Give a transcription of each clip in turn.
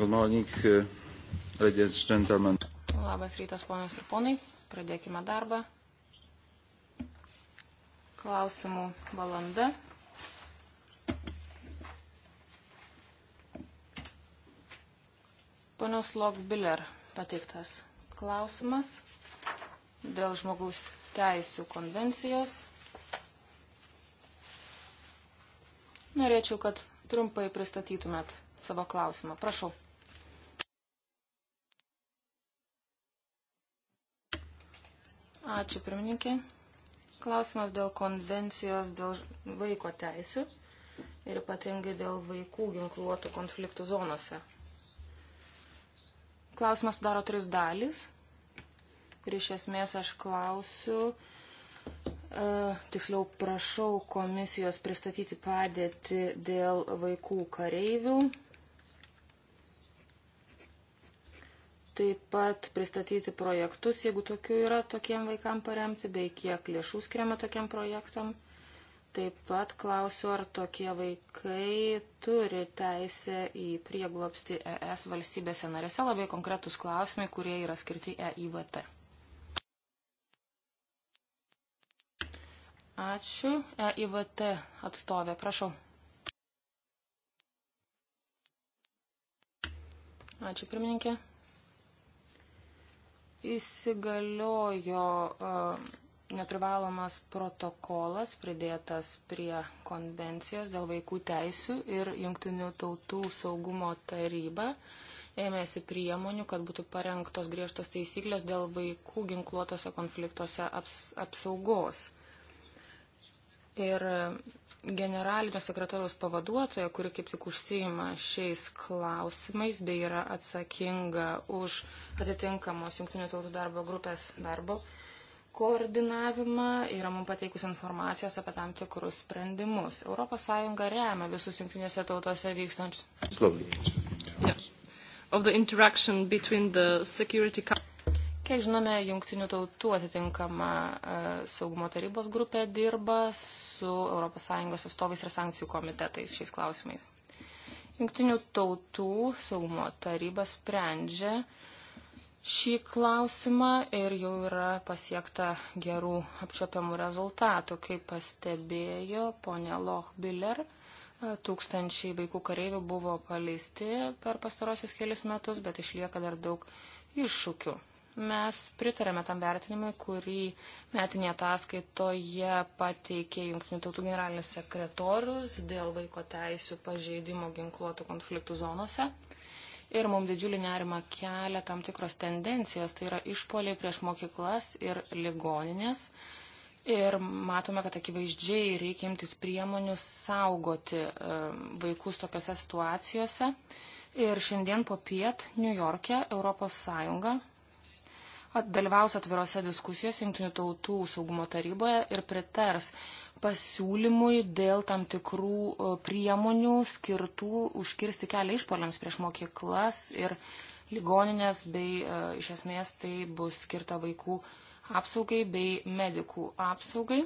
Good morning, uh, ladies and gentlemen. Labas rytas, ponios ir ponai. Pradėkime darbą. Klausimų valanda. Ponios Lokbiller pateiktas klausimas dėl žmogaus teisų konvencijos. Norėčiau, kad trumpai pristatytumėt savo klausimą. Prašau. Ačiū, pirmininkė. Klausimas dėl konvencijos, dėl vaiko teisų ir ypatingai dėl vaikų ginkluotų konfliktų zonose. Klausimas sudaro tris dalys ir iš esmės aš klausiu, e, tiksliau prašau komisijos pristatyti padėti dėl vaikų kareivių taip pat pristatyti projektus, jeigu tokių yra tokiem vaikam paremti, bei kiek lėšų skiriama tokiam projektam. Taip pat klausiu, ar tokie vaikai turi teisę į prieglopsti ES valstybėse narėse. Labai konkretus klausimai, kurie yra skirti EIVT. Ačiū. EIVT atstovė, prašau. Ačiū, pirmininkė įsigaliojo e, neprivalomas protokolas pridėtas prie konvencijos dėl vaikų teisių ir jungtinių tautų saugumo taryba ėmėsi priemonių, kad būtų parengtos griežtos taisyklės dėl vaikų ginkluotose konfliktuose apsaugos ir generalinio sekretoriaus pavaduotoja, kuri kaip tik užsijima šiais klausimais, bei yra atsakinga už atitinkamos jungtinių tautų darbo grupės darbo koordinavimą, yra mums pateikus informacijos apie tam tikrus sprendimus. ES remia visus jungtinėse tautose vykstančius. Yeah. Of the interaction between the security Kiek žinome, jungtinių tautų atitinkama e, saugumo tarybos grupė dirba su ES atstovais ir sankcijų komitetais šiais klausimais. Jungtinių tautų saugumo taryba sprendžia šį klausimą ir jau yra pasiekta gerų apčiopiamų rezultatų, kaip pastebėjo ponė Lochbiller. E, tūkstančiai vaikų kareivių buvo paleisti per pastarosius kelius metus, bet išlieka dar daug iššūkių. Mes pritarėme tam vertinimui, kurį metinė ataskaitoje pateikė Junktinių tautų generalinis sekretorius dėl vaiko teisų pažeidimo ginkluotų konfliktų zonose. Ir mums didžiulį nerimą kelia tam tikros tendencijos, tai yra išpoliai prieš mokyklas ir ligoninės. Ir matome, kad akivaizdžiai reikia imtis priemonių saugoti vaikus tokiose situacijose. Ir šiandien po piet New York'e Europos Sąjunga dalyvaus atvirose diskusijose Junktinių tautų saugumo taryboje ir pritars pasiūlymui dėl tam tikrų e, priemonių skirtų užkirsti kelią išpoliams prieš mokyklas ir ligoninės, bei e, iš esmės tai bus skirta vaikų apsaugai bei medikų apsaugai.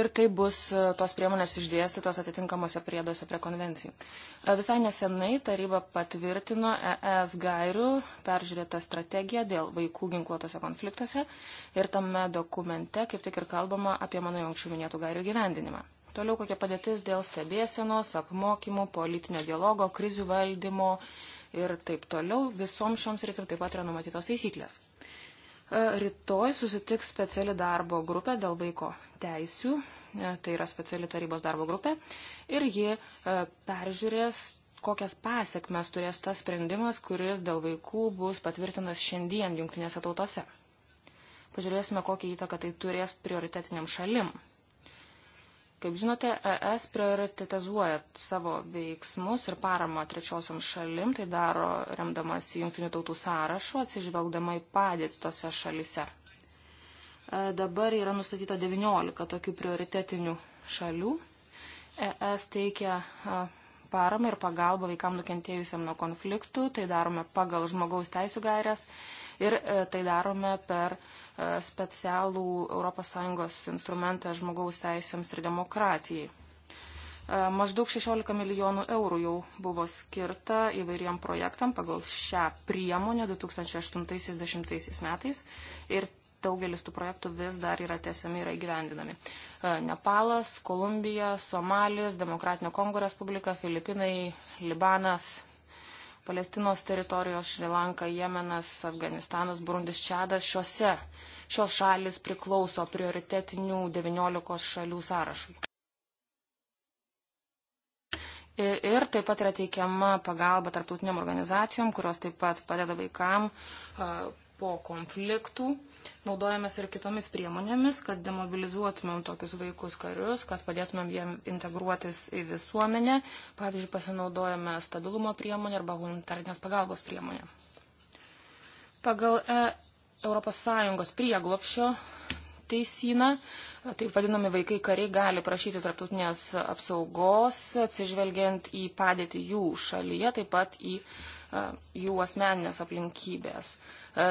ir kaip bus e, tos priemonės išdėstytos atitinkamuose priedose prie konvencijų. E, visai nesenai taryba patvirtino ES e gairių peržiūrėtą strategiją dėl vaikų ginkluotose konfliktuose ir tame dokumente kaip tik ir kalbama apie mano jau anksčiau minėtų gairių gyvendinimą. Toliau kokia padėtis dėl stebėsenos, apmokymų, politinio dialogo, krizių valdymo ir taip toliau. Visoms šioms rytim taip pat yra numatytos taisyklės. E, rytoj susitiks speciali darbo grupė dėl vaiko teisių, e, tai yra speciali tarybos darbo grupė, ir ji e, peržiūrės, kokias pasiekmes turės tas sprendimas, kuris dėl vaikų bus patvirtinas šiandien jungtinėse tautose. Pažiūrėsime, kokią įtaką tai turės prioritetiniam šalim. Kaip žinote, ES prioritetizuoja savo veiksmus ir paramą trečiosiam šalim, tai daro remdamas į jungtinių tautų sąrašų, atsižvelgdama į padėtį tose šalise. E, dabar yra nustatyta 19 tokių prioritetinių šalių. ES teikia paramą ir pagalbą vaikam nukentėjusiam nuo konfliktų, tai darome pagal žmogaus teisų gairias ir e, tai darome per e, specialų ES instrumentą žmogaus teisėms ir demokratijai. E, maždaug 16 milijonų eurų jau buvo skirta įvairiem projektam pagal šią priemonę 2008-2010 metais ir daugelis tų projektų vis dar yra tiesiami ir įgyvendinami. E, Nepalas, Kolumbija, Somalis, Demokratinio Kongo Respublika, Filipinai, Libanas, Palestinos teritorijos, Šrilanka, Jemenas, Afganistanas, Burundis, Čadas, šiuose šios šalis priklauso prioritetinių 19 šalių sąrašui. Ir taip pat yra teikiama pagalba tarptautiniam organizacijom, kurios taip pat padeda vaikam e, po konfliktų naudojamės ir kitomis priemonėmis, kad demobilizuotumėm tokius vaikus karius, kad padėtumėm jiem integruotis į visuomenę. Pavyzdžiui, pasinaudojame stabilumo priemonę arba humanitarinės pagalbos priemonę. Pagal ES prieglopšio teisyną. Taip vadinami vaikai kariai gali prašyti tarptautinės apsaugos, atsižvelgiant į padėtį jų šalyje, taip pat į e, jų asmeninės aplinkybės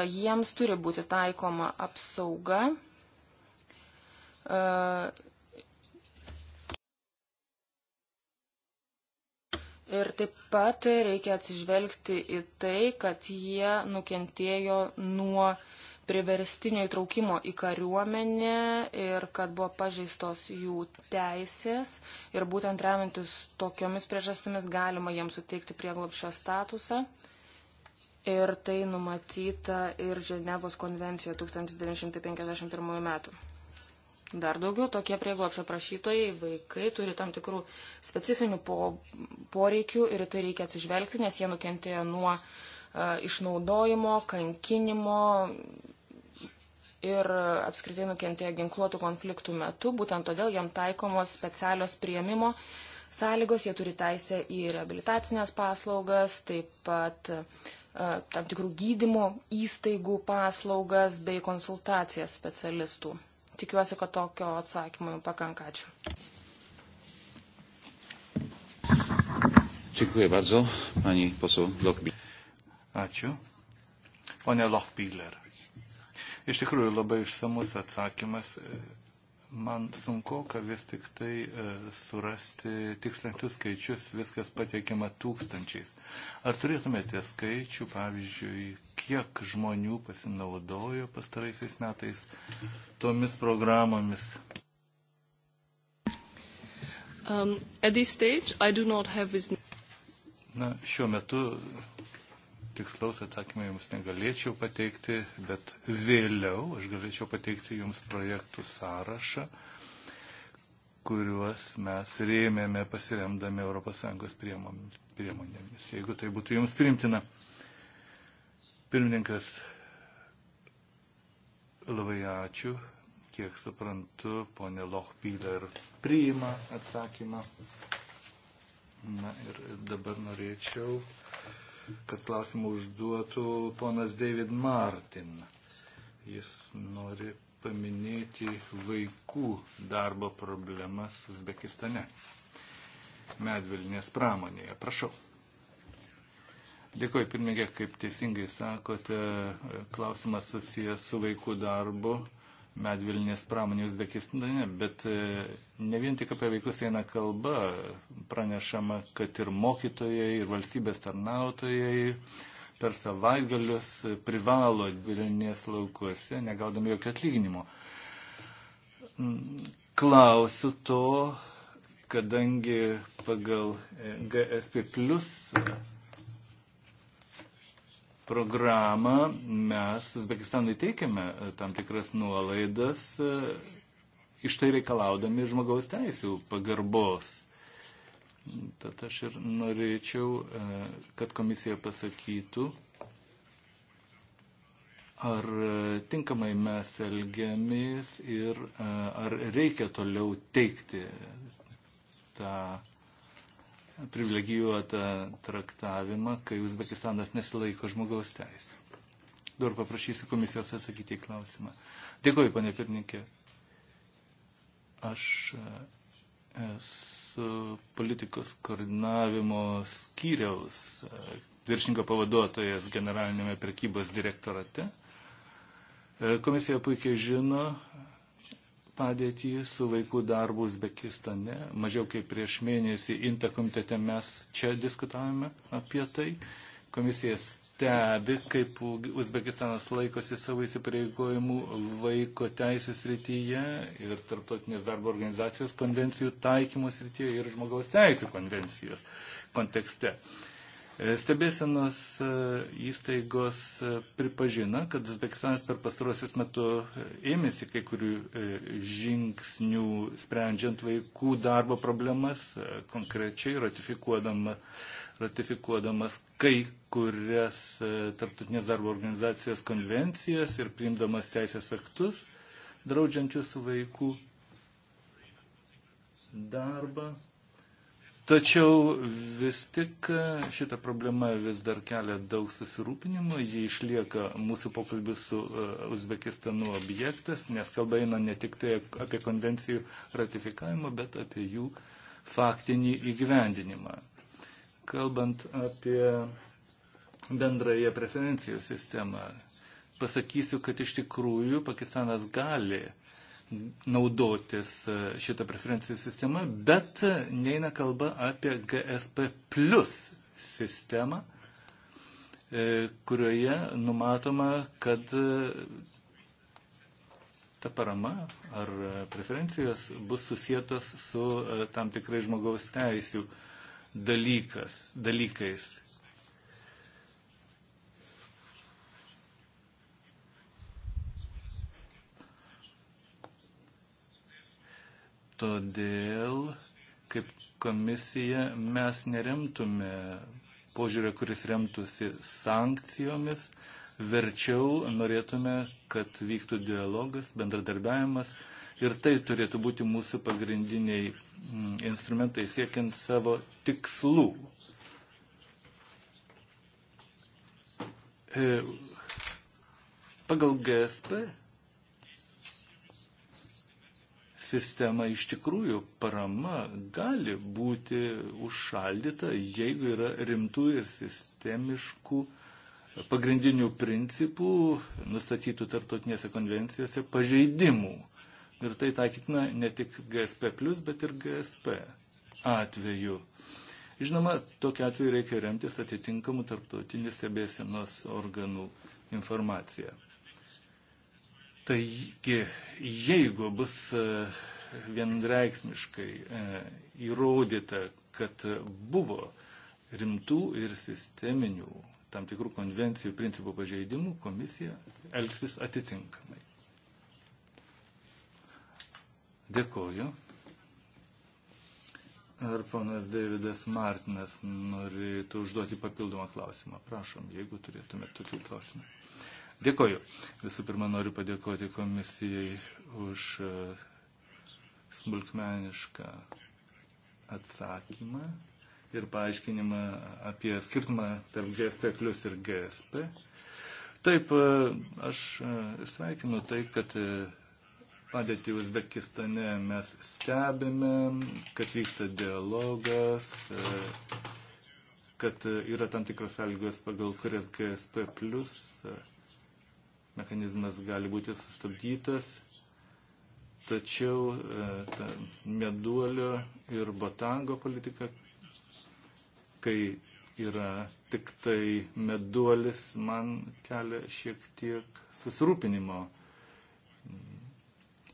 jiems turi būti taikoma apsauga. Ir taip pat reikia atsižvelgti į tai, kad jie nukentėjo nuo priverstinio įtraukimo į kariuomenę ir kad buvo pažeistos jų teisės. Ir būtent remiantis tokiomis priežastimis galima jiems suteikti prieglopšio statusą ir tai numatyta ir Ženevos konvencijoje 1951 m. Dar daugiau tokie prieglopšio prašytojai, vaikai turi tam tikrų specifinių po, poreikių ir tai reikia atsižvelgti, nes jie nukentėjo nuo e, išnaudojimo, kankinimo ir apskritai nukentėjo ginkluotų konfliktų metu. Būtent todėl jam taikomos specialios prieimimo sąlygos, jie turi teisę į rehabilitacinės paslaugas, taip pat E, tam tikrų gydymo įstaigų paslaugas bei konsultacijas specialistų. Tikiuosi, kad tokio atsakymo jums pakanka. Ačiū. Ačiū. Pane Lochbiller. Iš tikrųjų labai išsamus atsakymas e, man sunku, kad vis tik tai e, surasti tikslintus skaičius, viskas pateikima tūkstančiais. Ar turėtumėte skaičių, pavyzdžiui, kiek žmonių pasinaudojo pastaraisiais metais tomis programomis? Um, stage, this... Na, šiuo metu tikslaus atsakymą jums negalėčiau pateikti, bet vėliau aš galėčiau pateikti jums projektų sąrašą, kuriuos mes rėmėme pasiremdami ES priemonėmis, jeigu tai būtų jums primtina. Pirmininkas, labai ačiū, kiek suprantu, ponė Lochbyler priima atsakymą. Na ir dabar norėčiau kad klausimą užduotų ponas David Martin. Jis nori paminėti vaikų darbo problemas Uzbekistane. Medvilnės pramonėje. Prašau. Dėkuoju, pirmininkė, kaip teisingai sakote, klausimas susijęs su vaikų darbu medvilnės pramonė Uzbekistane, bet e, ne vien tik apie vaikus eina kalba, pranešama, kad ir mokytojai, ir valstybės tarnautojai per savaitgalius privalo vilnės laukuose, negaudami jokio atlyginimo. Mm, klausiu to, kadangi pagal e, GSP plus programą mes Uzbekistanui teikiame e, tam tikras nuolaidas, e, iš tai reikalaudami žmogaus teisų pagarbos. Tad aš ir norėčiau, e, kad komisija pasakytų, ar tinkamai mes elgiamės ir ar reikia toliau teikti tą privilegijuotą traktavimą, kai Uzbekistanas nesilaiko žmogaus teisų. Dar paprašysiu komisijos atsakyti į klausimą. Dėkuoju, ponė pirmininkė. Aš e, esu politikos koordinavimo skyriaus e, viršininko pavaduotojas generalinėme prekybos direktorate. E, komisija puikiai žino, padėtį su vaikų darbu Uzbekistane. Mažiau kaip prieš mėnesį Inta komitete mes čia diskutavome apie tai. Komisija stebi, kaip Uzbekistanas laikosi savo įsipareigojimų vaiko teisės rytyje ir tarptautinės darbo organizacijos konvencijų taikymos rytyje ir žmogaus teisės konvencijos kontekste. Uh, E, stebėsenos e, įstaigos e, pripažina, kad Uzbekistanas per pastarosius metų ėmėsi kai kurių žingsnių sprendžiant vaikų darbo problemas, konkrečiai ratifikuodama, ratifikuodamas kai kurias tarptautinės darbo organizacijos konvencijas ir priimdamas teisės aktus, draudžiančius vaikų darbą. Tačiau vis tik e, šita problema vis dar kelia daug susirūpinimo, jie išlieka mūsų pokalbių su e, Uzbekistanu objektas, nes kalba eina ne tik tai apie konvencijų ratifikavimą, bet apie jų faktinį įgyvendinimą. Kalbant apie bendrąją preferencijų sistemą, pasakysiu, kad iš tikrųjų Pakistanas gali naudotis e, šitą preferencijų sistemą, bet neina kalba apie GSP plus sistemą, e, kurioje numatoma, kad e, ta parama ar preferencijos bus susijęs su tam tikrai žmogaus teisių dalykas, dalykais. Todėl, kaip komisija, mes neremtume požiūrio, kuris remtųsi sankcijomis, verčiau norėtume, kad vyktų dialogas, bendradarbiavimas ir tai turėtų būti mūsų pagrindiniai mm, instrumentai siekiant savo tikslų. E, pagal GSP sistema iš tikrųjų parama gali būti užšaldyta, jeigu yra rimtų ir sistemiškų pagrindinių principų nustatytų tarptautinėse konvencijose pažeidimų. Ir tai taikytina ne tik GSP, bet ir GSP atveju. Žinoma, tokia atveju reikia remtis atitinkamų tarptautinės stebėsienos organų informaciją. Taigi, jeigu bus e, vienreiksmiškai e, įrodyta, kad buvo rimtų ir sisteminių tam tikrų konvencijų principų pažeidimų, komisija elgsis atitinkamai. Dėkoju. Ar ponas Davidas Martinas norėtų užduoti papildomą klausimą? Prašom, jeigu turėtumėte tokių klausimų. Dėkoju. Visų pirma, noriu padėkoti komisijai už e, smulkmenišką atsakymą ir paaiškinimą apie skirtumą tarp GSP plus ir GSP. Taip, e, aš e, sveikinu tai, kad padėtį Uzbekistane mes stebime, kad vyksta dialogas, kad yra tam tikros sąlygos, pagal kurias GSP plus mechanizmas gali būti sustabdytas, tačiau e, ta meduolio ir botango politika, kai yra tik tai meduolis, man kelia šiek tiek susirūpinimo.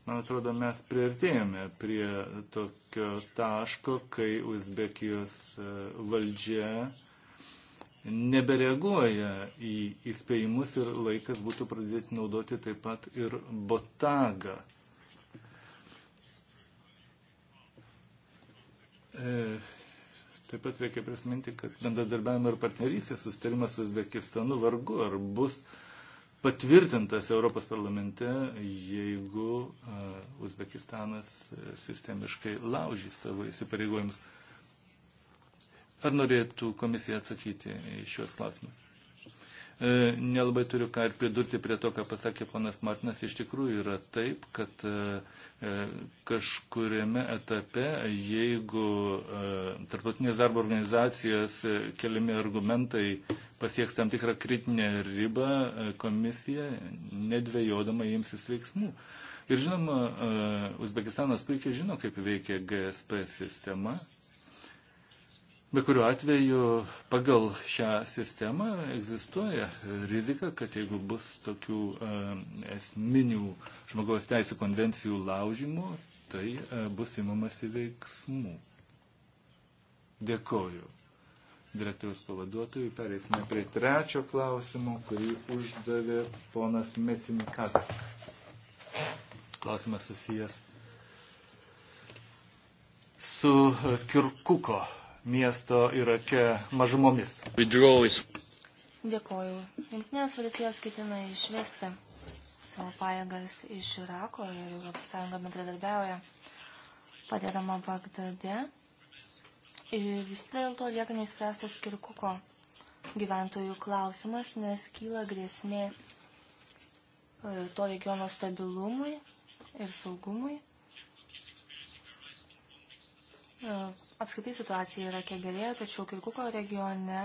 Man atrodo, mes priartėjome prie tokio taško, kai Uzbekijos e, valdžia nebereaguoja į įspėjimus ir laikas būtų pradėti naudoti taip pat ir botagą. E, taip pat reikia prisiminti, kad bendradarbiavimo ir partnerystės sustarimas su Uzbekistanu vargu ar bus patvirtintas Europos parlamente, jeigu e, Uzbekistanas e, sistemiškai laužys savo įsipareigojimus. Ar norėtų komisija atsakyti į šios klausimus? E, nelabai turiu ką ir pridurti prie to, ką pasakė ponas Martinas. Iš tikrųjų yra taip, kad e, e, kažkuriame etape, jeigu tarptautinės darbo organizacijos keliami argumentai pasieks tam tikrą kritinę ribą, komisija nedvėjodama imsis veiksmų. Ir žinoma, Uzbekistanas puikiai žino, kaip veikia GSP sistema, Bet kuriuo atveju pagal šią sistemą egzistuoja rizika, kad jeigu bus tokių e, esminių žmogaus teisų konvencijų laužymų, tai e, bus įmamasi veiksmų. Dėkoju. Direktorius pavaduotojui pereisime prie trečio klausimo, kurį uždavė ponas Metin Kazak. Klausimas susijęs su e, Kirkuko miesto Irake mažumomis. Dėkoju. Jungtinės valstijos ketina išvesti savo pajėgas iš Irako ir Europos Sąjunga bendradarbiauja, padėdama Bagdade. Ir vis dėlto lieka neįspręstas Kirkuko gyventojų klausimas, nes kyla grėsmė e, to regiono stabilumui ir saugumui. Apskritai situacija yra kiek gerėja, tačiau Kirkuko regione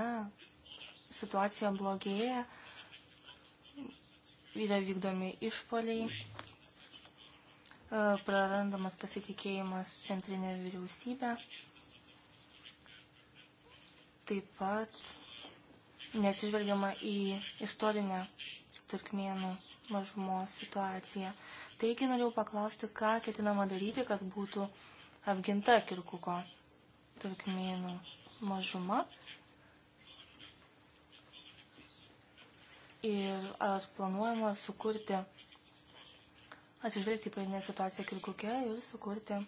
situacija blogėja, yra vykdomi išpoliai, prarandamas pasitikėjimas centrinė vyriausybė, taip pat neatsižvelgiama į istorinę turkmėnų mažumos situaciją. Taigi norėjau paklausti, ką ketinama daryti, kad būtų apginta Kirkuko turkmėnų mažuma. Ir ar planuojama sukurti, atsižvelgti painę situaciją Kirkuke ir sukurti e,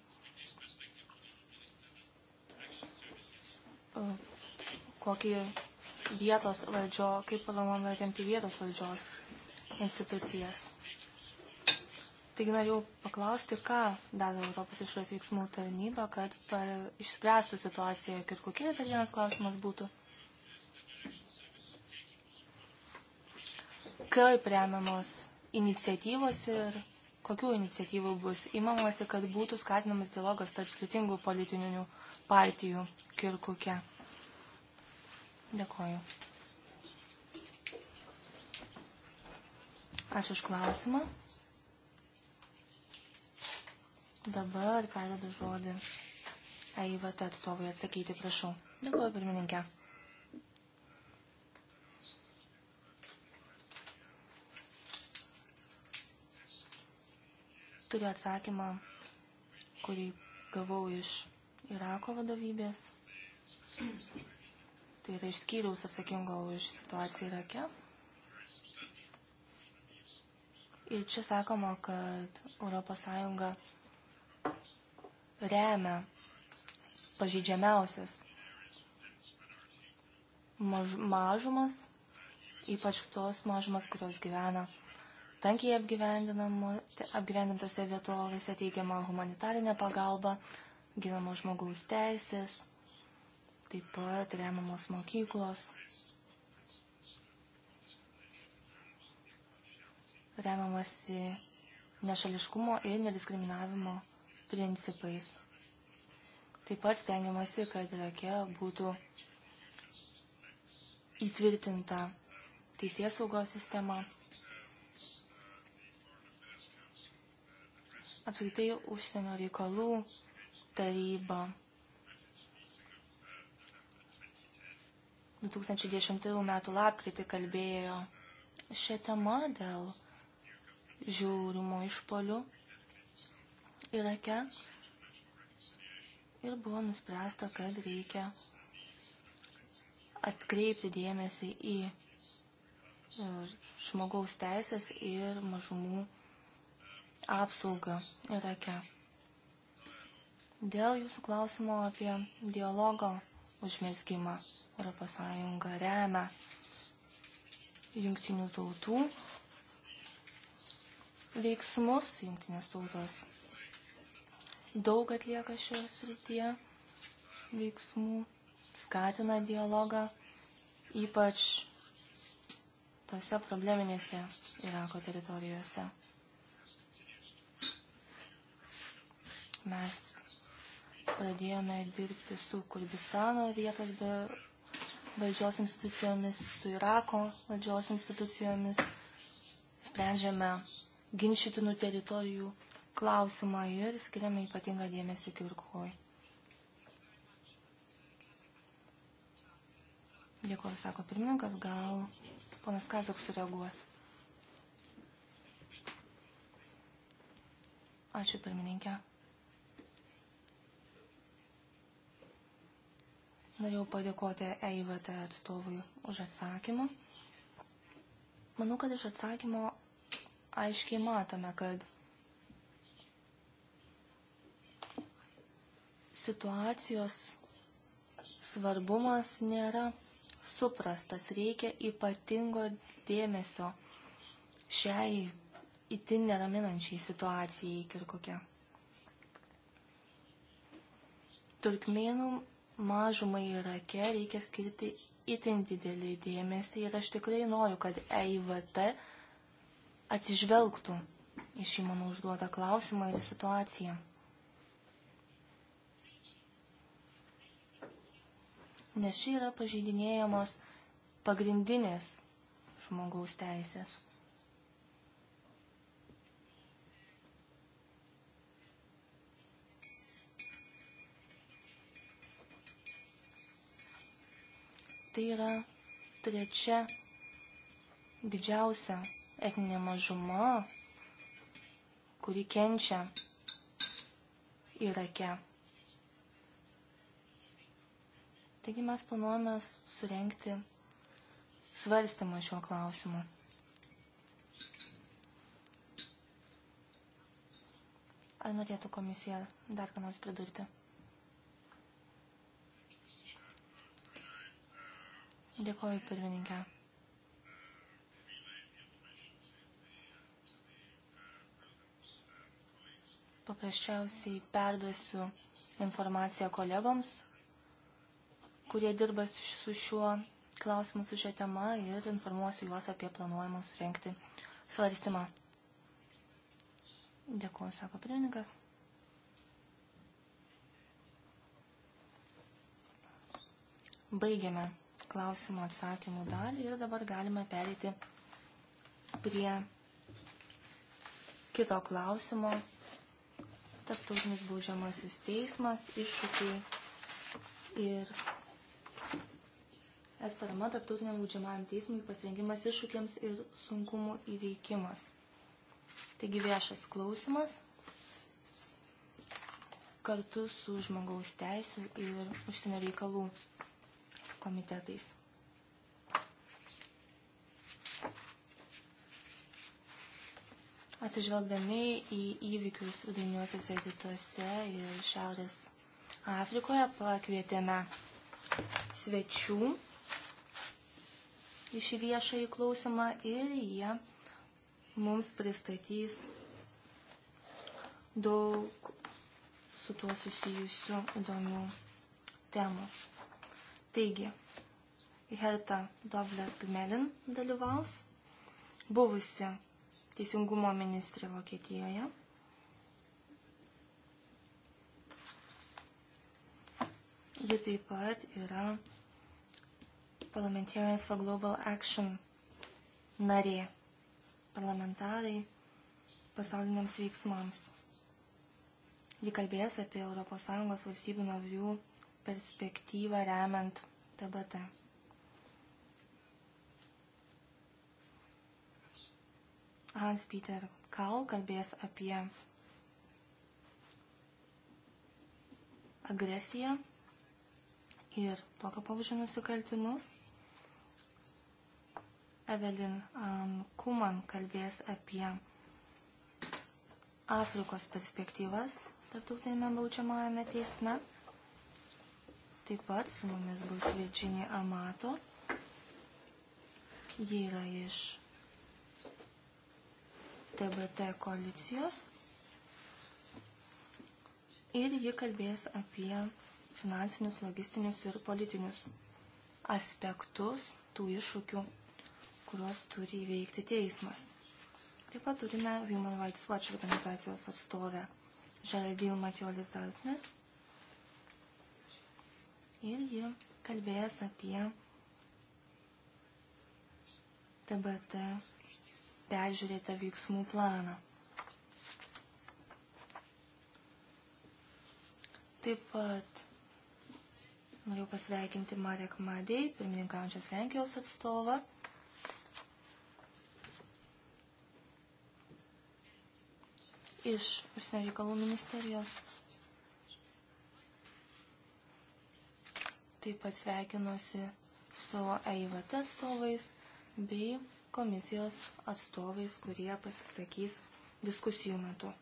kokį vietos valdžio, kaip planuojama remti vietos valdžios institucijas. Taigi norėjau paklausti, ką daro Europos išorės veiksmų tarnyba, kad išspręstų situaciją ir kokie dar vienas klausimas būtų. Kaip remiamos iniciatyvos ir kokių iniciatyvų bus įmamasi, kad būtų skatinamas dialogas tarp skirtingų politinių partijų Kirkuke. Dėkoju. Ačiū už klausimą. Dabar perdodu žodį EIVT atstovui atsakyti, prašau. Dėkuoju, pirmininkė. turiu atsakymą, kurį gavau iš Irako vadovybės. Tai yra išskyriaus atsakingo už situaciją Irake. Ir čia sakoma, kad ES remia pažeidžiamiausias maž, mažumas, ypač tos mažumas, kurios gyvena tankiai apgyvendintose vietovėse teigiama humanitarinė pagalba, ginama žmogaus teisės, taip pat remiamos mokyklos, remiamasi nešališkumo ir nediskriminavimo principais. Taip pat stengiamasi, kad Irake būtų įtvirtinta teisės saugos sistema. Apskritai užsienio reikalų taryba 2010 m. lapkritį kalbėjo šią temą dėl žiūrimo išpolių Irake ir buvo nuspręsta, kad reikia atkreipti dėmesį į e, žmogaus teisės ir mažumų apsaugą Irake. Dėl jūsų klausimo apie dialogo užmėsgimą ES remia jungtinių tautų veiksmus, jungtinės tautos daug atlieka šioje srityje veiksmų, skatina dialogą, ypač tose probleminėse Irako teritorijose. Mes pradėjome dirbti su Kurdistano vietos be valdžios institucijomis, su Irako valdžios institucijomis, sprendžiame ginčytinų teritorijų klausimą ir skiriame ypatingą dėmesį Kirkoj. Dėkuoju, sako pirmininkas, gal ponas Kazak sureaguos. Ačiū pirmininkė. Norėjau padėkoti EIVT atstovui už atsakymą. Manau, kad iš atsakymo aiškiai matome, kad situacijos svarbumas nėra suprastas, reikia ypatingo dėmesio šiai itin neraminančiai situacijai kokia. Turkmenų mažumai Irake reikia skirti itin didelį dėmesį ir aš tikrai noriu, kad EIVT atsižvelgtų į šį mano užduotą klausimą ir situaciją. nes čia yra pažeidinėjamos pagrindinės žmogaus teisės. Tai yra trečia didžiausia etninė mažuma, kuri kenčia Irake. Taigi mes planuojame surenkti svarstymą šiuo klausimu. Ar norėtų komisija dar ką nors pridurti? Dėkoju, pirmininkė. Paprasčiausiai perduosiu informaciją kolegoms, kurie dirba su šiuo klausimu, su šia tema ir informuosiu juos apie planuojamus rengti svarstymą. Dėkuoju, sako pirmininkas. Baigiame klausimų atsakymų dalį ir dabar galime perėti prie kito klausimo. Tarptautinis būžiamasis teismas, iššūkiai ir es parama tarptautiniam baudžiamajam teismui pasirengimas iššūkiams ir sunkumų įveikimas. Taigi viešas klausimas kartu su žmogaus teisų ir užsienio reikalų komitetais. Atsižvelgdami į įvykius viduriniuosiuose rytuose ir Šiaurės Afrikoje pakvietėme svečių iš šį viešąjį klausimą ir jie mums pristatys daug su tuo susijusių įdomių temų. Taigi, Herta Dovler Gmelin dalyvaus, buvusi teisingumo ministrė Vokietijoje. Ji taip pat yra Parliamentarians for Global Action narė, parlamentarai pasauliniams veiksmams. Ji kalbės apie ES valstybių narių perspektyvą remiant TBT. Hans-Peter Kal kalbės apie agresiją ir tokio pavyzdžio nusikaltimus. Evelin Kuman kalbės apie Afrikos perspektyvas tarptautinėme baudžiamajame teisme. Taip pat su mumis bus Virginija Amato. Ji yra iš TBT koalicijos. E ir ji kalbės apie finansinius, logistinius ir politinius aspektus tų iššūkių, kuriuos turi įveikti teismas. Taip pat turime Human Rights Watch organizacijos atstovę Žaldil Matiolis Zaltner. Ir ji kalbės apie TBT peržiūrėtą veiksmų planą. Taip pat norėjau pasveikinti Marek Madej, pirmininkaujančios Lenkijos atstovą. iš užsienio reikalų ministerijos. Taip pat sveikinuosi su EIVT atstovais bei komisijos atstovais, kurie pasisakys diskusijų metu.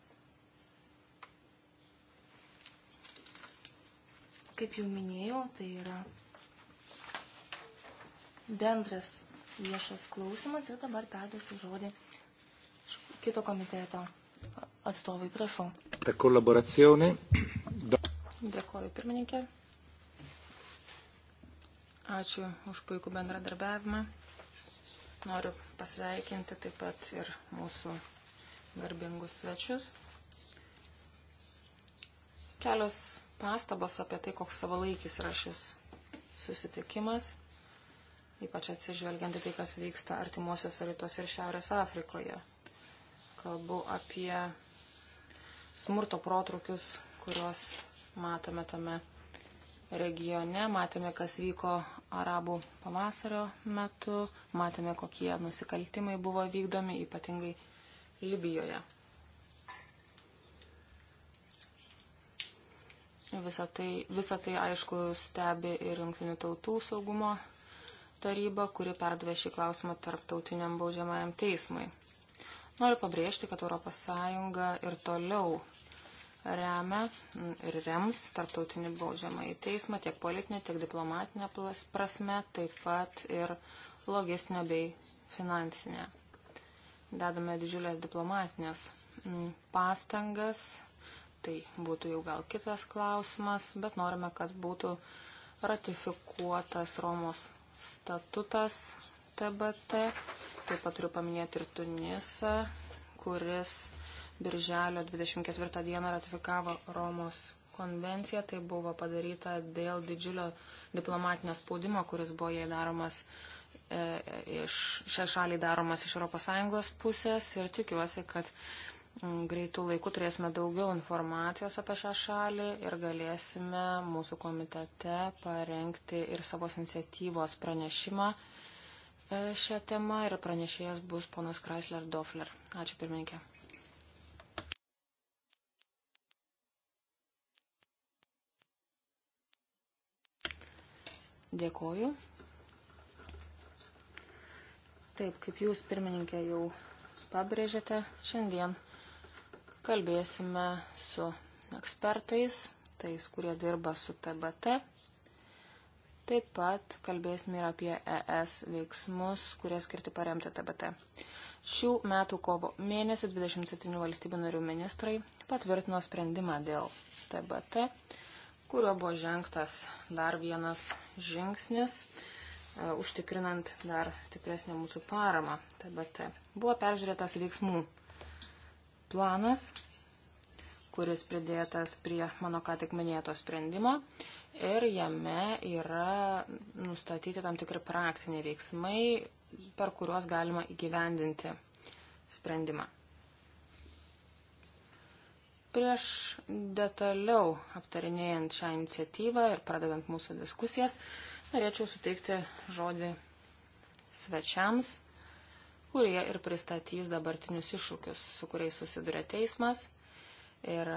Kaip jau minėjau, tai yra bendras viešas klausimas ir dabar perduosiu žodį kito komiteto atstovui. Prašau. Ta kolaboracijone. Dėkuoju, pirmininkė. Ačiū už puikų bendradarbiavimą. Noriu pasveikinti taip pat ir mūsų garbingus svečius. Kelios pastabos apie tai, koks savo laikys yra šis susitikimas, ypač atsižvelgiant į tai, kas vyksta artimuosiuose rytuose ir Šiaurės Afrikoje. Kalbu apie smurto protrukius, kuriuos matome tame regione. Matėme, kas vyko arabų pavasario metu, matėme, kokie nusikaltimai buvo vykdomi, ypatingai Libijoje. Visą tai, visą tai, aišku, stebi ir Junktinių tautų saugumo taryba, kuri perdvė šį klausimą tarptautiniam baudžiamajam teismui. Noriu pabrėžti, kad Europos Sąjunga ir toliau remia ir rems tarptautinį baudžiamą į teismą tiek politinę, tiek diplomatinę prasme, taip pat ir logistinę bei finansinę. Dedame didžiulės diplomatinės mm, pastangas, tai būtų jau gal kitas klausimas, bet norime, kad būtų ratifikuotas Romos statutas TBT Taip pat turiu paminėti ir Tunisą, kuris birželio 24 dieną ratifikavo Romos konvenciją. Tai buvo padaryta dėl didžiulio diplomatinio spaudimo, kuris buvo jai daromas e, iš šią šalį daromas iš ES pusės ir tikiuosi, kad mm, greitų laikų turėsime daugiau informacijos apie šią šalį ir galėsime mūsų komitete parengti ir savo iniciatyvos pranešimą šią temą ir pranešėjas bus ponas Chrysler Dofler. Ačiū pirmininkė. Dėkoju. Taip, kaip jūs pirmininkė jau pabrėžėte, šiandien kalbėsime su ekspertais, tais, kurie dirba su TBT Taip pat kalbėsime ir apie ES veiksmus, kurie skirti paremti TBT. Šių metų kovo mėnesį 27 valstybių narių ministrai patvirtino sprendimą dėl TBT, kurio buvo žengtas dar vienas žingsnis, e, užtikrinant dar stipresnį mūsų paramą TBT. Buvo peržiūrėtas veiksmų planas, kuris pridėtas prie mano ką tik minėto sprendimo ir jame yra nustatyti tam tikri praktiniai veiksmai, per kuriuos galima įgyvendinti sprendimą. Prieš detaliau aptarinėjant šią iniciatyvą ir pradedant mūsų diskusijas, norėčiau suteikti žodį svečiams, kurie ir pristatys dabartinius iššūkius, su kuriais susiduria teismas. Ir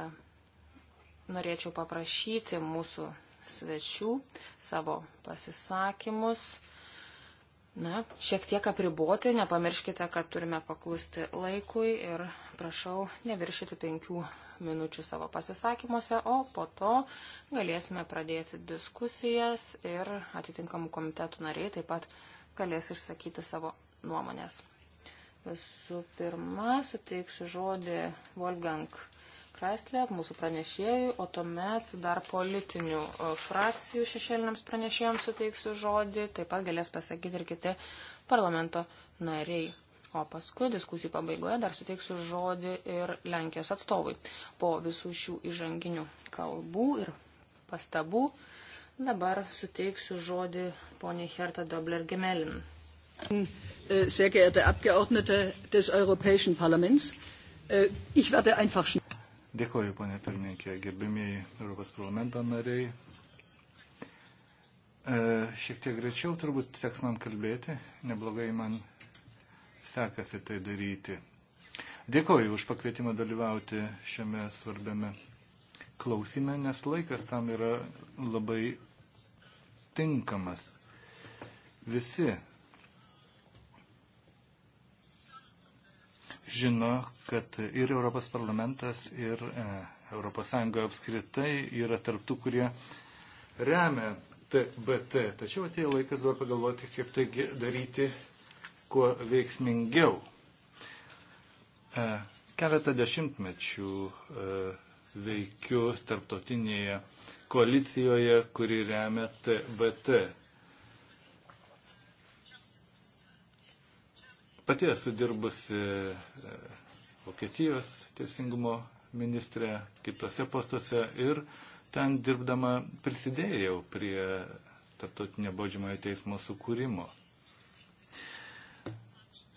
norėčiau paprašyti mūsų svečių savo pasisakymus. Na, šiek tiek apriboti, nepamirškite, kad turime paklusti laikui ir prašau neviršyti penkių minučių savo pasisakymuose, o po to galėsime pradėti diskusijas ir atitinkamų komitetų nariai taip pat galės išsakyti savo nuomonės. Visų pirma, suteiksiu žodį Volgang Kresler, mūsų pranešėjų, o tuomet dar politinių e, frakcijų šešėliniams pranešėjams suteiksiu žodį, taip pat galės pasakyti ir kiti parlamento nariai. O paskui diskusijų pabaigoje dar suteiksiu žodį ir Lenkijos atstovui. Po visų šių įžanginių kalbų ir pastabų dabar suteiksiu žodį poniai Herta Dobler Gemelin. Sehr geehrte Abgeordnete des Europäischen Parlaments, äh, ich werde einfach Dėkoju, ponė pirmininkė, gerbimieji Europos parlamento nariai. E, eh, šiek tiek greičiau turbūt teks man kalbėti, neblogai man sekasi tai daryti. Dėkoju už pakvietimą dalyvauti šiame svarbiame klausime, nes laikas tam yra labai tinkamas. Visi žino, kad ir Europos parlamentas, ir e, Europos Sąjunga apskritai yra tarptų, kurie remia TBT. Tačiau atėjo laikas dabar pagalvoti, kaip tai daryti kuo veiksmingiau. E, keletą dešimtmečių e, veikiu tarptautinėje koalicijoje, kuri remia TBT. Pati esu dirbusi e, Vokietijos teisingumo ministrė kitose postuose ir ten dirbdama prisidėjau prie tarptautinio baudžiamojo teismo sukūrimo.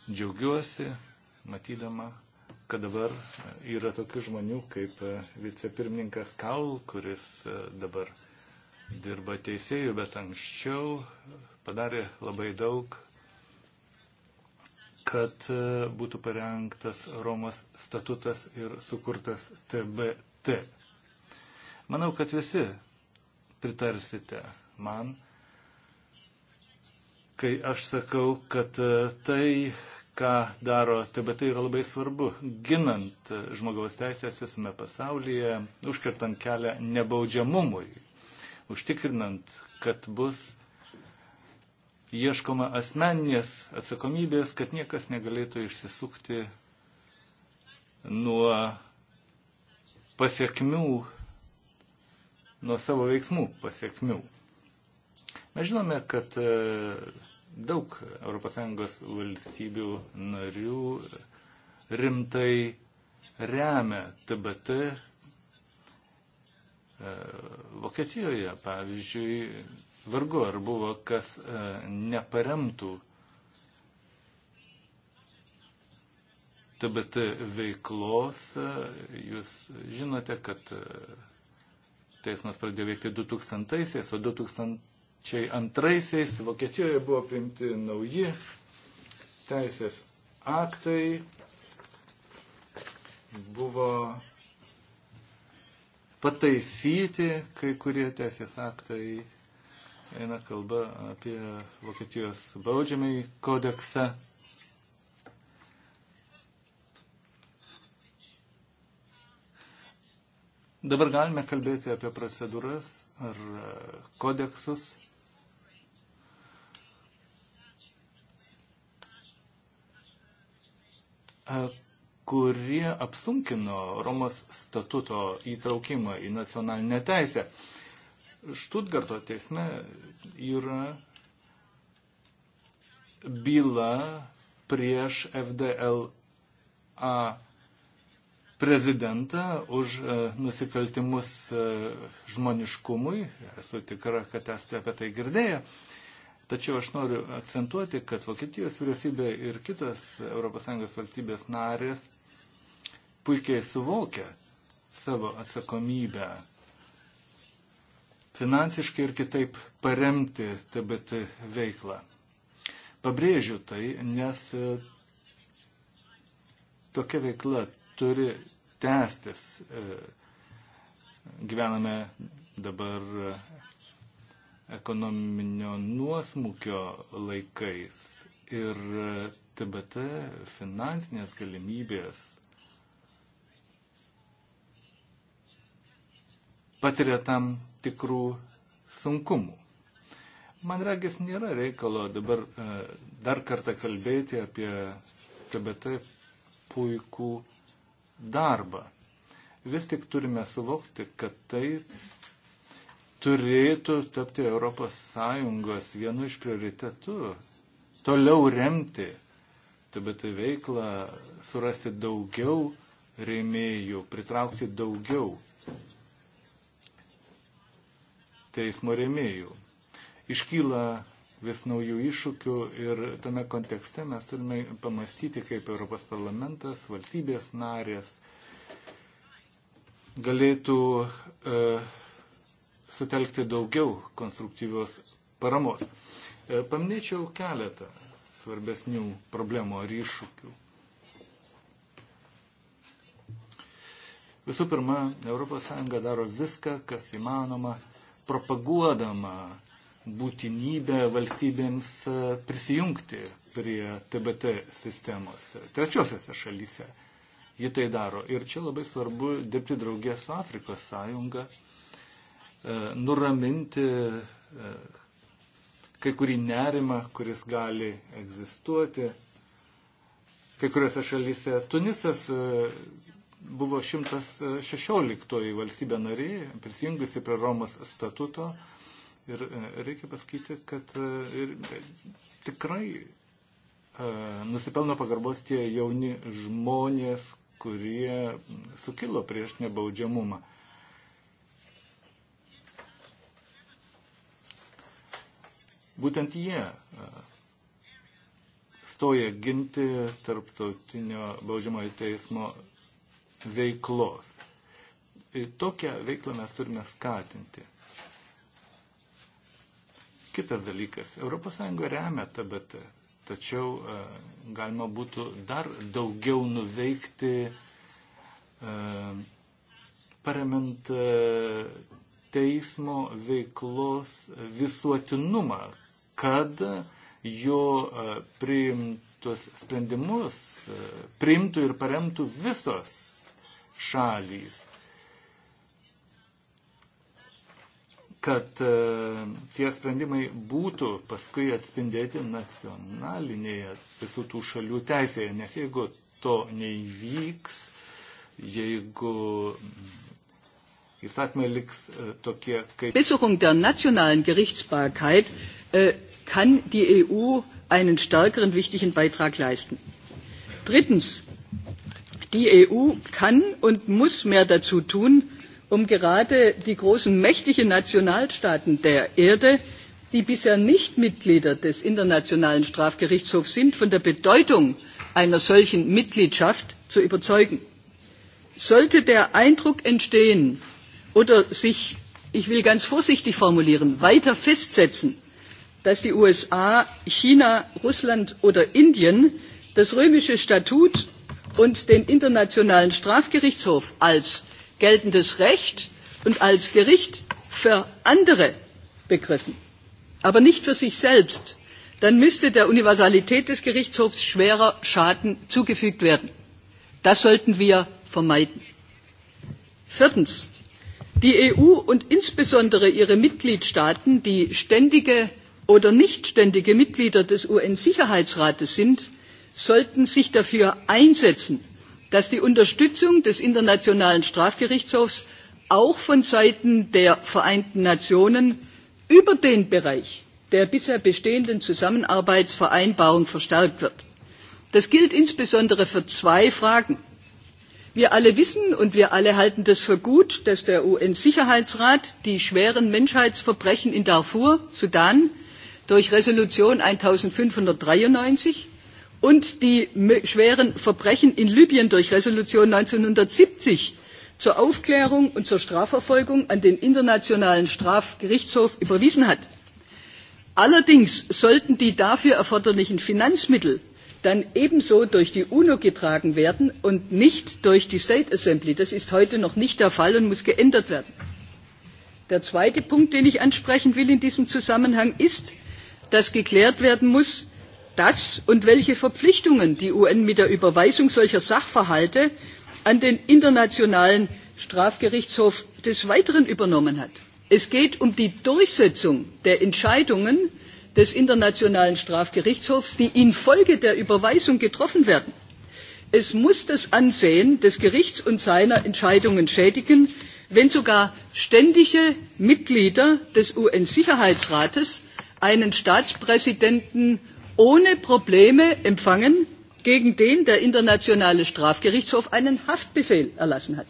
Džiaugiuosi, matydama, kad dabar yra tokių žmonių kaip vicepirmininkas Kaul, kuris e, dabar dirba teisėjų, bet anksčiau padarė labai daug kad e, būtų parengtas Romos statutas ir sukurtas TBT. Manau, kad visi pritarsite man, kai aš sakau, kad e, tai, ką daro TBT, yra labai svarbu, ginant žmogaus teisės visame pasaulyje, užkirtant kelią nebaudžiamumui, užtikrinant, kad bus ieškoma asmeninės atsakomybės, kad niekas negalėtų išsisukti nuo pasiekmių, nuo savo veiksmų pasiekmių. Mes žinome, kad e, daug ES valstybių narių rimtai remia TBT. E, Vokietijoje, pavyzdžiui, vargu ar buvo kas e, neparemtų TBT veiklos. Jūs žinote, kad e, teismas pradėjo veikti 2000-aisiais, o 2002-aisiais Vokietijoje buvo priimti nauji teisės aktai. Buvo pataisyti kai kurie teisės aktai eina kalba apie Vokietijos baudžiamąjį kodeksą. Dabar galime kalbėti apie procedūras ar e, kodeksus. E, kurie apsunkino Romos statuto įtraukimą į nacionalinę teisę. Štutgarto teisme yra byla prieš FDLA prezidentą už e, nusikaltimus e, žmoniškumui. Esu tikra, kad esate apie tai girdėję. Tačiau aš noriu akcentuoti, kad Vokietijos vyriausybė ir kitos ES valstybės narės puikiai suvokia savo atsakomybę finansiškai ir kitaip paremti TBT veiklą. Pabrėžiu tai, nes e, tokia veikla turi tęstis. E, gyvename dabar e, ekonominio nuosmukio laikais ir TBT finansinės galimybės patiria tam tikrų sunkumų. Man regis nėra reikalo dabar e, dar kartą kalbėti apie KBT puikų darbą. Vis tik turime suvokti, kad tai turėtų tapti ES vienu iš prioritetų. Toliau remti TBT veiklą, surasti daugiau rėmėjų, pritraukti daugiau teismo rėmėjų. Iškyla vis naujų iššūkių ir tame kontekste mes turime pamastyti, kaip Europos parlamentas, valstybės narės galėtų e, sutelkti daugiau konstruktyvios paramos. E, paminėčiau keletą svarbesnių problemų ar iššūkių. Visų pirma, Europos Sąjunga daro viską, kas įmanoma, propaguodama būtinybę valstybėms e, prisijungti prie TBT sistemos trečiosiose šalyse. Ji tai daro. Ir čia labai svarbu dirbti draugė su Afrikos sąjunga, e, nuraminti e, kai kurį nerimą, kuris gali egzistuoti. Kai kuriuose šalyse Tunisas buvo 116 valstybė nari, prisijungusi prie Romos statuto. Ir e, reikia pasakyti, kad e, ir, e, tikrai nusipelno pagarbos tie jauni žmonės, kurie sukilo prieš nebaudžiamumą. Būtent jie stoja ginti tarptautinio baudžiamojo teismo veiklos. E, tokią veiklą mes turime skatinti. Kitas dalykas. ES remia TBT, tačiau e, galima būtų dar daugiau nuveikti, e, paremint teismo veiklos visuotinumą, kad jo priimtus sprendimus priimtų ir paremtų visos šalys, kad e, tie sprendimai būtų paskui atspindėti nacionalinėje visų tų šalių teisėje, nes jeigu to neįvyks, jeigu įsakmė liks e, tokie kaip. Besserung der nationalen Gerichtsbarkeit äh, kann die EU einen stärkeren wichtigen Beitrag leisten. Drittens Die EU kann und muss mehr dazu tun, um gerade die großen mächtigen Nationalstaaten der Erde, die bisher nicht Mitglieder des Internationalen Strafgerichtshofs sind, von der Bedeutung einer solchen Mitgliedschaft zu überzeugen. Sollte der Eindruck entstehen oder sich, ich will ganz vorsichtig formulieren, weiter festsetzen, dass die USA, China, Russland oder Indien das römische Statut und den Internationalen Strafgerichtshof als geltendes Recht und als Gericht für andere begriffen, aber nicht für sich selbst, dann müsste der Universalität des Gerichtshofs schwerer Schaden zugefügt werden. Das sollten wir vermeiden. Viertens. Die EU und insbesondere ihre Mitgliedstaaten, die ständige oder nicht ständige Mitglieder des UN-Sicherheitsrates sind, sollten sich dafür einsetzen, dass die Unterstützung des Internationalen Strafgerichtshofs auch von Seiten der Vereinten Nationen über den Bereich der bisher bestehenden Zusammenarbeitsvereinbarung verstärkt wird. Das gilt insbesondere für zwei Fragen. Wir alle wissen und wir alle halten das für gut, dass der UN-Sicherheitsrat die schweren Menschheitsverbrechen in Darfur, Sudan, durch Resolution 1593 und die schweren Verbrechen in Libyen durch Resolution 1970 zur Aufklärung und zur Strafverfolgung an den Internationalen Strafgerichtshof überwiesen hat. Allerdings sollten die dafür erforderlichen Finanzmittel dann ebenso durch die UNO getragen werden und nicht durch die State Assembly. Das ist heute noch nicht der Fall und muss geändert werden. Der zweite Punkt, den ich ansprechen will in diesem Zusammenhang, ist, dass geklärt werden muss, Das und welche Verpflichtungen die UN mit der Überweisung solcher Sachverhalte an den Internationalen Strafgerichtshof des Weiteren übernommen hat. Es geht um die Durchsetzung der Entscheidungen des Internationalen Strafgerichtshofs, die infolge der Überweisung getroffen werden. Es muss das Ansehen des Gerichts und seiner Entscheidungen schädigen, wenn sogar ständige Mitglieder des UN-Sicherheitsrates einen Staatspräsidenten ohne Probleme empfangen, gegen den der Internationale Strafgerichtshof einen Haftbefehl erlassen hat.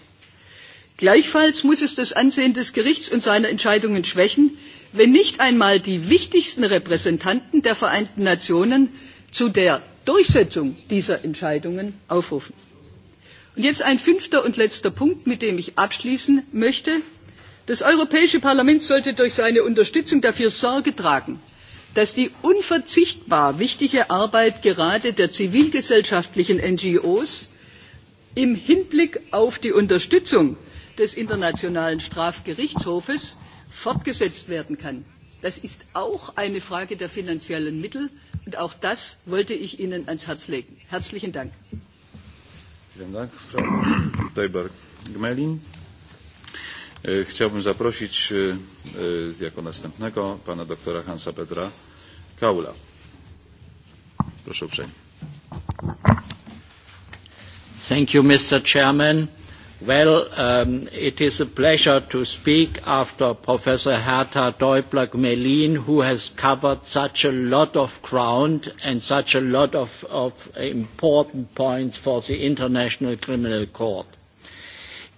Gleichfalls muss es das Ansehen des Gerichts und seiner Entscheidungen schwächen, wenn nicht einmal die wichtigsten Repräsentanten der Vereinten Nationen zu der Durchsetzung dieser Entscheidungen aufrufen. Und jetzt ein fünfter und letzter Punkt, mit dem ich abschließen möchte. Das Europäische Parlament sollte durch seine Unterstützung dafür Sorge tragen, dass die unverzichtbar wichtige Arbeit gerade der zivilgesellschaftlichen NGOs im Hinblick auf die Unterstützung des Internationalen Strafgerichtshofes fortgesetzt werden kann. Das ist auch eine Frage der finanziellen Mittel und auch das wollte ich Ihnen ans Herz legen. Herzlichen Dank. Vielen Dank, Frau Deiberg-Gmelin. E, chciałbym zaprosić e, e, jako następnego pana doktora Hansa Petra Kaula. Proszę uprzejmie. Thank you, Mr. Chairman. Well, um, it is a pleasure to speak after Professor Hertha Deublak-Melin, who has covered such a lot of ground and such a lot of, of important points for the International Criminal Court.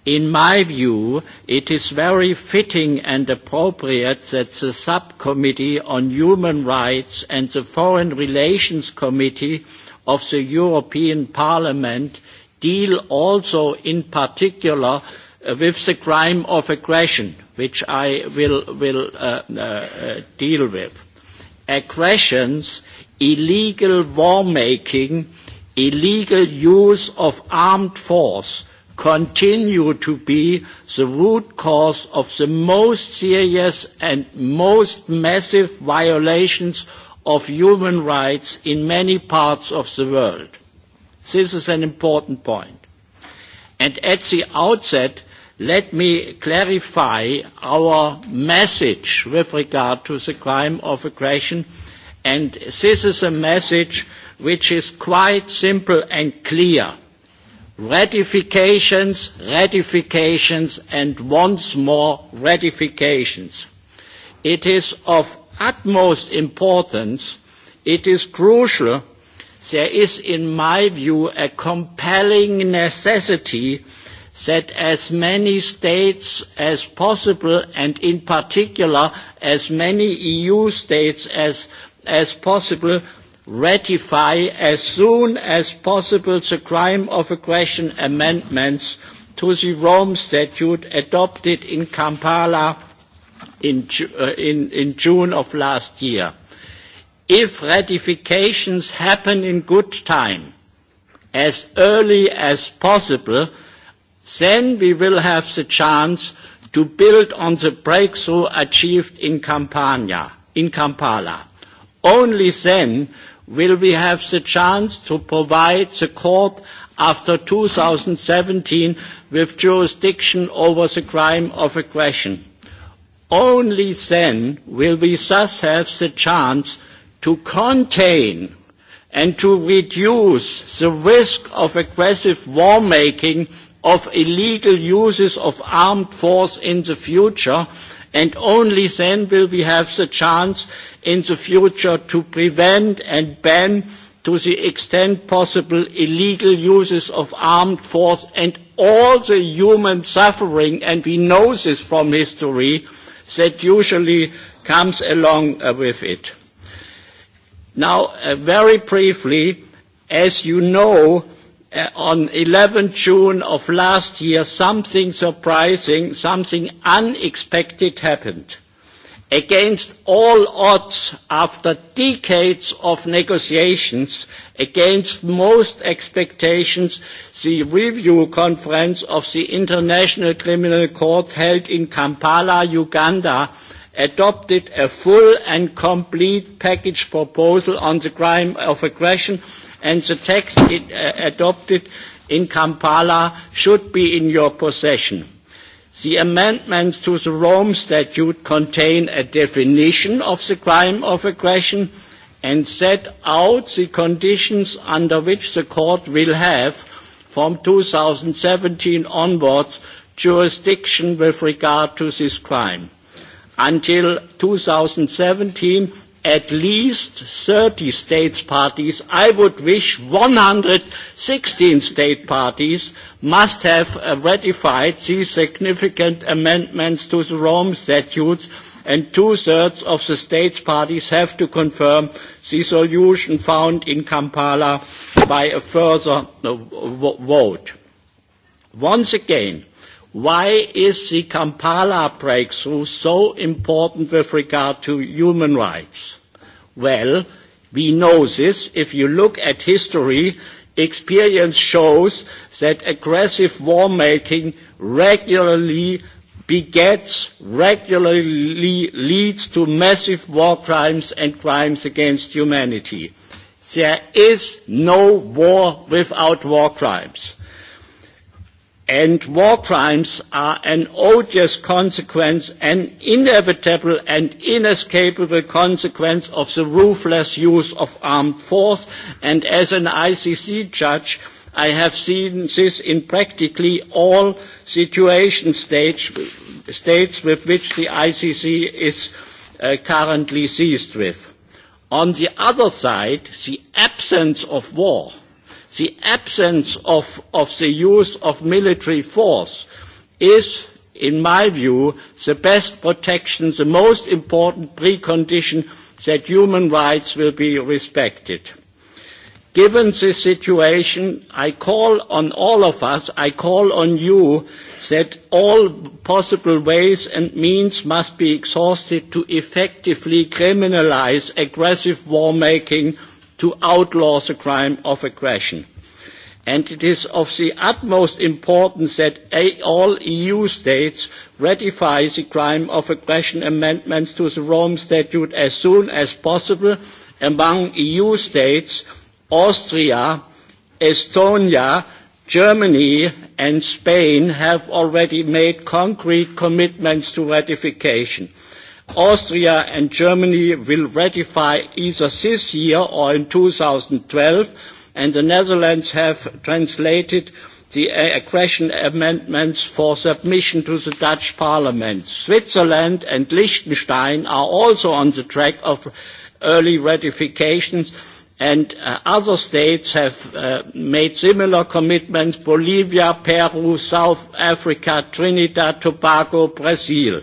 In my view, it is very fitting and appropriate that the Subcommittee on Human Rights and the Foreign Relations Committee of the European Parliament deal also in particular uh, with the crime of aggression, which I will, will uh, uh, deal with. Aggressions, illegal war making, illegal use of armed force, continue to be the root cause of the most serious and most massive violations of human rights in many parts of the world. This is an important point. And at the outset, let me clarify our message with regard to the crime of aggression. And this is a message which is quite simple and clear ratifications, ratifications, and once more ratifications. It is of utmost importance, it is crucial, there is, in my view, a compelling necessity that as many states as possible, and in particular as many EU states as, as possible, ratify as soon as possible the crime of aggression amendments to the Rome Statute adopted in Kampala in, uh, in, in June of last year. If ratifications happen in good time, as early as possible, then we will have the chance to build on the breakthrough achieved in Campania, in Kampala. Only then will we have the chance to provide the court after 2017 with jurisdiction over the crime of aggression. Only then will we thus have the chance to contain and to reduce the risk of aggressive war making of illegal uses of armed force in the future And only then will we have the chance in the future to prevent and ban to the extent possible illegal uses of armed force and all the human suffering, and we know this from history, that usually comes along uh, with it. Now, uh, very briefly, as you know, Uh, on 11 June of last year, something surprising, something unexpected happened. Against all odds, after decades of negotiations, against most expectations, the review conference of the International Criminal Court held in Kampala, Uganda, adopted a full and complete package proposal on the crime of aggression and the text it, uh, adopted in Kampala should be in your possession. The amendments to the Rome Statute contain a definition of the crime of aggression and set out the conditions under which the court will have, from 2017 onwards, jurisdiction with regard to this crime until 2017, at least 30 states parties, I would wish 116 state parties must have uh, ratified these significant amendments to the Rome statutes and two-thirds of the states parties have to confirm the solution found in Kampala by a further uh, vote. Once again, Why is the Kampala breakthrough so important with regard to human rights? Well, we know this. If you look at history, experience shows that aggressive war making regularly begets, regularly leads to massive war crimes and crimes against humanity. There is no war without war crimes and war crimes are an odious consequence, an inevitable and inescapable consequence of the ruthless use of armed force. And as an ICC judge, I have seen this in practically all situation stage, states with which the ICC is uh, currently seized with. On the other side, the absence of war – the absence of, of the use of military force is, in my view, the best protection, the most important precondition that human rights will be respected. Given this situation, I call on all of us, I call on you that all possible ways and means must be exhausted to effectively criminalize aggressive war making to outlaw the crime of aggression. And it is of the utmost importance that all EU states ratify the crime of aggression amendments to the Rome Statute as soon as possible. Among EU states, Austria, Estonia, Germany and Spain have already made concrete commitments to ratification. Austria and Germany will ratify either this year or in 2012, and the Netherlands have translated the accession amendments for submission to the Dutch Parliament. Switzerland and Liechtenstein are also on the track of early ratifications, and uh, other states have uh, made similar commitments, Bolivia, Peru, South Africa, Trinidad, Tobago, Brazil.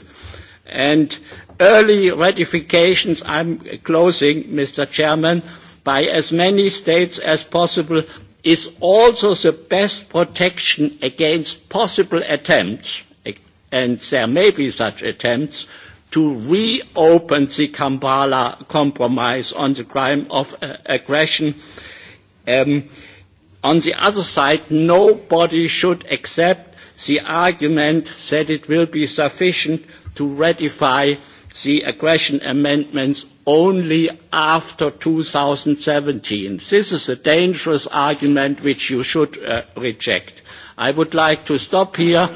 And early ratifications, I'm closing, Mr. Chairman, by as many states as possible is also the best protection against possible attempts, and there may be such attempts, to reopen the Kampala compromise on the crime of uh, aggression. Um, on the other side, nobody should accept the argument that it will be sufficient to ratify the aggression amendments only after 2017. This is a dangerous argument which you should uh, reject. I would like to stop here.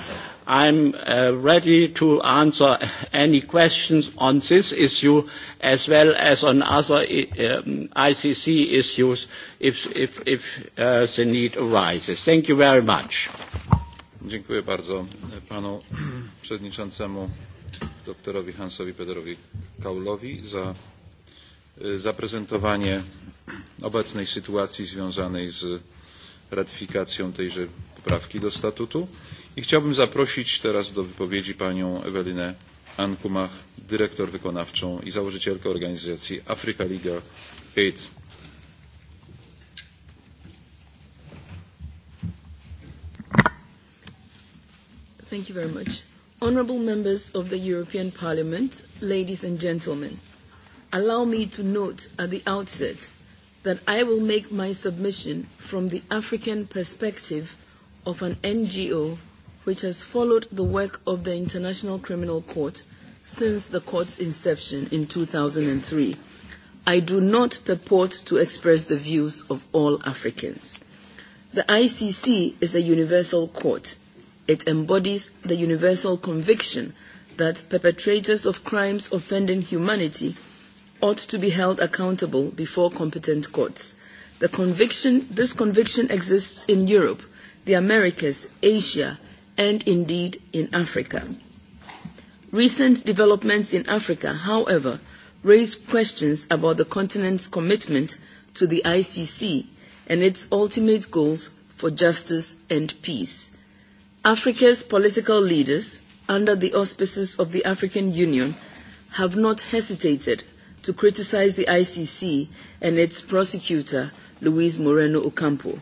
I'm uh, ready to answer any questions on this issue as well as on other um, ICC issues if, if, if uh, the need arises. Thank you very much. Dziękuję bardzo panu przewodniczącemu doktorowi Hansowi Pederowi Kaulowi za zaprezentowanie obecnej sytuacji związanej z ratyfikacją tejże poprawki do statutu. I chciałbym zaprosić teraz do wypowiedzi panią Ewelinę Ankumach, dyrektor wykonawczą i założycielkę organizacji Africa Liga Aid. Thank you very much. Honourable members of the European Parliament, ladies and gentlemen, allow me to note at the outset that I will make my submission from the African perspective of an NGO which has followed the work of the International Criminal Court since the court's inception in 2003. I do not purport to express the views of all Africans. The ICC is a universal court It embodies the universal conviction that perpetrators of crimes offending humanity ought to be held accountable before competent courts. The conviction, this conviction exists in Europe, the Americas, Asia, and indeed in Africa. Recent developments in Africa, however, raise questions about the continent's commitment to the ICC and its ultimate goals for justice and peace. Africa's political leaders, under the auspices of the African Union, have not hesitated to criticize the ICC and its prosecutor, Luis Moreno Ocampo.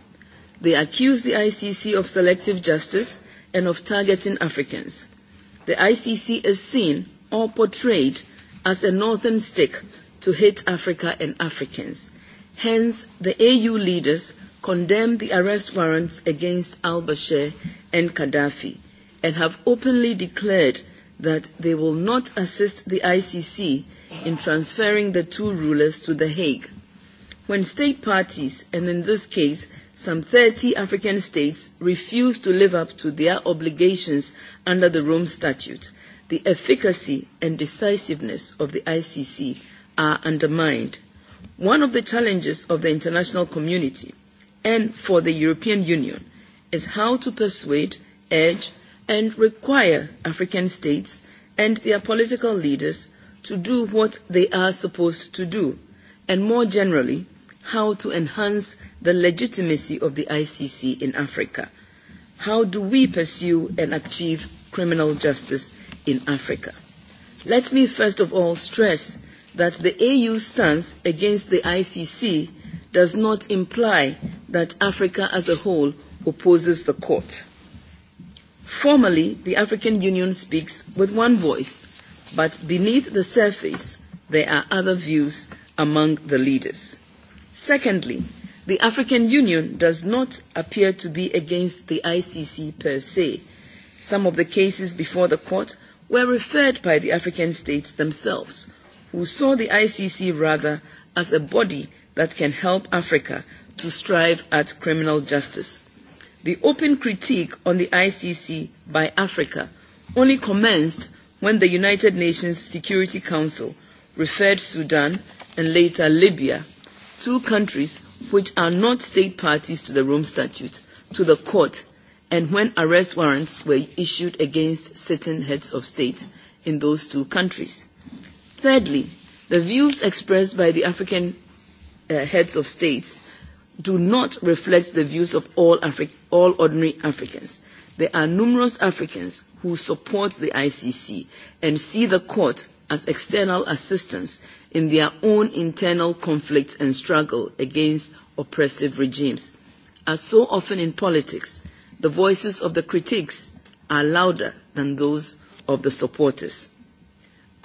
They accuse the ICC of selective justice and of targeting Africans. The ICC is seen or portrayed as a northern stick to hit Africa and Africans. Hence, the AU leaders condemned the arrest warrants against al-Bashir and Gaddafi and have openly declared that they will not assist the ICC in transferring the two rulers to The Hague. When state parties, and in this case, some 30 African states refuse to live up to their obligations under the Rome Statute, the efficacy and decisiveness of the ICC are undermined. One of the challenges of the international community – and for the European Union is how to persuade, urge and require African states and their political leaders to do what they are supposed to do, and more generally, how to enhance the legitimacy of the ICC in Africa. How do we pursue and achieve criminal justice in Africa? Let me first of all stress that the AU stance against the ICC does not imply that Africa as a whole opposes the court. Formally, the African Union speaks with one voice, but beneath the surface, there are other views among the leaders. Secondly, the African Union does not appear to be against the ICC per se. Some of the cases before the court were referred by the African states themselves, who saw the ICC rather as a body that can help Africa to strive at criminal justice. The open critique on the ICC by Africa only commenced when the United Nations Security Council referred Sudan and later Libya, two countries which are not state parties to the Rome Statute, to the court, and when arrest warrants were issued against certain heads of state in those two countries. Thirdly, the views expressed by the African Uh, heads of states do not reflect the views of all, Afri- all ordinary Africans. There are numerous Africans who support the ICC and see the court as external assistance in their own internal conflicts and struggle against oppressive regimes. As so often in politics, the voices of the critics are louder than those of the supporters.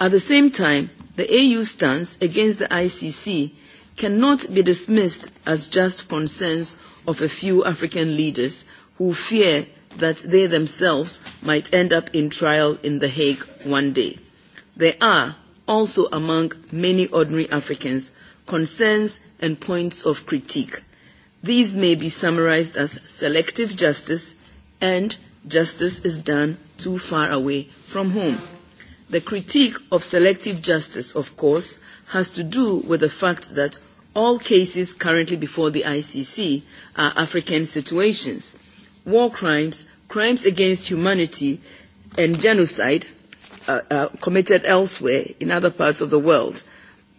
At the same time, the AU stance against the ICC cannot be dismissed as just concerns of a few African leaders who fear that they themselves might end up in trial in The Hague one day. There are also among many ordinary Africans concerns and points of critique. These may be summarized as selective justice and justice is done too far away from home. The critique of selective justice, of course, has to do with the fact that all cases currently before the ICC are African situations. War crimes, crimes against humanity, and genocide uh, uh, committed elsewhere in other parts of the world.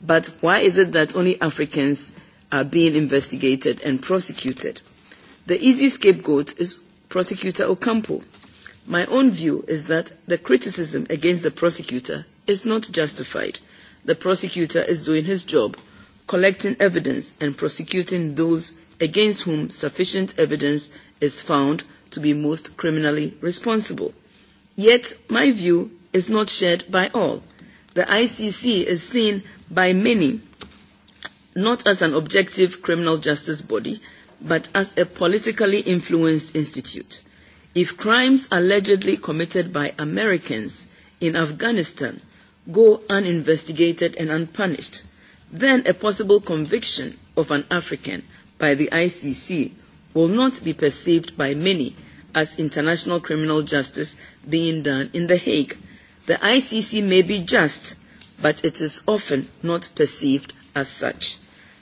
But why is it that only Africans are being investigated and prosecuted? The easy scapegoat is Prosecutor Ocampo. My own view is that the criticism against the prosecutor is not justified the prosecutor is doing his job, collecting evidence and prosecuting those against whom sufficient evidence is found to be most criminally responsible. Yet, my view is not shared by all. The ICC is seen by many not as an objective criminal justice body, but as a politically influenced institute. If crimes allegedly committed by Americans in Afghanistan go uninvestigated and unpunished, then a possible conviction of an African by the ICC will not be perceived by many as international criminal justice being done in The Hague. The ICC may be just, but it is often not perceived as such.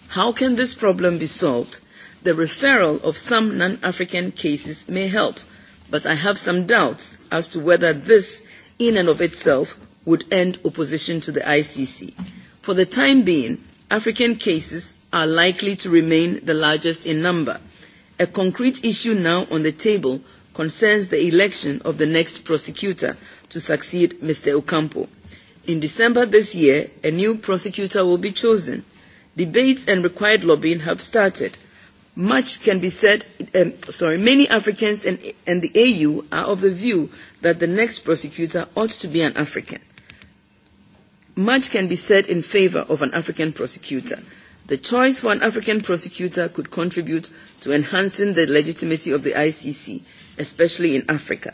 How can this problem be solved? The referral of some non-African cases may help, but I have some doubts as to whether this in and of itself would end opposition to the ICC. For the time being, African cases are likely to remain the largest in number. A concrete issue now on the table concerns the election of the next prosecutor to succeed Mr. Ocampo. In December this year, a new prosecutor will be chosen. Debates and required lobbying have started. Much can be said, um, sorry, many Africans and, and the AU are of the view that the next prosecutor ought to be an African much can be said in favour of an African prosecutor. The choice for an African prosecutor could contribute to enhancing the legitimacy of the ICC, especially in Africa.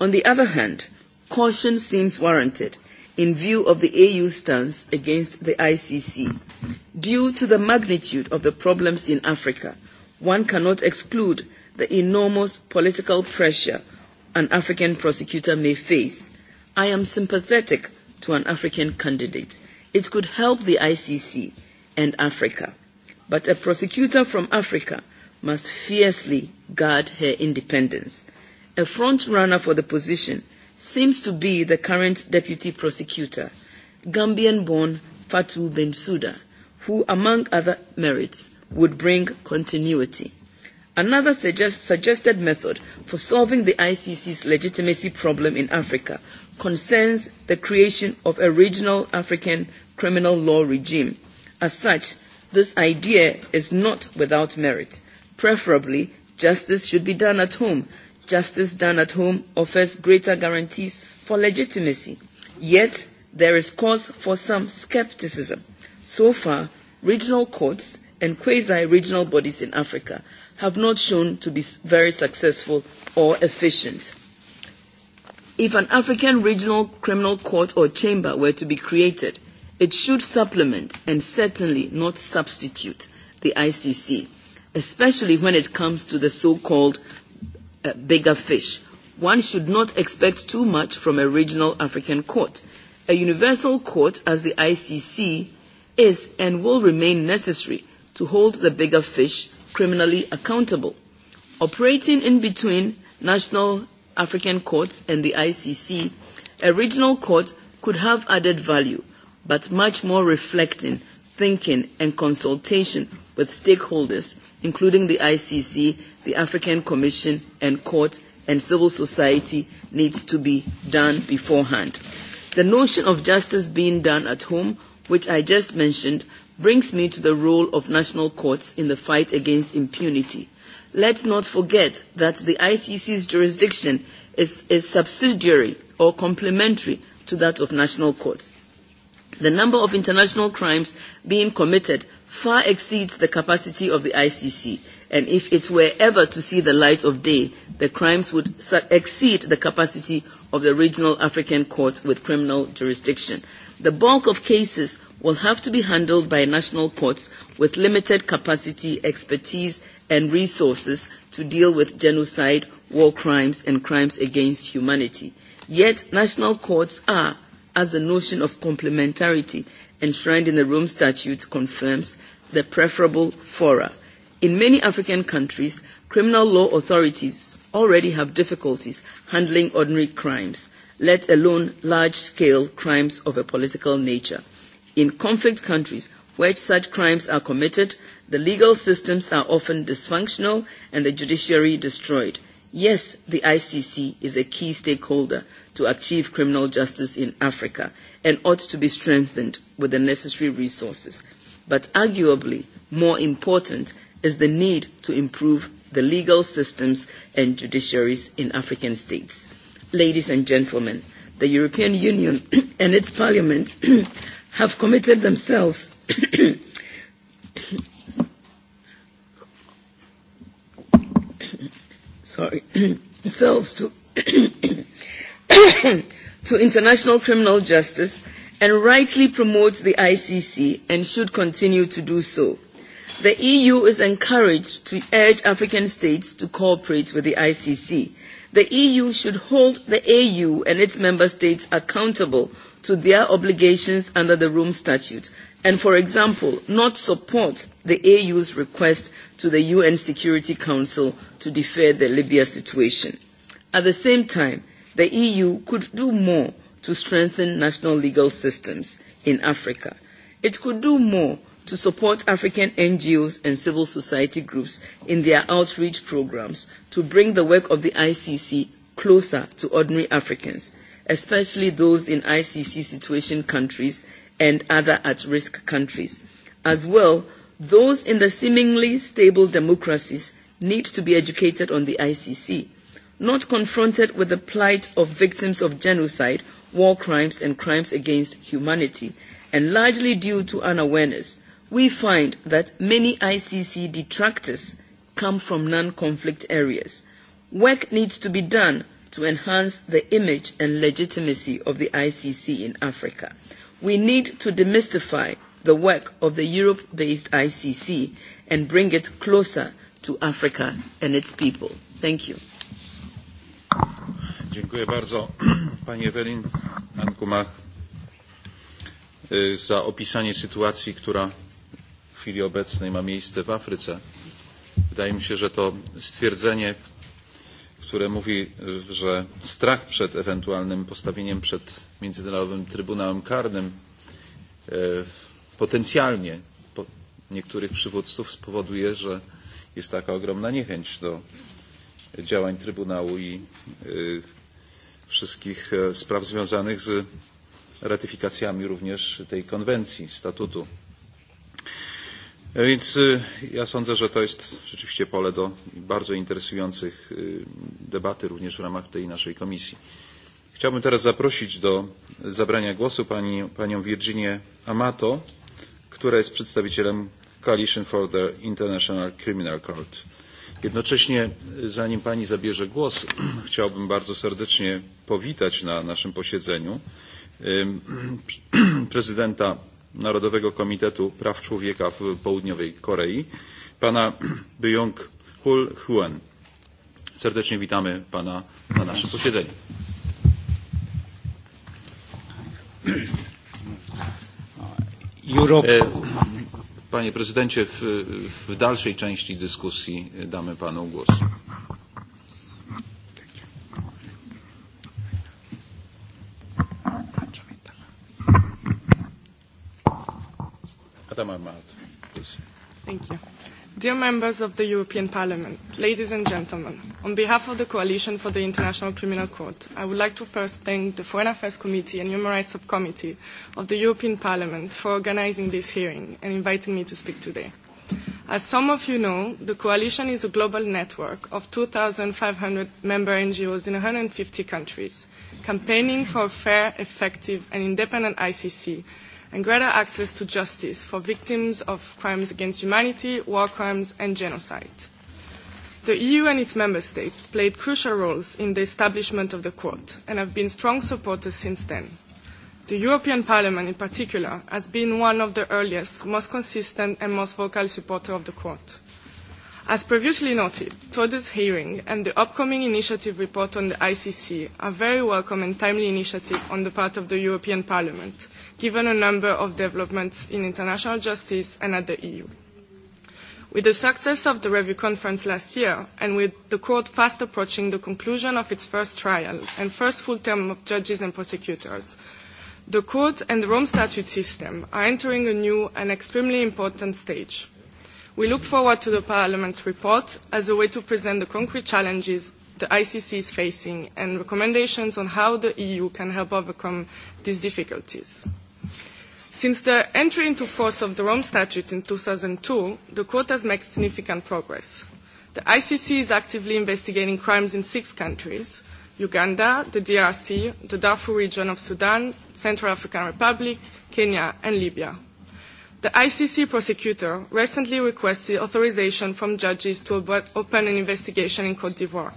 On the other hand, caution seems warranted in view of the AU stance against the ICC. Due to the magnitude of the problems in Africa, one cannot exclude the enormous political pressure an African prosecutor may face. I am sympathetic to an African candidate. It could help the ICC and Africa. But a prosecutor from Africa must fiercely guard her independence. A front runner for the position seems to be the current deputy prosecutor, Gambian born Fatou Bensouda, who, among other merits, would bring continuity. Another suggest suggested method for solving the ICC's legitimacy problem in Africa concerns the creation of a regional African criminal law regime. As such, this idea is not without merit. Preferably, justice should be done at home. Justice done at home offers greater guarantees for legitimacy. Yet, there is cause for some scepticism. So far, regional courts and quasi-regional bodies in Africa have not shown to be very successful or efficient. If an African regional criminal court or chamber were to be created, it should supplement and certainly not substitute the ICC, especially when it comes to the so-called uh, bigger fish. One should not expect too much from a regional African court. A universal court as the ICC is and will remain necessary to hold the bigger fish criminally accountable. Operating in between national African courts and the ICC, a regional court could have added value, but much more reflecting, thinking, and consultation with stakeholders, including the ICC, the African Commission, and court and civil society needs to be done beforehand. The notion of justice being done at home, which I just mentioned, brings me to the role of national courts in the fight against impunity let's not forget that the ICC's jurisdiction is, is subsidiary or complementary to that of national courts. The number of international crimes being committed far exceeds the capacity of the ICC, and if it were ever to see the light of day, the crimes would exceed the capacity of the regional African court with criminal jurisdiction. The bulk of cases will have to be handled by national courts with limited capacity, expertise, and resources to deal with genocide, war crimes, and crimes against humanity. Yet, national courts are, as the notion of complementarity enshrined in the Rome Statute confirms, the preferable fora. In many African countries, criminal law authorities already have difficulties handling ordinary crimes, let alone large-scale crimes of a political nature. In conflict countries where such crimes are committed, The legal systems are often dysfunctional and the judiciary destroyed. Yes, the ICC is a key stakeholder to achieve criminal justice in Africa and ought to be strengthened with the necessary resources. But arguably, more important is the need to improve the legal systems and judiciaries in African states. Ladies and gentlemen, the European Union and its parliament have committed themselves sorry, themselves to, to international criminal justice and rightly promotes the ICC and should continue to do so. The EU is encouraged to urge African states to cooperate with the ICC. The EU should hold the AU and its member states accountable to their obligations under the Rome Statute and, for example, not support the AU's request to the UN Security Council to defer the Libya situation. At the same time, the EU could do more to strengthen national legal systems in Africa. It could do more to support African NGOs and civil society groups in their outreach programs to bring the work of the ICC closer to ordinary Africans, especially those in ICC situation countries and other at-risk countries, as well Those in the seemingly stable democracies need to be educated on the ICC, not confronted with the plight of victims of genocide, war crimes, and crimes against humanity, and largely due to unawareness. We find that many ICC detractors come from non-conflict areas. Work needs to be done to enhance the image and legitimacy of the ICC in Africa. We need to demystify the work of the Europe-based ICC and bring it closer to Africa and its people. Thank you. Dziękuję bardzo Pani Ewelin Ankumach za opisanie sytuacji, która w chwili obecnej ma miejsce w Afryce. Wydaje mi się, że to stwierdzenie, które mówi, że strach przed ewentualnym postawieniem przed Międzynarodowym Trybunałem Karnym potencjalnie po niektórych przywódców spowoduje, że jest taka ogromna niechęć do działań Trybunału i wszystkich e, spraw związanych z ratyfikacjami również tej konwencji, statutu. E, więc ja sądzę, że to jest rzeczywiście pole do bardzo interesujących debaty również w ramach tej naszej komisji. Chciałbym teraz zaprosić do zabrania głosu pani, panią Virginię Amato, która jest przedstawicielem Coalition for the International Criminal Court. Jednocześnie, zanim pani zabierze głos, chciałbym bardzo serdecznie powitać na naszym posiedzeniu prezydenta Narodowego Komitetu Praw Człowieka w Południowej Korei, pana Byung Hul Huen. Serdecznie witamy pana na naszym posiedzeniu. Europe. E, panie prezydencie, w, w dalszej części dyskusji damy panu głos. Madam Armand, Thank you. Dear members of the European Parliament, ladies and gentlemen, On behalf of the Coalition for the International Criminal Court, I would like to first thank the Foreign Affairs Committee and Human Rights Subcommittee of the European Parliament for organizing this hearing and inviting me to speak today. As some of you know, the Coalition is a global network of 2,500 member NGOs in 150 countries, campaigning for a fair, effective, and independent ICC and greater access to justice for victims of crimes against humanity, war crimes, and genocide. The EU and its member states played crucial roles in the establishment of the court and have been strong supporters since then. The European Parliament in particular has been one of the earliest, most consistent and most vocal supporters of the court. As previously noted, today's hearing and the upcoming initiative report on the ICC are very welcome and timely initiative on the part of the European Parliament, given a number of developments in international justice and at the EU. With the success of the review conference last year, and with the court fast approaching the conclusion of its first trial and first full term of judges and prosecutors, the court and the Rome Statute system are entering a new and extremely important stage. We look forward to the Parliament's report as a way to present the concrete challenges the ICC is facing and recommendations on how the EU can help overcome these difficulties. Since the entry into force of the Rome Statute in 2002, the court has made significant progress. The ICC is actively investigating crimes in six countries Uganda, the DRC, the Darfur region of Sudan, Central African Republic, Kenya, and Libya. The ICC prosecutor recently requested authorization from judges to open an investigation in Cote d'Ivoire.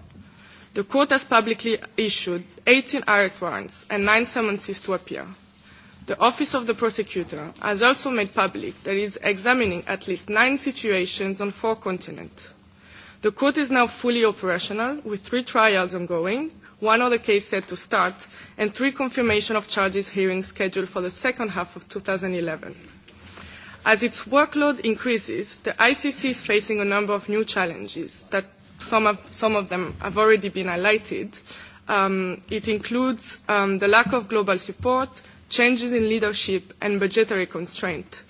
The court has publicly issued 18 arrest warrants and nine summonses to appear. The Office of the Prosecutor has also made public that it is examining at least nine situations on four continents. The court is now fully operational, with three trials ongoing, one other case set to start, and three confirmation of charges hearings scheduled for the second half of 2011. As its workload increases, the ICC is facing a number of new challenges that some of, some of them have already been highlighted. Um, it includes um, the lack of global support, changes in leadership and budgetary constraint.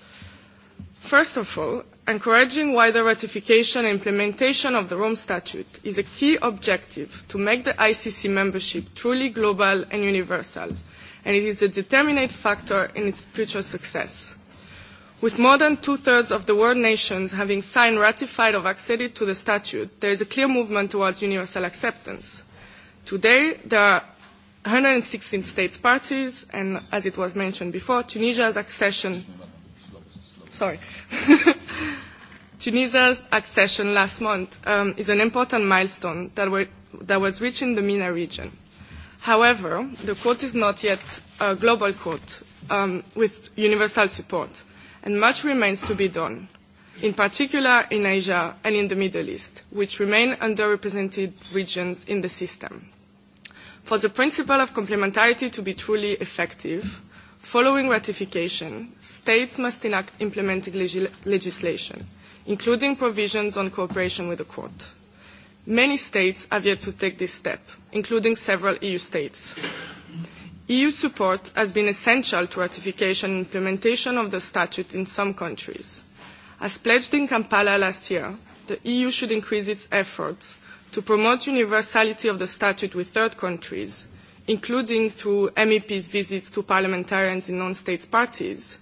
First of all, encouraging wider ratification and implementation of the Rome Statute is a key objective to make the ICC membership truly global and universal, and it is a determinate factor in its future success. With more than two-thirds of the world nations having signed, ratified or acceded to the statute, there is a clear movement towards universal acceptance. Today, there are 116 states parties, and as it was mentioned before, Tunisia's accession. Sorry. Tunisia's accession last month um, is an important milestone that, were, that was reached in the MENA region. However, the court is not yet a global court um, with universal support, and much remains to be done, in particular in Asia and in the Middle East, which remain underrepresented regions in the system. For the principle of complementarity to be truly effective, following ratification, states must enact implementing leg legislation, including provisions on cooperation with the court. Many states have yet to take this step, including several EU states. EU support has been essential to ratification and implementation of the statute in some countries. As pledged in Kampala last year, the EU should increase its efforts to promote universality of the statute with third countries, including through MEPs' visits to parliamentarians in non-state parties,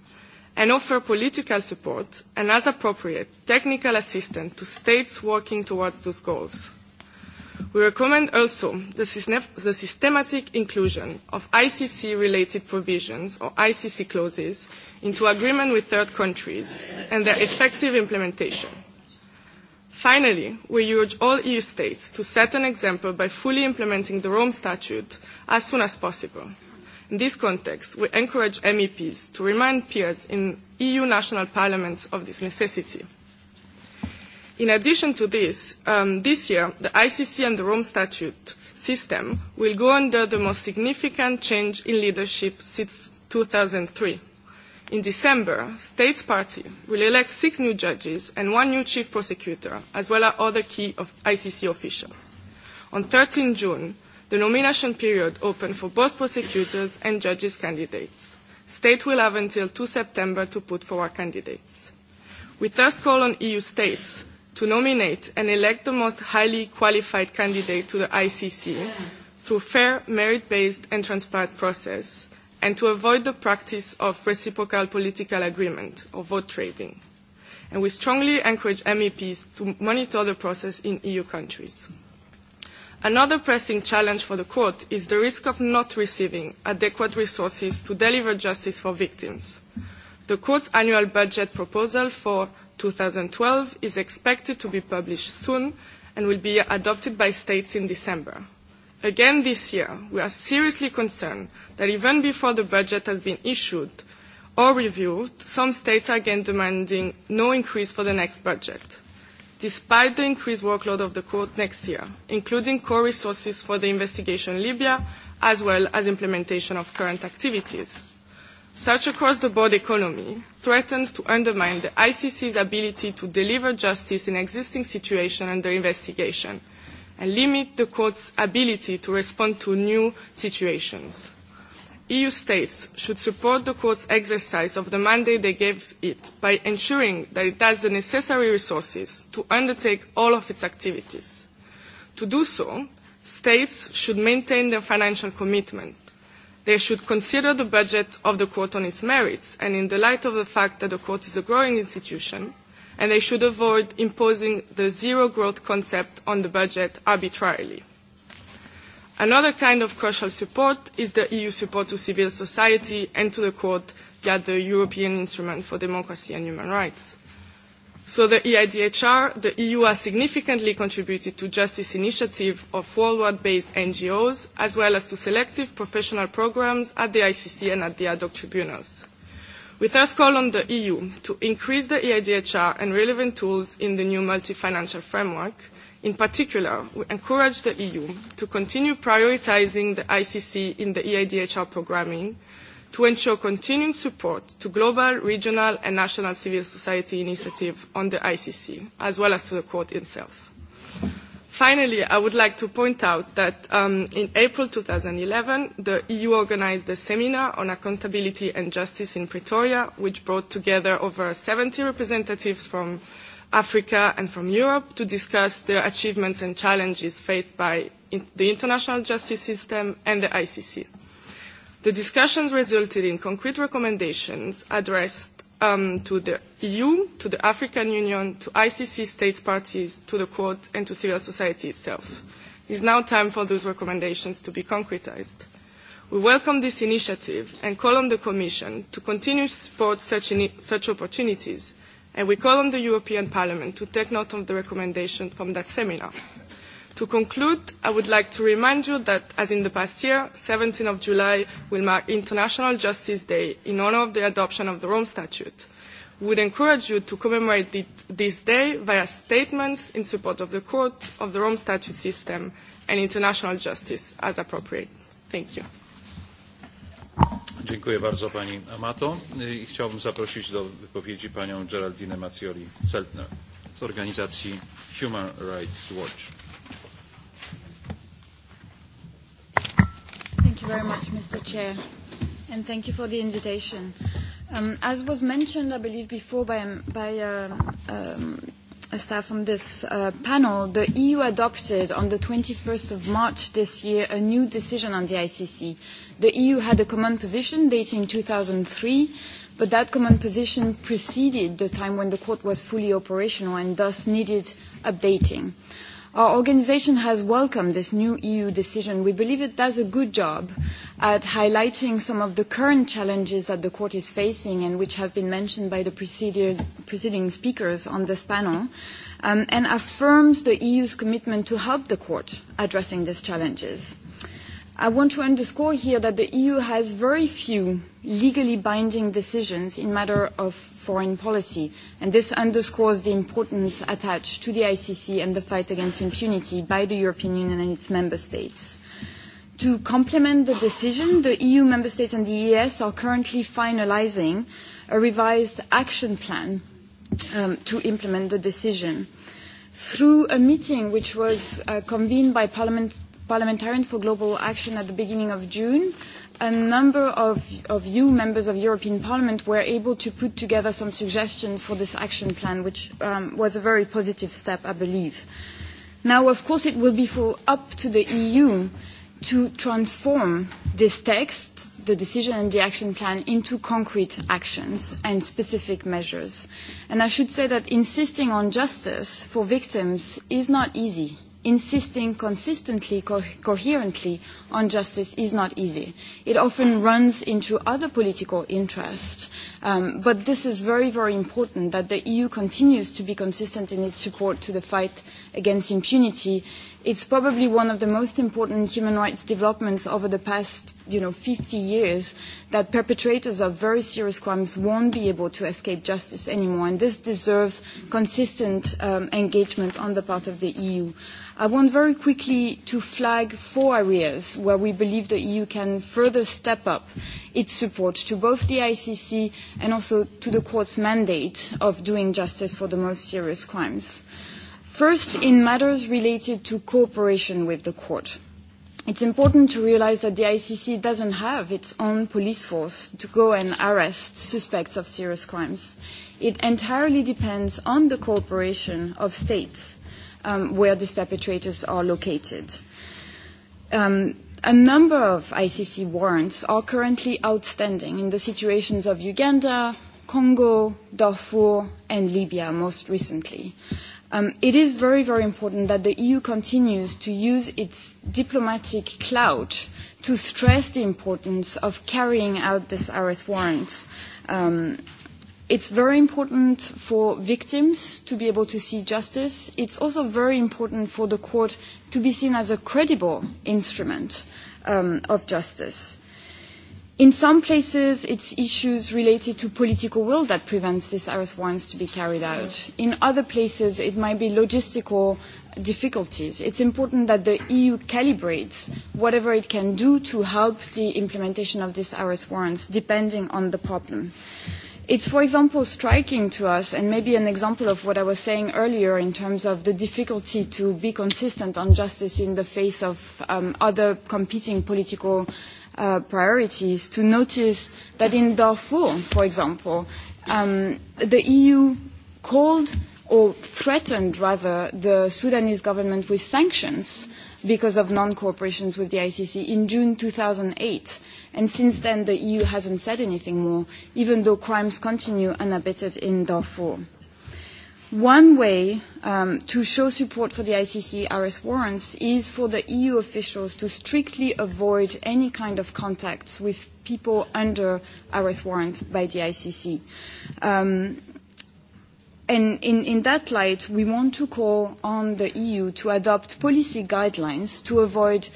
and offer political support and, as appropriate, technical assistance to states working towards those goals. We recommend also the, system the systematic inclusion of ICC-related provisions or ICC clauses into agreement with third countries and their effective implementation. Finally, we urge all EU states to set an example by fully implementing the Rome Statute as soon as possible. In this context, we encourage MEPs to remind peers in EU national parliaments of this necessity. In addition to this, um, this year, the ICC and the Rome Statute system will go under the most significant change in leadership since 2003. In December, States Party will elect six new judges and one new chief prosecutor, as well as other key of ICC officials. On 13 June, the nomination period opened for both prosecutors and judges candidates. States will have until 2 September to put forward candidates. We thus call on EU states to nominate and elect the most highly qualified candidate to the ICC through fair, merit-based and transparent process and to avoid the practice of reciprocal political agreement or vote trading. And we strongly encourage MEPs to monitor the process in EU countries. Another pressing challenge for the court is the risk of not receiving adequate resources to deliver justice for victims. The court's annual budget proposal for 2012 is expected to be published soon and will be adopted by states in December. Again this year, we are seriously concerned that even before the budget has been issued or reviewed, some states are again demanding no increase for the next budget, despite the increased workload of the court next year, including core resources for the investigation in Libya, as well as implementation of current activities. Such across-the-board economy threatens to undermine the ICC's ability to deliver justice in existing situations under investigation – and limit the court's ability to respond to new situations. EU states should support the court's exercise of the mandate they gave it by ensuring that it has the necessary resources to undertake all of its activities. To do so, states should maintain their financial commitment. They should consider the budget of the court on its merits and in the light of the fact that the court is a growing institution, and they should avoid imposing the zero growth concept on the budget arbitrarily. Another kind of crucial support is the EU support to civil society and to the court via the European Instrument for Democracy and Human Rights. So the EIDHR, the EU has significantly contributed to justice initiative of worldwide-based NGOs, as well as to selective professional programs at the ICC and at the ad hoc tribunals. We thus call on the EU to increase the EIDHR and relevant tools in the new multi-financial framework. In particular, we encourage the EU to continue prioritizing the ICC in the EIDHR programming to ensure continuing support to global, regional and national civil society initiative on the ICC, as well as to the court itself. Finally, I would like to point out that um, in April 2011, the EU organized a seminar on accountability and justice in Pretoria, which brought together over 70 representatives from Africa and from Europe to discuss the achievements and challenges faced by in the international justice system and the ICC. The discussions resulted in concrete recommendations addressed um, to the EU, to the African Union, to ICC states parties, to the court, and to civil society itself. It is now time for those recommendations to be concretized. We welcome this initiative and call on the Commission to continue to support such, such opportunities, and we call on the European Parliament to take note of the recommendations from that seminar. To conclude, I would like to remind you that, as in the past year, 17 of July will mark International Justice Day in honor of the adoption of the Rome Statute. We would encourage you to commemorate this day via statements in support of the Court, of the Rome Statute system, and international justice as appropriate. Thank you. Dziękuję bardzo pani Amato i chciałbym zaprosić do wypowiedzi panią Geraldine Macioli-Seltner z organizacji Human Rights Watch. Thank you very much, Mr. Chair, and thank you for the invitation. Um, as was mentioned, I believe, before by, by um, um, a staff from this uh, panel, the EU adopted on the 21st of March this year a new decision on the ICC. The EU had a common position dating 2003, but that common position preceded the time when the court was fully operational and thus needed updating. Our organization has welcomed this new EU decision. We believe it does a good job at highlighting some of the current challenges that the court is facing and which have been mentioned by the preceding speakers on this panel, um, and affirms the EU's commitment to help the court addressing these challenges. I want to underscore here that the EU has very few legally binding decisions in matter of foreign policy, and this underscores the importance attached to the ICC and the fight against impunity by the European Union and its member states. To complement the decision, the EU member states and the EES are currently finalizing a revised action plan um, to implement the decision. Through a meeting which was uh, convened by Parliament parliamentarians for global action at the beginning of June, a number of, of you, members of European Parliament, were able to put together some suggestions for this action plan, which um, was a very positive step, I believe. Now, of course, it will be for up to the EU to transform this text, the decision and the action plan, into concrete actions and specific measures. And I should say that insisting on justice for victims is not easy insisting consistently, co coherently on justice is not easy. It often runs into other political interests, um, but this is very, very important that the EU continues to be consistent in its support to the fight against impunity, it's probably one of the most important human rights developments over the past, you know, 50 years that perpetrators of very serious crimes won't be able to escape justice anymore. And this deserves consistent um, engagement on the part of the EU. I want very quickly to flag four areas where we believe the EU can further step up its support to both the ICC and also to the court's mandate of doing justice for the most serious crimes. First, in matters related to cooperation with the court. It's important to realize that the ICC doesn't have its own police force to go and arrest suspects of serious crimes. It entirely depends on the cooperation of states um, where these perpetrators are located. Um, a number of ICC warrants are currently outstanding in the situations of Uganda, Congo, Darfur, and Libya most recently. Um, it is very, very important that the EU continues to use its diplomatic clout to stress the importance of carrying out this arrest warrant. Um, it's very important for victims to be able to see justice. It's also very important for the court to be seen as a credible instrument um, of justice. In some places, it's issues related to political will that prevents these arrest warrants to be carried out. In other places, it might be logistical difficulties. It's important that the EU calibrates whatever it can do to help the implementation of these arrest warrants, depending on the problem. It's, for example, striking to us, and maybe an example of what I was saying earlier in terms of the difficulty to be consistent on justice in the face of um, other competing political Uh, priorities to notice that in Darfur, for example, um, the EU called or threatened, rather, the Sudanese government with sanctions because of non-cooperation with the ICC in June 2008. And since then, the EU hasn't said anything more, even though crimes continue unabated in Darfur. One way um, to show support for the ICC arrest warrants is for the EU officials to strictly avoid any kind of contacts with people under arrest warrants by the ICC. Um, And in, in that light, we want to call on the EU to adopt policy guidelines to avoid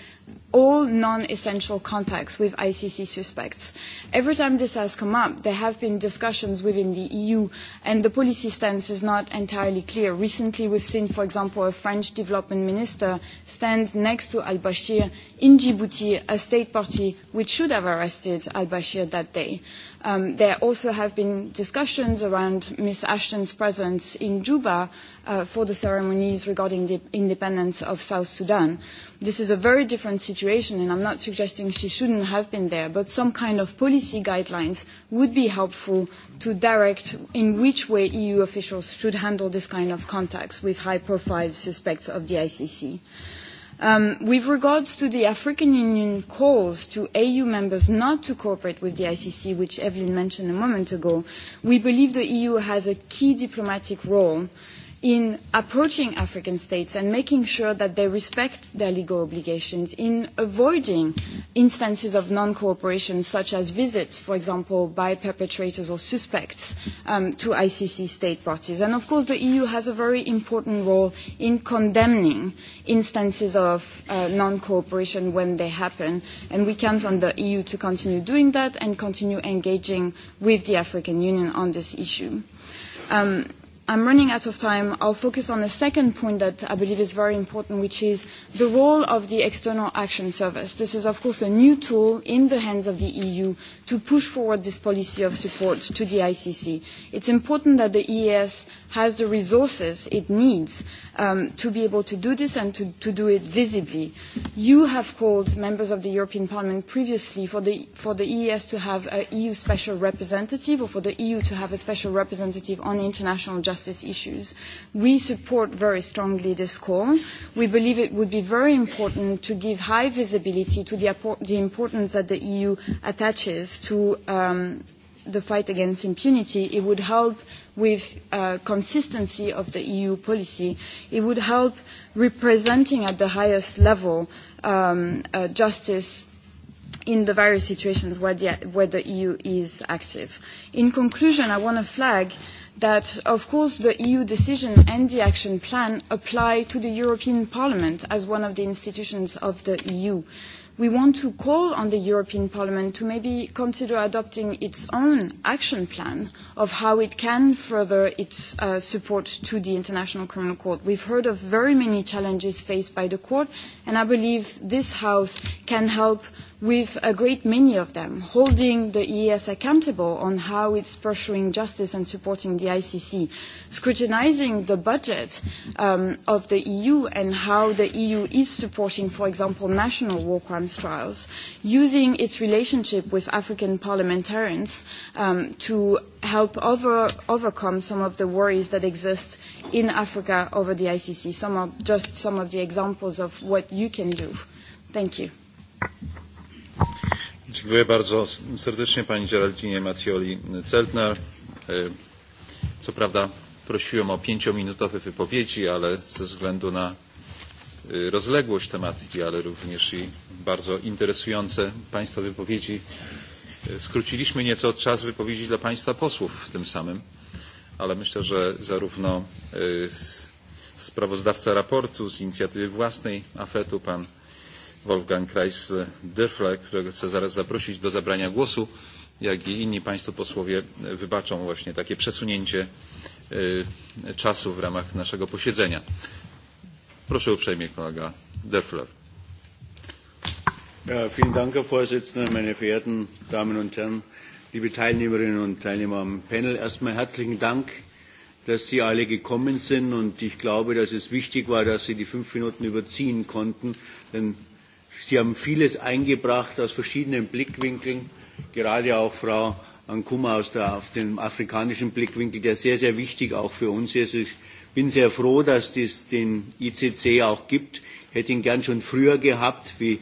all non-essential contacts with ICC suspects. Every time this has come up, there have been discussions within the EU, and the policy stance is not entirely clear. Recently, we've seen, for example, a French development minister stand next to al-Bashir in Djibouti, a state party which should have arrested al-Bashir that day. Um, there also have been discussions around Ms. Ashton's presence in Juba uh, for the ceremonies regarding the independence of South Sudan. This is a very different situation, and I'm not suggesting she shouldn't have been there, but some kind of policy guidelines would be helpful to direct in which way EU officials should handle this kind of contacts with high-profile suspects of the ICC. Uh, Um, with regards to the African Union calls to AU members not to cooperate with the ICC, which Evelyn mentioned a moment ago, we believe the EU has a key diplomatic role in approaching African states and making sure that they respect their legal obligations, in avoiding instances of non-cooperation, such as visits, for example, by perpetrators or suspects um, to ICC state parties. And of course, the EU has a very important role in condemning instances of uh, non-cooperation when they happen, and we count on the EU to continue doing that and continue engaging with the African Union on this issue. Um, I'm running out of time. I'll focus on the second point that I believe is very important, which is the role of the External Action Service. This is, of course, a new tool in the hands of the EU to push forward this policy of support to the ICC. It's important that the EAS has the resources it needs um, to be able to do this and to, to do it visibly. You have called members of the European Parliament previously for the, for the EES to have an EU special representative or for the EU to have a special representative on international justice issues. We support very strongly this call. We believe it would be very important to give high visibility to the, the importance that the EU attaches to um, the fight against impunity. It would help with uh, consistency of the EU policy. It would help representing at the highest level um, uh, justice in the various situations where the, where the EU is active. In conclusion, I want to flag that, of course, the EU decision and the action plan apply to the European Parliament as one of the institutions of the EU we want to call on the European Parliament to maybe consider adopting its own action plan of how it can further its uh, support to the International Criminal Court. We've heard of very many challenges faced by the court, and I believe this House can help with a great many of them, holding the EES accountable on how it's pursuing justice and supporting the ICC, scrutinizing the budget um, of the EU and how the EU is supporting, for example, national war crimes trials, using its relationship with African parliamentarians um, to help over, overcome some of the worries that exist in Africa over the ICC. Some are just some of the examples of what you can do. Thank you. Dziękuję bardzo serdecznie pani Geraldinie Mattioli Celtner. E, co prawda prosiłem o pięciominutowe wypowiedzi, ale ze względu na e, rozległość tematyki, ale również i bardzo interesujące Państwa wypowiedzi e, skróciliśmy nieco czas wypowiedzi dla Państwa posłów w tym samym, ale myślę, że zarówno sprawozdawca raportu z inicjatywy własnej AFET-u, pan Wolfgang Kreis e, Dyrfle, którego chcę zaraz zaprosić do zabrania głosu, jak i inni Państwo posłowie e, wybaczą właśnie takie przesunięcie e, czasu w ramach naszego posiedzenia. Proszę uprzejmie kolega Dörfler. Ja, vielen Dank, Herr Vorsitzender, meine verehrten Damen und Herren, liebe Teilnehmerinnen und Teilnehmer am Panel. Erstmal herzlichen Dank, dass Sie alle gekommen sind und ich glaube, dass es wichtig war, dass Sie die fünf Minuten überziehen konnten, denn Sie haben vieles eingebracht aus verschiedenen Blickwinkeln, gerade auch Frau Ankuma aus der, auf dem afrikanischen Blickwinkel, der sehr, sehr wichtig auch für uns ist. Ich bin sehr froh, dass es den ICC auch gibt. Ich hätte ihn gern schon früher gehabt, wie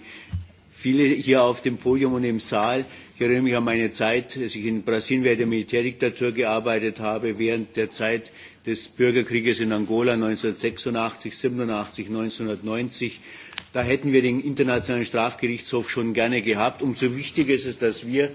viele hier auf dem Podium und im Saal. Ich erinnere mich an meine Zeit, als ich in Brasilien während der Militärdiktatur gearbeitet habe, während der Zeit des Bürgerkrieges in Angola 1986, 87, 1990 Da hätten wir den Internationalen Strafgerichtshof schon gerne gehabt. Umso wichtiger ist es, dass wir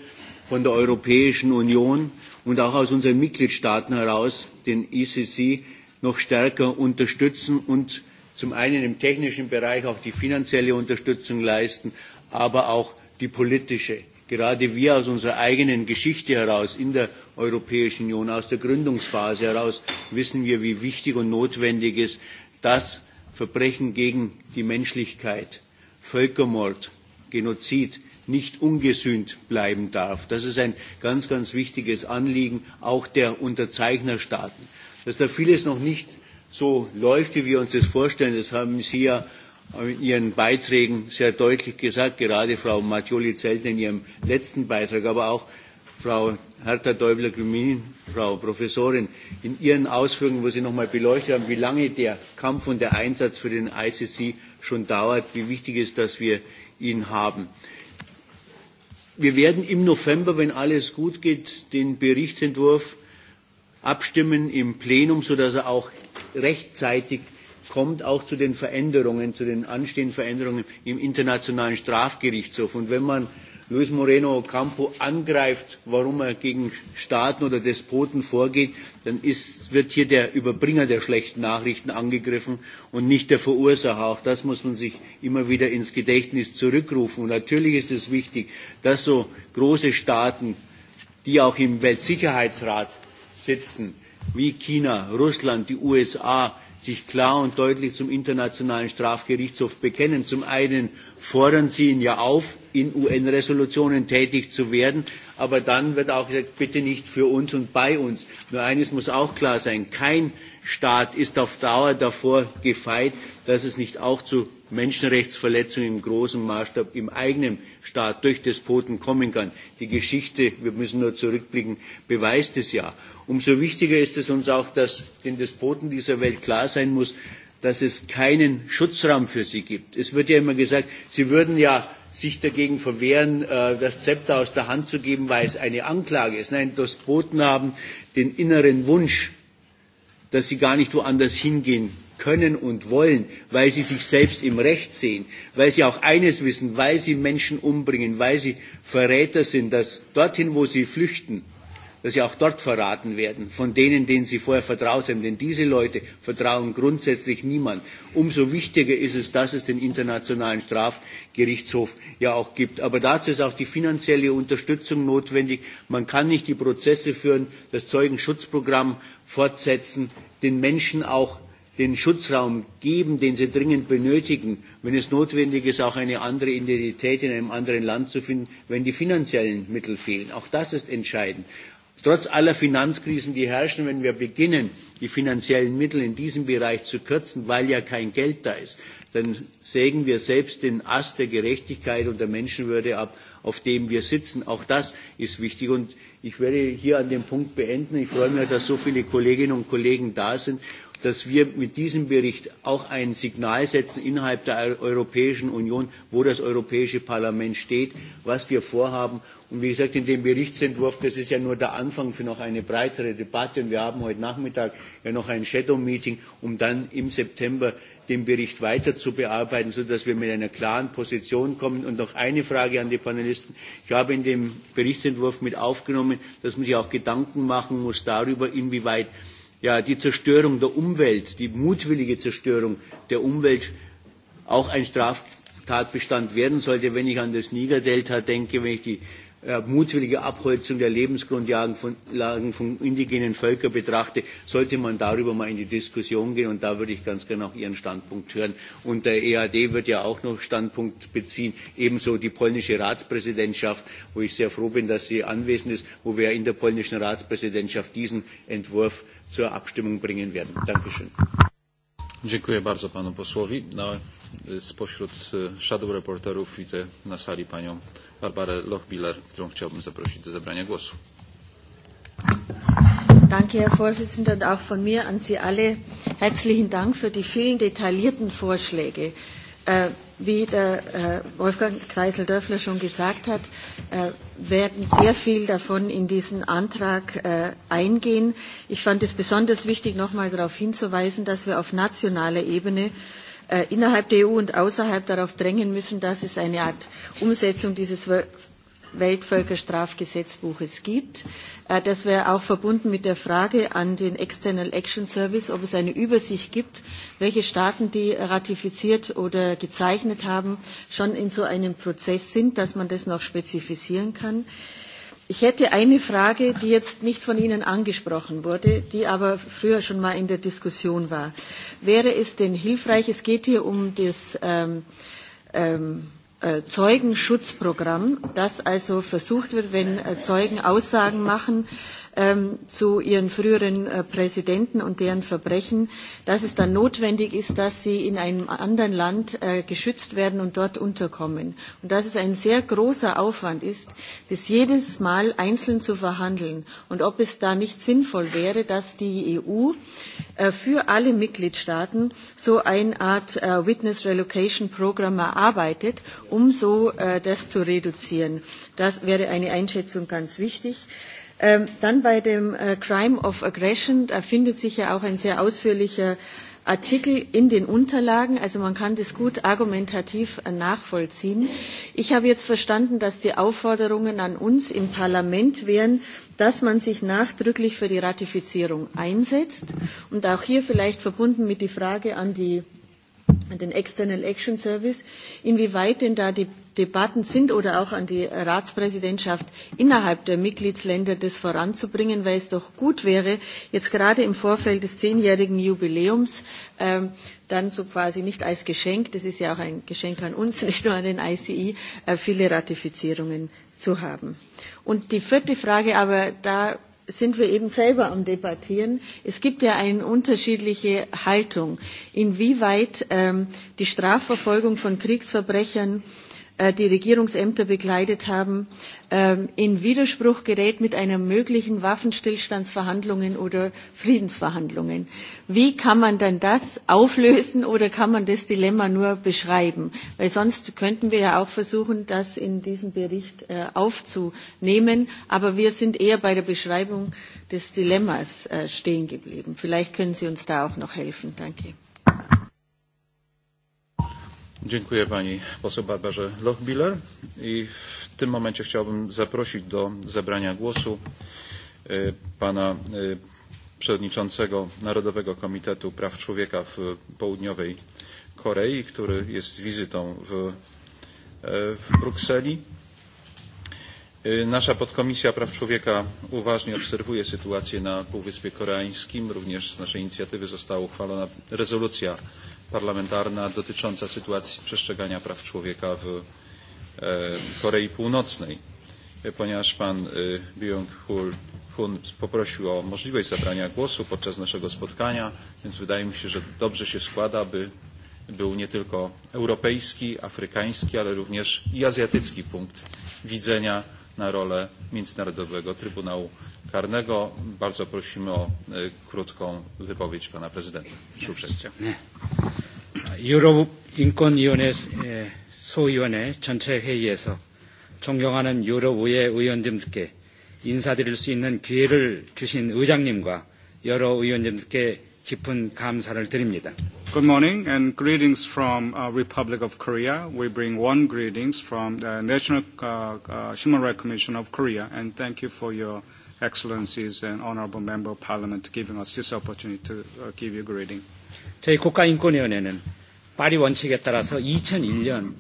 von der Europäischen Union und auch aus unseren Mitgliedstaaten heraus den ICC noch stärker unterstützen und zum einen im technischen Bereich auch die finanzielle Unterstützung leisten, aber auch die politische. Gerade wir aus unserer eigenen Geschichte heraus in der Europäischen Union, aus der Gründungsphase heraus, wissen wir, wie wichtig und notwendig es ist, dass Verbrechen gegen die Menschlichkeit, Völkermord, Genozid nicht ungesühnt bleiben darf. Das ist ein ganz, ganz wichtiges Anliegen auch der Unterzeichnerstaaten. Dass da vieles noch nicht so läuft, wie wir uns das vorstellen, das haben Sie ja in Ihren Beiträgen sehr deutlich gesagt, gerade Frau Mattioli-Zelten in ihrem letzten Beitrag, aber auch Frau Hertha Däubler-Grümin, Frau Professorin, in Ihren Ausführungen, wo Sie nochmal beleuchtet haben, wie lange der Kampf und der Einsatz für den ICC schon dauert, wie wichtig es ist, dass wir ihn haben. Wir werden im November, wenn alles gut geht, den Berichtsentwurf abstimmen im Plenum, sodass er auch rechtzeitig kommt, auch zu den Veränderungen, zu den anstehenden Veränderungen im Internationalen Strafgerichtshof. Und wenn man Luis Moreno Ocampo angreift, warum er gegen Staaten oder Despoten vorgeht, dann ist, wird hier der Überbringer der schlechten Nachrichten angegriffen und nicht der Verursacher. Auch das muss man sich immer wieder ins Gedächtnis zurückrufen. Und natürlich ist es wichtig, dass so große Staaten, die auch im Weltsicherheitsrat sitzen, wie China, Russland, die USA, sich klar und deutlich zum Internationalen Strafgerichtshof bekennen. Zum einen fordern sie ihn ja auf, in UN-Resolutionen tätig zu werden, aber dann wird auch gesagt, bitte nicht für uns und bei uns. Nur eines muss auch klar sein, kein Staat ist auf Dauer davor gefeit, dass es nicht auch zu Menschenrechtsverletzungen im großen Maßstab im eigenen Staat durch Despoten kommen kann. Die Geschichte, wir müssen nur zurückblicken, beweist es ja. Umso wichtiger ist es uns auch, dass den Despoten dieser Welt klar sein muss, dass es keinen Schutzraum für sie gibt. Es wird ja immer gesagt, sie würden ja sich dagegen verwehren, äh, das Zepter aus der Hand zu geben, weil es eine Anklage ist. Nein, Despoten haben den inneren Wunsch, dass sie gar nicht woanders hingehen können und wollen, weil sie sich selbst im Recht sehen, weil sie auch eines wissen, weil sie Menschen umbringen, weil sie Verräter sind, dass dorthin, wo sie flüchten, dass sie auch dort verraten werden, von denen, denen sie vorher vertraut haben. Denn diese Leute vertrauen grundsätzlich niemand. Umso wichtiger ist es, dass es den Internationalen Strafgerichtshof ja auch gibt. Aber dazu ist auch die finanzielle Unterstützung notwendig. Man kann nicht die Prozesse führen, das Zeugenschutzprogramm fortsetzen, den Menschen auch den Schutzraum geben, den sie dringend benötigen, wenn es notwendig ist, auch eine andere Identität in einem anderen Land zu finden, wenn die finanziellen Mittel fehlen. Auch das ist entscheidend trotz aller Finanzkrisen, die herrschen, wenn wir beginnen, die finanziellen Mittel in diesem Bereich zu kürzen, weil ja kein Geld da ist, dann sägen wir selbst den Ast der Gerechtigkeit und der Menschenwürde ab, auf dem wir sitzen. Auch das ist wichtig. Und ich werde hier an dem Punkt beenden. Ich freue mich, dass so viele Kolleginnen und Kollegen da sind dass wir mit diesem Bericht auch ein Signal setzen innerhalb der Europäischen Union, wo das Europäische Parlament steht, was wir vorhaben Und wie gesagt, in dem Berichtsentwurf, das ist ja nur der Anfang für noch eine breitere Debatte. Und wir haben heute Nachmittag ja noch ein Shadow-Meeting, um dann im September den Bericht weiter zu bearbeiten, sodass wir mit einer klaren Position kommen. Und noch eine Frage an die Panelisten. Ich habe in dem Berichtsentwurf mit aufgenommen, dass man sich auch Gedanken machen muss darüber, inwieweit ja, die Zerstörung der Umwelt, die mutwillige Zerstörung der Umwelt auch ein Straftatbestand werden sollte, wenn ich an das Niger-Delta denke, wenn ich die Äh, mutwillige Abholzung der Lebensgrundlagen von, von indigenen Völkern betrachte, sollte man darüber mal in die Diskussion gehen. Und da würde ich ganz gerne auch Ihren Standpunkt hören. Und der EAD wird ja auch noch Standpunkt beziehen, ebenso die polnische Ratspräsidentschaft, wo ich sehr froh bin, dass sie anwesend ist, wo wir in der polnischen Ratspräsidentschaft diesen Entwurf zur Abstimmung bringen werden. Dankeschön. Dziękuję bardzo panu posłowi. Na spośród shadow reporterów widzę na sali panią Barbarę Lochbiller, którą chciałbym zaprosić do zabrania głosu. Danke, Herr Vorsitzender, und auch von mir an Sie alle herzlichen Dank für die vielen detaillierten Vorschläge. Äh, wie der äh, Wolfgang Kreisel-Dörfler schon gesagt hat, äh, werden sehr viel davon in diesen Antrag äh, eingehen. Ich fand es besonders wichtig, nochmal darauf hinzuweisen, dass wir auf nationaler Ebene äh, Äh, innerhalb der EU und außerhalb darauf drängen müssen, dass es eine Art Umsetzung dieses Weltvölkerstrafgesetzbuches gibt. Äh, das wäre auch verbunden mit der Frage an den External Action Service, ob es eine Übersicht gibt, welche Staaten, die ratifiziert oder gezeichnet haben, schon in so einem Prozess sind, dass man das noch spezifizieren kann. Äh, Ich hätte eine Frage, die jetzt nicht von Ihnen angesprochen wurde, die aber früher schon mal in der Diskussion war. Wäre es denn hilfreich, es geht hier um das ähm, ähm, äh, Zeugenschutzprogramm, das also versucht wird, wenn äh, Zeugen Aussagen machen, ähm, zu ihren früheren äh, Präsidenten und deren Verbrechen, dass es dann notwendig ist, dass sie in einem anderen Land äh, geschützt werden und dort unterkommen. Und dass es ein sehr großer Aufwand ist, das jedes Mal einzeln zu verhandeln. Und ob es da nicht sinnvoll wäre, dass die EU äh, für alle Mitgliedstaaten so eine Art äh, Witness Relocation Programm erarbeitet, um so äh, das zu reduzieren. Das wäre eine Einschätzung ganz wichtig. Ähm, dann bei dem äh, Crime of Aggression, da findet sich ja auch ein sehr ausführlicher Artikel in den Unterlagen. Also man kann das gut argumentativ äh, nachvollziehen. Ich habe jetzt verstanden, dass die Aufforderungen an uns im Parlament wären, dass man sich nachdrücklich für die Ratifizierung einsetzt und auch hier vielleicht verbunden mit der Frage an die an den External Action Service, inwieweit denn da die Debatten sind oder auch an die Ratspräsidentschaft innerhalb der Mitgliedsländer, das voranzubringen, weil es doch gut wäre, jetzt gerade im Vorfeld des zehnjährigen Jubiläums ähm, dann so quasi nicht als Geschenk, das ist ja auch ein Geschenk an uns, nicht nur an den ICI, e, äh, viele Ratifizierungen zu haben. Und die vierte Frage, aber da sind wir eben selber am Debattieren. Es gibt ja eine unterschiedliche Haltung, inwieweit ähm, die Strafverfolgung von Kriegsverbrechern Äh, die Regierungsämter begleitet haben, ähm, in Widerspruch gerät mit einer möglichen Waffenstillstandsverhandlungen oder Friedensverhandlungen. Wie kann man dann das auflösen oder kann man das Dilemma nur beschreiben? Weil sonst könnten wir ja auch versuchen, das in diesem Bericht äh, aufzunehmen. Aber wir sind eher bei der Beschreibung des Dilemmas äh, stehen geblieben. Vielleicht können Sie uns da auch noch helfen. Danke. Dziękuję pani poseł Barbarze Lochbiller i w tym momencie chciałbym zaprosić do zabrania głosu e, pana e, przewodniczącego Narodowego Komitetu Praw Człowieka w Południowej Korei, który jest wizytą w, e, w Brukseli. Nasza podkomisja praw człowieka uważnie obserwuje sytuację na Półwyspie Koreańskim. Również z naszej inicjatywy została uchwalona rezolucja parlamentarna dotycząca sytuacji przestrzegania praw człowieka w e, Korei Północnej. Ponieważ pan e, Byung-Hul Hun poprosił o możliwość zabrania głosu podczas naszego spotkania, więc wydaje mi się, że dobrze się składa, by był nie tylko europejski, afrykański, ale również i azjatycki punkt widzenia na rolę Międzynarodowego Trybunału Karnego. Bardzo prosimy o e, krótką wypowiedź pana prezydenta. Szuczewcia. 유럽인권위원회 소위원회 전체 회의에서 존경하는 유럽의회 의원님들께 인사드릴 수 있는 기회를 주신 의장님과 여러 의원님들께 깊은 감사를 드립니다. Good morning and greetings from uh, Republic of Korea. We bring one greetings from the National uh, uh, Human Rights Commission of Korea and thank you for your excellencies and honorable member of parliament giving us this opportunity to uh, give you greeting. 저희 국가인권위원회는 파리 원칙에 따라서 2001년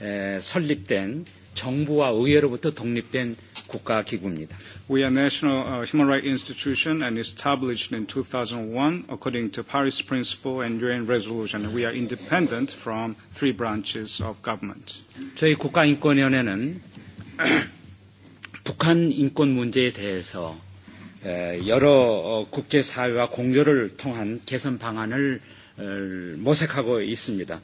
에, 설립된 정부와 의회로부터 독립된 국가 기구입니다. We are national uh, human rights institution and established in 2001 according to Paris principle and UN resolution. We are independent from three branches of government. 저희 국가인권위원회는 북한 인권 문제에 대해서 여러 국제사회와 공조를 통한 개선 방안을 모색하고 있습니다.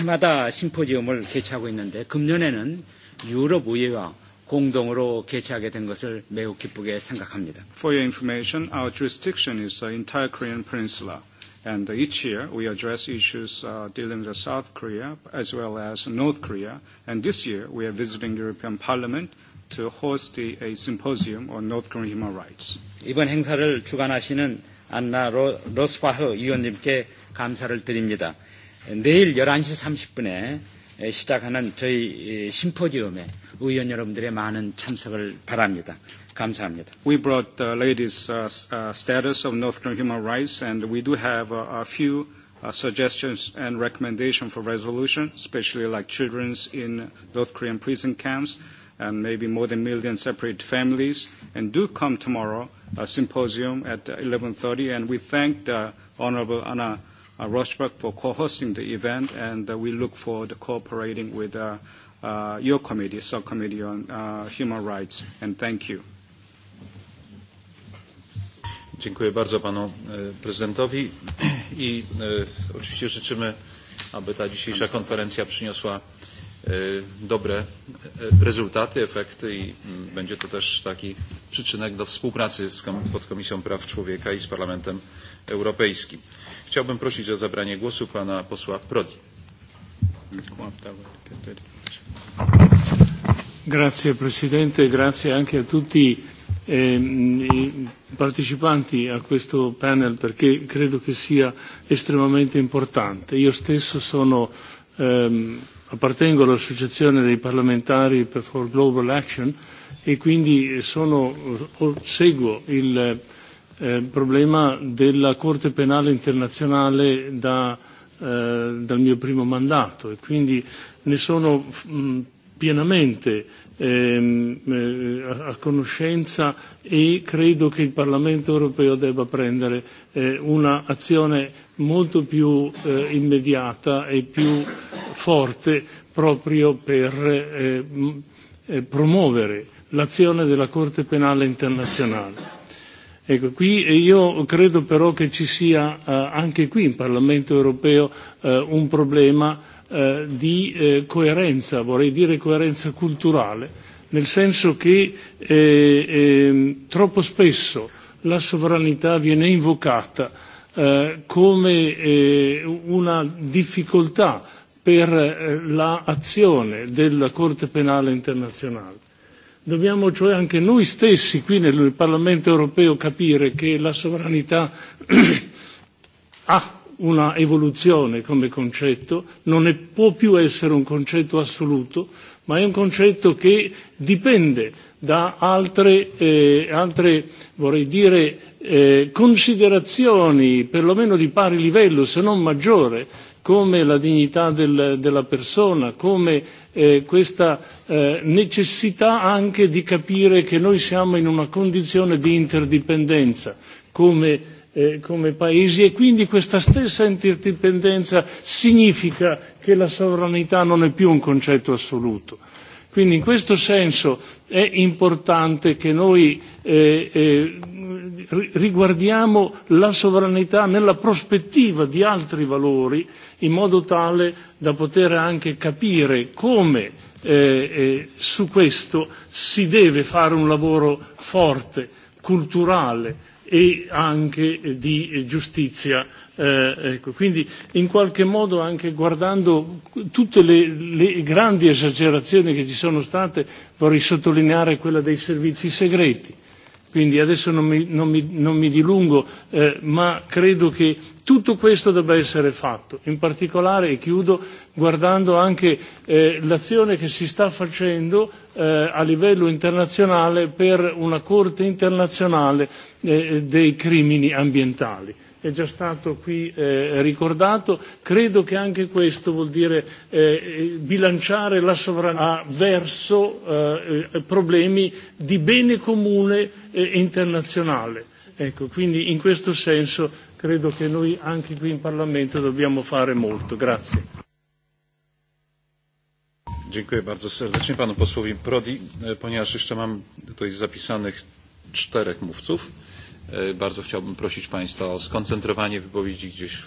해마다 심포지엄을 개최하고 있는데 금년에는 유럽 의회와 공동으로 개최하게 된 것을 매우 기쁘게 생각합니다. For your information, our jurisdiction is the entire Korean peninsula. And each year we address issues uh, dealing with South Korea as well as North Korea. And this year we are visiting the European Parliament to host a, a symposium on North Korean human rights. 이번 행사를 주관하시는 안나 로, 로스파흐 위원님께 감사를 드립니다. 내일 11시 30분에 시작하는 저희 심포지엄에 의원 여러분들의 많은 참석을 바랍니다. 감사합니다. We brought the latest uh, uh, status of North Korean human rights and we do have a, a few uh, suggestions and recommendations for resolution, especially like children's in North Korean prison camps and maybe more than a million separate families. And do come tomorrow, a symposium at 11.30. And we thank the Honorable Anna uh, Rochberg for co-hosting the event, and uh, we look forward to cooperating with uh, uh, your committee, subcommittee on uh, human rights. And thank you. Dziękuję bardzo panu e, prezydentowi i e, oczywiście życzymy, aby ta dzisiejsza konferencja przyniosła E, dobre e, rezultaty, efekty i mm, będzie to też taki przyczynek do współpracy z Podkomisją Praw Człowieka i z Parlamentem Europejskim. Chciałbym prosić o zabranie głosu pana posła Prodi. Grazie Presidente, grazie anche a tutti eh, i partecipanti a questo panel perché credo che sia estremamente importante. Io stesso sono ehm, appartengo all'Associazione dei parlamentari for Global Action e quindi sono, seguo il eh, problema della Corte Penale Internazionale da, eh, dal mio primo mandato e quindi ne sono mh, pienamente Ehm, eh, a conoscenza e credo che il Parlamento europeo debba prendere eh, un'azione molto più eh, immediata e più forte proprio per eh, eh promuovere l'azione della Corte penale internazionale. Ecco, qui e io credo però che ci sia eh, anche qui in Parlamento europeo eh, un problema Eh, di eh, coerenza, vorrei dire coerenza culturale, nel senso che eh, eh, troppo spesso la sovranità viene invocata eh, come eh, una difficoltà per eh, l'azione la della Corte Penale Internazionale. Dobbiamo cioè anche noi stessi qui nel Parlamento europeo capire che la sovranità ha una evoluzione come concetto, non è, può più essere un concetto assoluto, ma è un concetto che dipende da altre, eh, altre vorrei dire, eh, considerazioni, perlomeno di pari livello, se non maggiore, come la dignità del, della persona, come eh, questa eh, necessità anche di capire che noi siamo in una condizione di interdipendenza, come eh, come paesi e quindi questa stessa interdipendenza significa che la sovranità non è più un concetto assoluto. Quindi in questo senso è importante che noi eh, eh, riguardiamo la sovranità nella prospettiva di altri valori in modo tale da poter anche capire come eh, eh, su questo si deve fare un lavoro forte, culturale, e anche di giustizia. Eh, ecco, quindi in qualche modo anche guardando tutte le, le grandi esagerazioni che ci sono state vorrei sottolineare quella dei servizi segreti. Quindi adesso non mi, non mi, non mi dilungo, eh, ma credo che Tutto questo debba essere fatto, in particolare, e chiudo, guardando anche eh, l'azione che si sta facendo eh, a livello internazionale per una Corte internazionale eh, dei crimini ambientali è già stato qui eh, ricordato, credo che anche questo vuol dire eh, bilanciare la sovranità verso eh, eh problemi di bene comune eh, internazionale. Ecco, quindi in questo senso credo che noi anche qui in Parlamento dobbiamo fare molto. Grazie. Dziękuję bardzo serdecznie panu posłowi Prodi, e, ponieważ jeszcze mam tutaj zapisanych czterech mówców. E, bardzo chciałbym prosić państwa o skoncentrowanie wypowiedzi gdzieś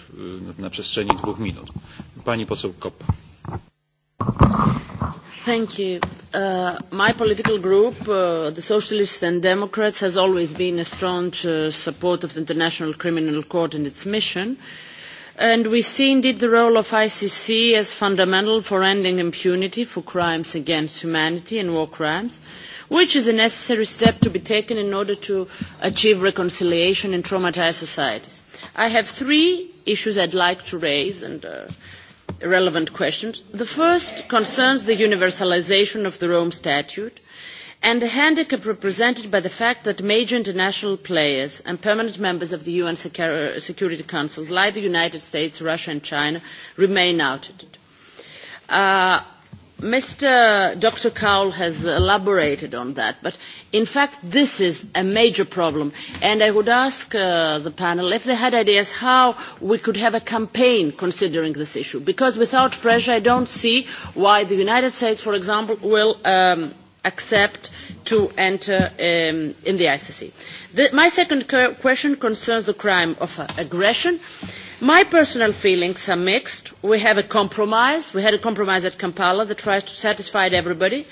na przestrzeni dwóch minut. Pani poseł Uh, my political group, uh, the Socialists and Democrats, has always been a strong supporter uh, support of the International Criminal Court and its mission. And we see indeed the role of ICC as fundamental for ending impunity for crimes against humanity and war crimes, which is a necessary step to be taken in order to achieve reconciliation in traumatized societies. I have three issues I'd like to raise, and uh, relevant questions. The first concerns the universalisation of the Rome Statute and the handicap represented by the fact that major international players and permanent members of the UN Security Council, like the United States, Russia and China, remain outed. Uh, Mr. Dr. Cowell has elaborated on that, but in fact this is a major problem. And I would ask uh, the panel if they had ideas how we could have a campaign considering this issue, because without pressure I don't see why the United States, for example, will um, accept to enter um, in the ICC. The, my second question concerns the crime of uh, aggression. My personal feelings are mixed. We have a compromise. We had a compromise at Kampala that tries to satisfy everybody.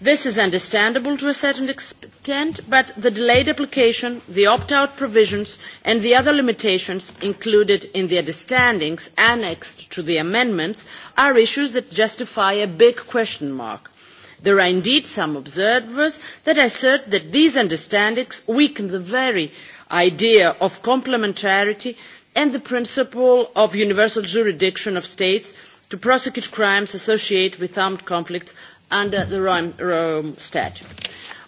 This is understandable to a certain extent, but the delayed application, the opt-out provisions, and the other limitations included in the understandings annexed to the amendments are issues that justify a big question mark There are indeed some observers that assert that these understandings weaken the very idea of complementarity and the principle of universal jurisdiction of states to prosecute crimes associated with armed conflicts under the Rome, Rome Statute.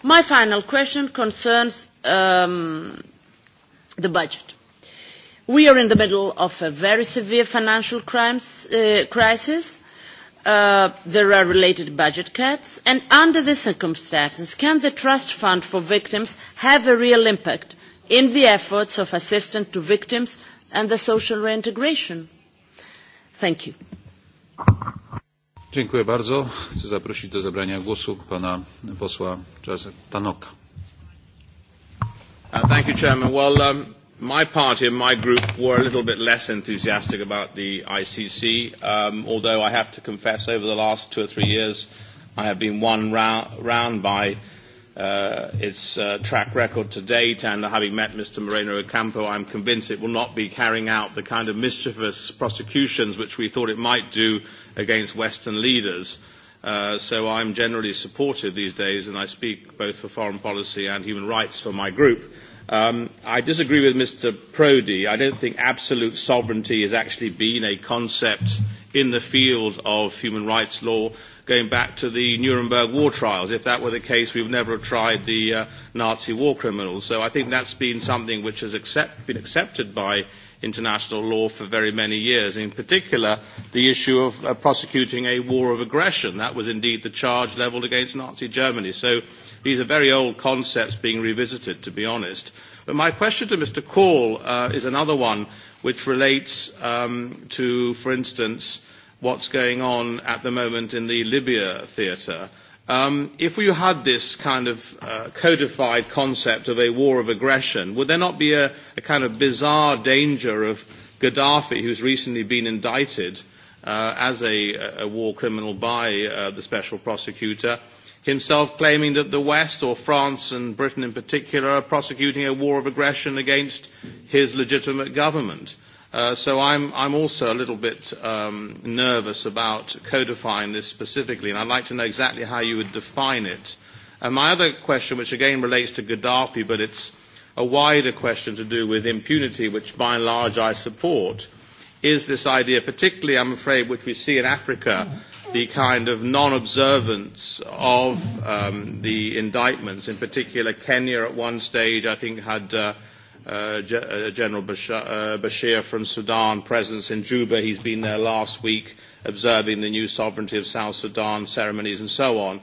My final question concerns um, the budget. We are in the middle of a very severe financial crimes, uh, crisis Uh, there are related budget cuts, and under the circumstances, can the Trust Fund for Victims have a real impact in the efforts of assistance to victims and the social reintegration? Thank you. Dziękuję bardzo. Chcę zaprosić do zabrania głosu pana posła Charlesa Tanoka. Uh, thank you, Chairman. Well, um, my party and my group were a little bit less enthusiastic about the ICC, um, although I have to confess over the last two or three years I have been won round, round by uh, its uh, track record to date, and having met Mr. Moreno Ocampo, I'm convinced it will not be carrying out the kind of mischievous prosecutions which we thought it might do against Western leaders. Uh, so I'm generally supportive these days, and I speak both for foreign policy and human rights for my group. Um, I disagree with Mr. Prodi. I don't think absolute sovereignty has actually been a concept in the field of human rights law going back to the Nuremberg war trials. If that were the case, we would never have tried the uh, Nazi war criminals. So I think that's been something which has accept, been accepted by international law for very many years. In particular, the issue of uh, prosecuting a war of aggression. That was indeed the charge levelled against Nazi Germany. So these are very old concepts being revisited, to be honest. But my question to Mr. Call uh, is another one, which relates um, to, for instance, what's going on at the moment in the Libya theatre Um, if you had this kind of uh, codified concept of a war of aggression, would there not be a, a kind of bizarre danger of Gaddafi, who's recently been indicted uh, as a, a war criminal by uh, the special prosecutor, himself claiming that the West, or France and Britain in particular, are prosecuting a war of aggression against his legitimate government? Uh, Uh, so I'm, I'm also a little bit um, nervous about codifying this specifically, and I'd like to know exactly how you would define it. And my other question, which again relates to Gaddafi, but it's a wider question to do with impunity, which by and large I support, is this idea, particularly, I'm afraid, which we see in Africa, the kind of non-observance of um, the indictments. In particular, Kenya at one stage, I think, had uh, Uh, uh, General Bashir, uh, Bashir from Sudan, presence in Juba. He's been there last week observing the new sovereignty of South Sudan ceremonies and so on.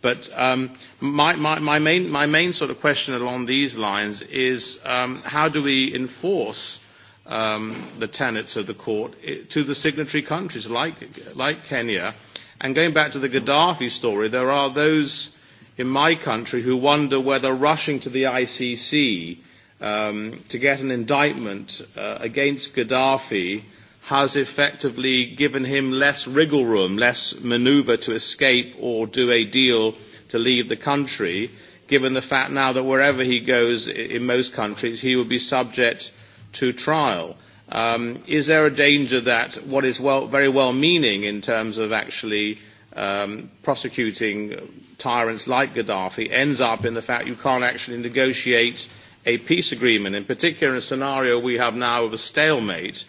But um, my, my, my, main, my main sort of question along these lines is um, how do we enforce um, the tenets of the court eh, to the signatory countries like, like Kenya? And going back to the Gaddafi story, there are those in my country who wonder whether rushing to the ICC um, to get an indictment uh, against Gaddafi has effectively given him less wriggle room, less manoeuvre to escape or do a deal to leave the country, given the fact now that wherever he goes in most countries, he will be subject to trial. Um, is there a danger that what is well, very well meaning in terms of actually um, prosecuting tyrants like Gaddafi ends up in the fact you can't actually negotiate a peace agreement, in particular in a scenario we have now of a stalemate.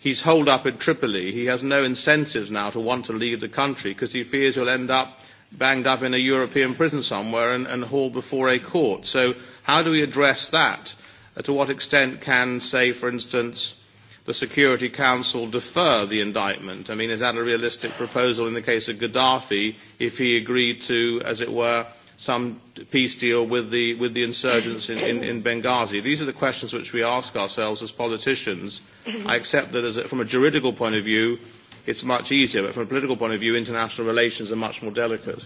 He's holed up in Tripoli. He has no incentives now to want to leave the country because he fears he'll end up banged up in a European prison somewhere and, and hauled before a court. So how do we address that? Uh, to what extent can, say, for instance, the Security Council defer the indictment? I mean, is that a realistic proposal in the case of Gaddafi if he agreed to, as it were, some peace deal with the, with the insurgents in, in, in Benghazi? These are the questions which we ask ourselves as politicians. I accept that as a, from a juridical point of view, it's much easier, but from a political point of view, international relations are much more delicate.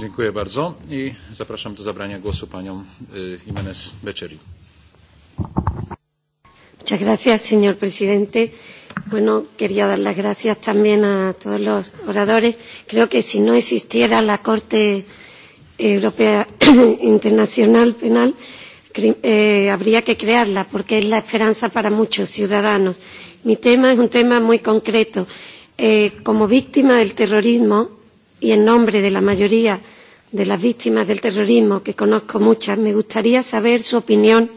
Dziękuję bardzo i zapraszam do zabrania głosu panią Jimenez Beceri. Muchas gracias, señor presidente. Bueno, quería dar las gracias también a todos los oradores. Creo que si no existiera la Corte Europea Internacional Penal, eh, habría que crearla porque es la esperanza para muchos ciudadanos. Mi tema es un tema muy concreto. Eh, como víctima del terrorismo y en nombre de la mayoría de las víctimas del terrorismo, que conozco muchas, me gustaría saber su opinión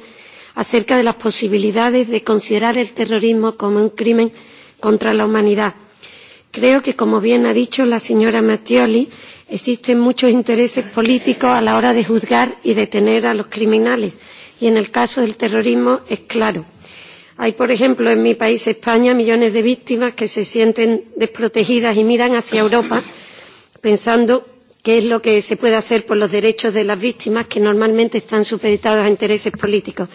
acerca de las posibilidades de considerar el terrorismo como un crimen contra la humanidad. Creo que, como bien ha dicho la señora Mattioli, existen muchos intereses políticos a la hora de juzgar y detener a los criminales, y en el caso del terrorismo es claro. Hay, por ejemplo, en mi país, España, millones de víctimas que se sienten desprotegidas y miran hacia Europa pensando qué es lo que se puede hacer por los derechos de las víctimas que normalmente están supeditados a intereses políticos.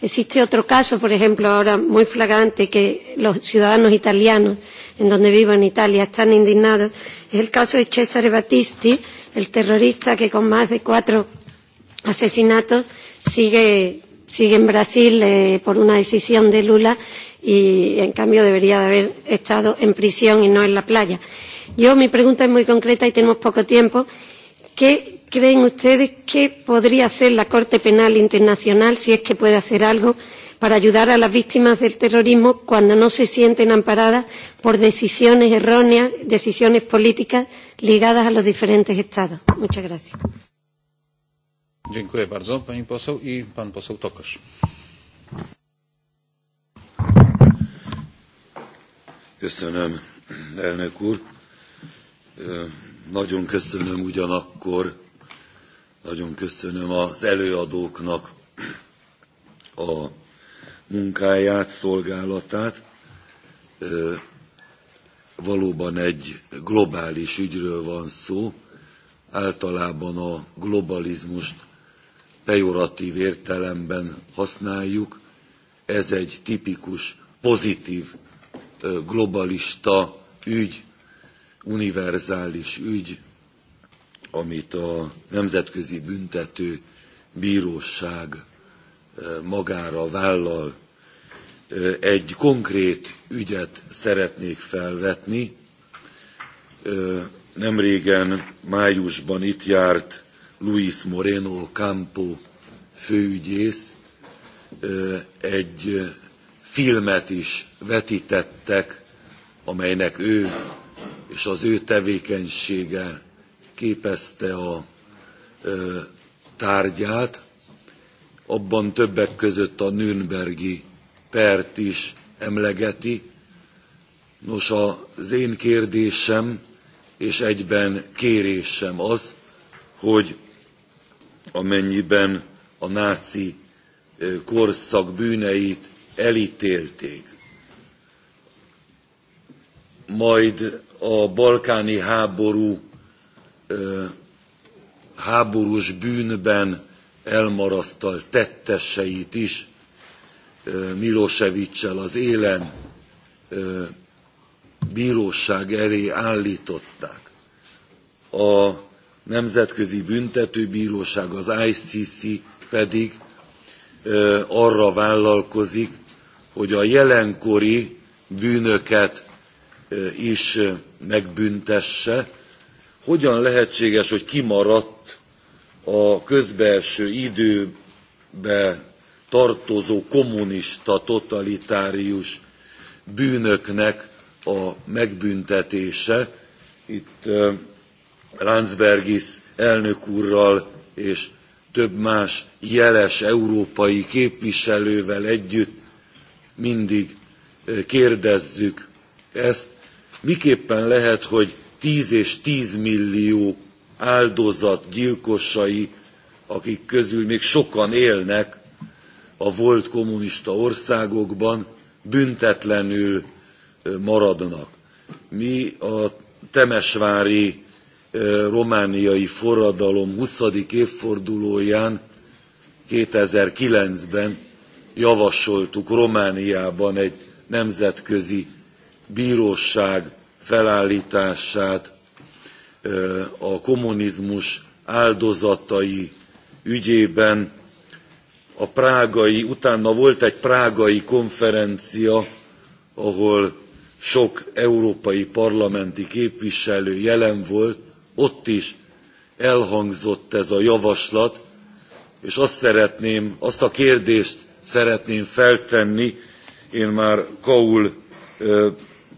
Existe otro caso, por ejemplo, ahora muy flagrante, que los ciudadanos italianos, en donde vivo en Italia, están indignados. Es el caso de Cesare Battisti, el terrorista que con más de cuatro asesinatos sigue, sigue en Brasil eh, por una decisión de Lula y, en cambio, debería de haber estado en prisión y no en la playa. Yo, mi pregunta es muy concreta y tenemos poco tiempo. ¿Qué, creen ustedes que podría hacer la Corte Penal Internacional, si es que puede hacer algo, para ayudar a las víctimas del terrorismo cuando no se sienten amparadas por decisiones erróneas, decisiones políticas ligadas a los diferentes estados? Muchas gracias. bardzo pani poseł i pan poseł Tokarz. Köszönöm, elnök úr. Nagyon köszönöm ugyanakkor Nagyon köszönöm az előadóknak a munkáját, szolgálatát. Valóban egy globális ügyről van szó. Általában a globalizmust pejoratív értelemben használjuk. Ez egy tipikus, pozitív, globalista ügy, univerzális ügy, amit a Nemzetközi Büntető Bíróság eh, magára vállal. Eh, egy konkrét ügyet szeretnék felvetni. Eh, nemrégen májusban itt járt Luis Moreno Campo főügyész, egy filmet is vetítettek, amelynek ő és az ő tevékenysége képezte a ö, tárgyát, abban többek között a Nürnbergi pert is emlegeti. Nos, az én kérdésem és egyben kérésem az, hogy amennyiben a náci korszak bűneit elítélték, majd a balkáni háború háborús bűnben elmarasztalt tetteseit is Milosevicsel az élen bíróság elé állították. A Nemzetközi Büntetőbíróság, az ICC pedig arra vállalkozik, hogy a jelenkori bűnöket is megbüntesse, hogyan lehetséges, hogy kimaradt a közbelső időbe tartozó kommunista, totalitárius bűnöknek a megbüntetése. Itt Landsbergis elnök úrral és több más jeles európai képviselővel együtt mindig kérdezzük ezt, miképpen lehet, hogy 10 és 10 millió áldozat gyilkosai, akik közül még sokan élnek a volt kommunista országokban, büntetlenül maradnak. Mi a temesvári romániai forradalom 20. évfordulóján 2009-ben javasoltuk Romániában egy nemzetközi bíróság felállítását a kommunizmus áldozatai ügyében a prágai, utána volt egy prágai konferencia, ahol sok európai parlamenti képviselő jelen volt, ott is elhangzott ez a javaslat, és azt szeretném, azt a kérdést szeretném feltenni, én már Kaul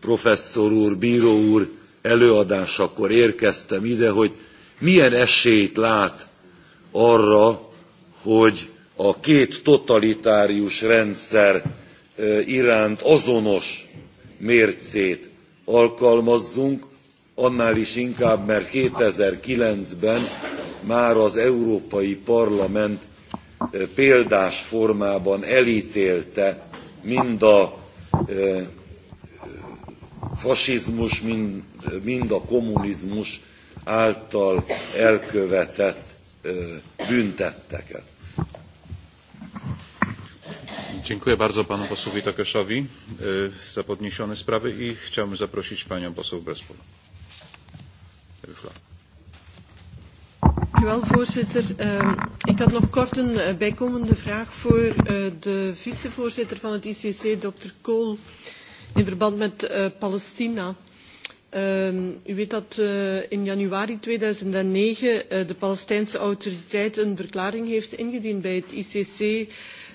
professzor úr, bíró úr előadásakor érkeztem ide, hogy milyen esélyt lát arra, hogy a két totalitárius rendszer iránt azonos mércét alkalmazzunk, annál is inkább, mert 2009-ben már az Európai Parlament példás formában elítélte mind a fasizmus, mind, mind a kommunizmus által elkövetett büntetteket. Dziękuję bardzo panu posłowi Tokeszowi za podniesione sprawy i chciałbym zaprosić panią poseł Brespol. Dziękuję, voorzitter. Ehm, ik had nog kort een eh, bijkomende vraag voor eh, de vicevoorzitter van het ICC, dr. Kool. Uh, in verband met uh, Palestina. Uh, u weet dat uh, in januari 2009 uh, eh, de Palestijnse autoriteit een verklaring heeft ingediend bij het ICC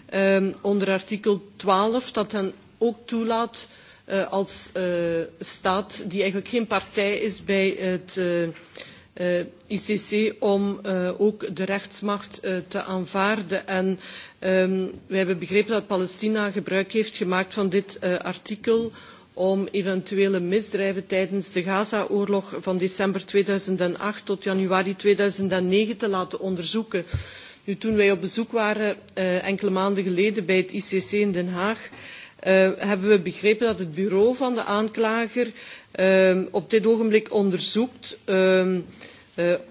ehm, onder artikel 12 dat hen ook toelaat uh, als uh, staat die eigenlijk geen partij is bij het uh, uh, eh, ICC om uh, ook de rechtsmacht uh, te aanvaarden. En um, we hebben begrepen dat Palestina gebruik heeft gemaakt van dit uh, artikel om eventuele misdrijven tijdens de Gaza-oorlog van december 2008 tot januari 2009 te laten onderzoeken. Nu, toen wij op bezoek waren uh, enkele maanden geleden bij het ICC in Den Haag, uh, Eh, hebben we begrepen dat het bureau van de aanklager uh, op dit ogenblik onderzoekt uh, uh,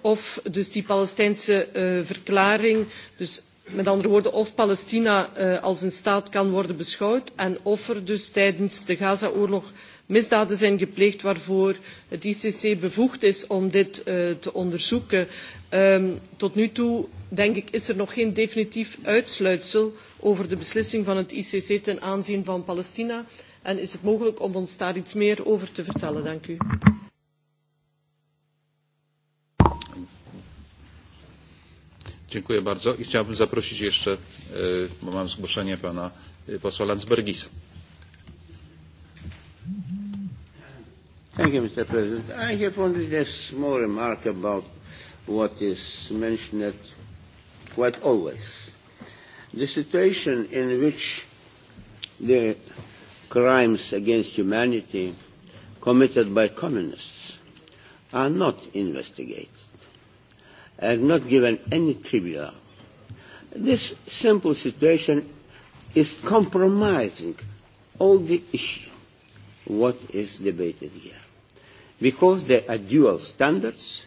of dus die Palestijnse uh, verklaring, dus met andere woorden, of Palestina uh, als een staat kan worden beschouwd en of er dus tijdens de Gaza-oorlog misdaden zijn gepleegd waarvoor het ICC bevoegd is om dit uh, te onderzoeken. Um, tot nu toe, denk ik, is er nog geen definitief uitsluitsel over de beslissing van het ICC ten aanzien van Palestina. En is het mogelijk om ons daar iets meer over te vertellen? Dank u. Dziękuję bardzo i chciałbym zaprosić jeszcze, e, bo mam zgłoszenie pana e, posła Landsbergisa. Thank you, Mr. President. I have only a small remark about what is mentioned quite always. The situation in which the crimes against humanity committed by communists are not investigated and not given any trivia. This simple situation is compromising all the issue what is debated here because there are dual standards.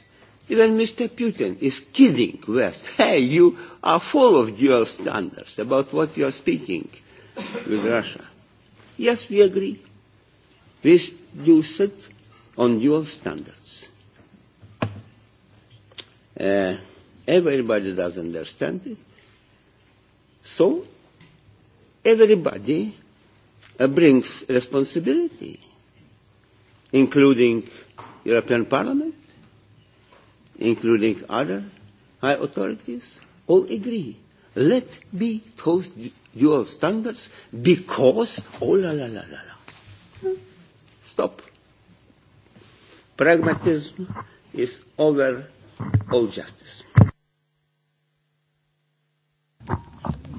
Even Mr. Putin is kidding West. Hey, you are full of dual standards about what you are speaking with Russia. Yes, we agree. We do sit on dual standards. Uh, everybody does understand it. So, everybody uh, brings responsibility, including European Parliament, including other high authorities, all agree. Let be those dual standards because, oh la la la la la. Stop. Pragmatism is over all justice.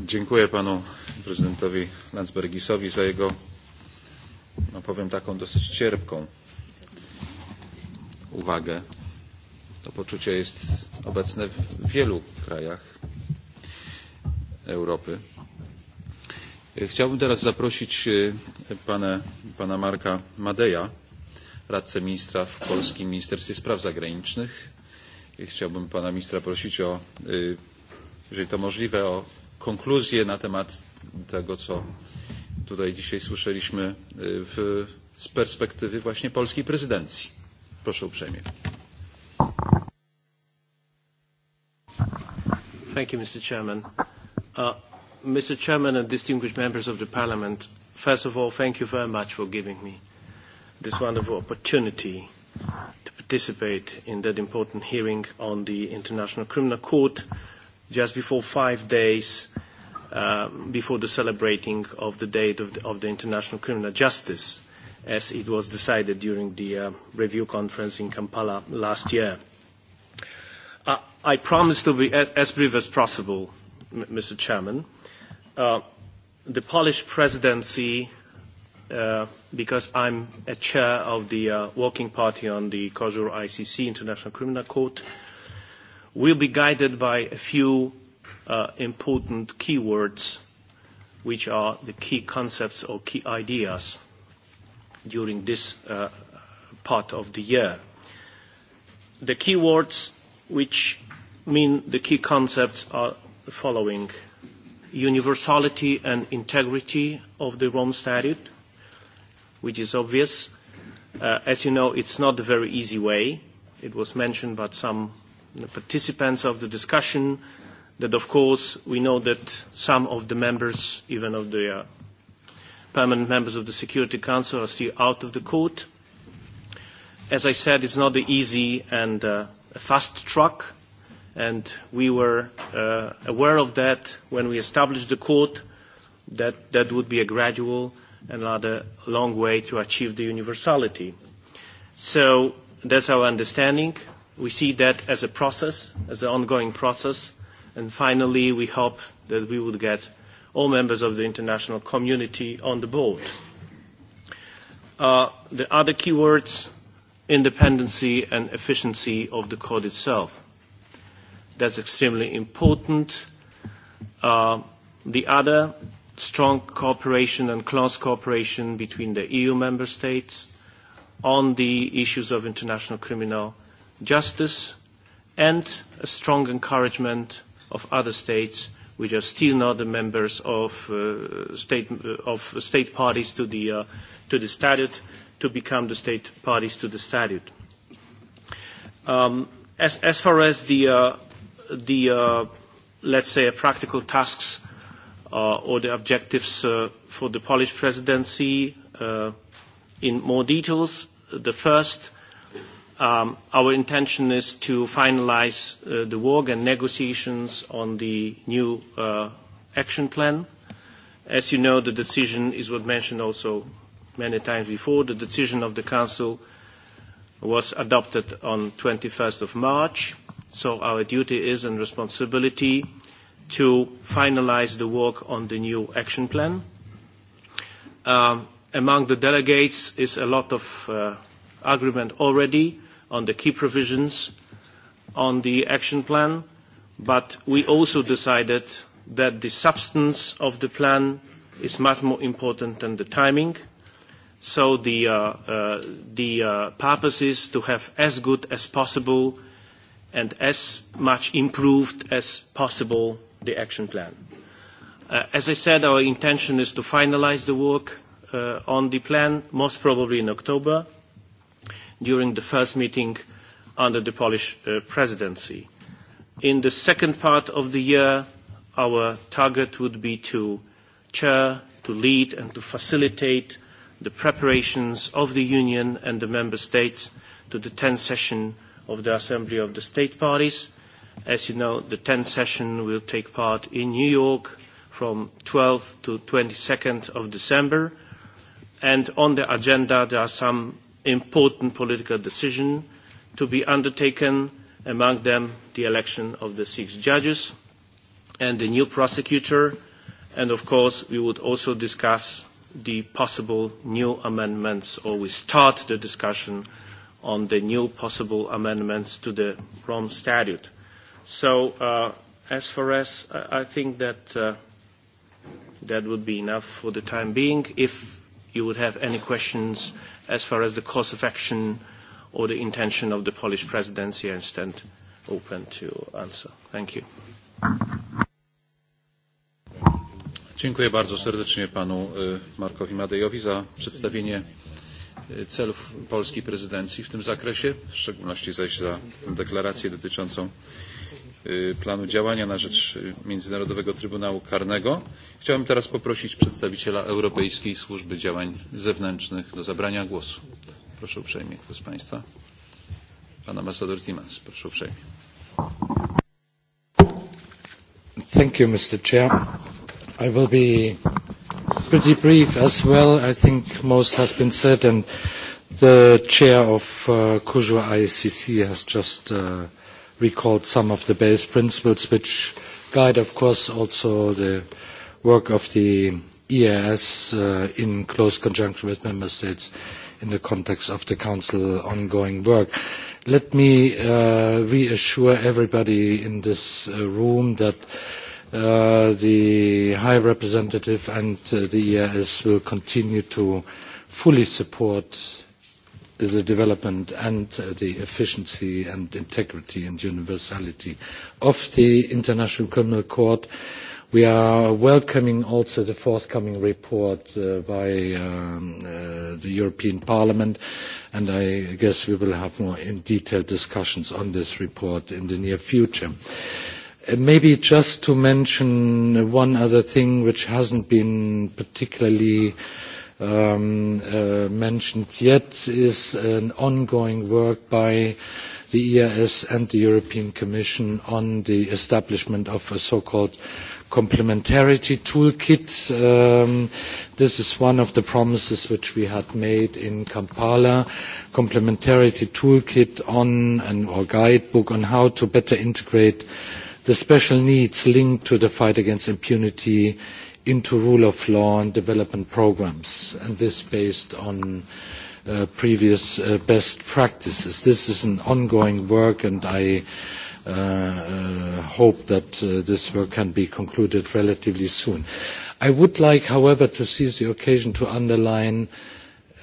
Dziękuję panu prezydentowi Landsbergisowi za jego, no powiem taką dosyć cierpką uwagę. To poczucie jest obecne w wielu krajach Europy. Chciałbym teraz zaprosić e, pana, pana Marka Madeja, radcę ministra w Polskim Ministerstwie Spraw Zagranicznych. Chciałbym pana ministra prosić o, e, jeżeli to możliwe, o konkluzję na temat tego, co tutaj dzisiaj słyszeliśmy e, w, z perspektywy właśnie polskiej prezydencji. Proszę uprzejmie. Thank you, Mr. Chairman. Uh, Mr. Chairman and distinguished members of the Parliament, first of all, thank you very much for giving me this wonderful opportunity to participate in that important hearing on the International Criminal Court just before five days um, before the celebrating of the date of the, of the International Criminal Justice as it was decided during the uh, review conference in Kampala last year. Uh, I promise to be as brief as possible, Mr. Chairman. Uh, the Polish presidency, uh, because I'm a chair of the working party on the COSUR ICC, International Criminal Court, will be guided by a few uh, important keywords, which are the key concepts or key ideas during this uh, part of the year. The key words which mean the key concepts are the following. Universality and integrity of the Rome Statute, which is obvious. Uh, as you know, it's not a very easy way. It was mentioned by some participants of the discussion that, of course, we know that some of the members, even of the uh, permanent members of the Security Council are still out of the court. As I said, it's not an easy and uh, a fast track, and we were uh, aware of that when we established the court, that that would be a gradual and rather long way to achieve the universality. So that's our understanding. We see that as a process, as an ongoing process, and finally, we hope that we would get all members of the international community on the board. Uh, the other keywords, independency and efficiency of the court itself. That's extremely important. Uh, the other, strong cooperation and close cooperation between the EU member states on the issues of international criminal justice and a strong encouragement of other states which are still not the members of, uh, state, uh, of state parties to the, uh, to the statute to become the state parties to the statute. Um, as, as far as the, uh, the uh, let's say, practical tasks uh, or the objectives uh, for the Polish presidency uh, in more details, the first Um, our intention is to finalize uh, the work and negotiations on the new uh, action plan. As you know, the decision is what mentioned also many times before. The decision of the Council was adopted on 21st of March, so our duty is and responsibility to finalize the work on the new action plan. Um, among the delegates is a lot of uh, agreement already on the key provisions on the action plan, but we also decided that the substance of the plan is much more important than the timing. So the, uh, uh, uh, purpose is to have as good as possible and as much improved as possible the action plan. as I said, our intention is to finalize the work on the plan, most probably in October during the first meeting under the Polish uh, presidency. In the second part of the year, our target would be to chair, to lead, and to facilitate the preparations of the Union and the Member States to the 10th session of the Assembly of the State Parties. As you know, the 10th session will take part in New York from 12th to 22nd of December. And on the agenda, there are some important political decision to be undertaken, among them the election of the six judges and the new prosecutor. And of course, we would also discuss the possible new amendments, or we start the discussion on the new possible amendments to the Rome Statute. So, uh, as far as I think that uh, that would be enough for the time being. If you would have any questions, as far as the course of action or the intention of the Polish presidency, I stand open to answer. Thank you. Dziękuję bardzo serdecznie panu e, Markowi Madejowi za przedstawienie e, celów polskiej prezydencji w tym zakresie, w szczególności zaś za deklarację dotyczącą planu działania na rzecz Międzynarodowego Trybunału Karnego. Chciałbym teraz poprosić przedstawiciela Europejskiej Służby Działań Zewnętrznych do zabrania głosu. Proszę uprzejmie, kto z Państwa? Pan ambasador Timmermans, proszę uprzejmie. Thank you, Mr. Chair. I will be pretty brief as well. I think most has been said, and the chair of uh, Kujua ICC has just uh, recalled some of the base principles which guide, of course, also the work of the EAS uh, in close conjunction with member states in the context of the Council ongoing work. Let me uh, reassure everybody in this uh, room that uh, the High Representative and uh, the EAS will continue to fully support the development and uh, the efficiency and integrity and universality of the International Criminal Court. We are welcoming also the forthcoming report uh, by um, uh, the European Parliament, and I guess we will have more in detailed discussions on this report in the near future. Uh, maybe just to mention one other thing which hasn't been particularly uh, um, uh, mentioned yet is an ongoing work by the EIS and the European Commission on the establishment of a so-called complementarity toolkit. Um, this is one of the promises which we had made in Kampala. Complementarity toolkit on an, or guidebook on how to better integrate the special needs linked to the fight against impunity into rule of law and development programs, and this based on uh, previous uh, best practices. This is an ongoing work, and I uh, uh hope that uh, this work can be concluded relatively soon. I would like, however, to seize the occasion to underline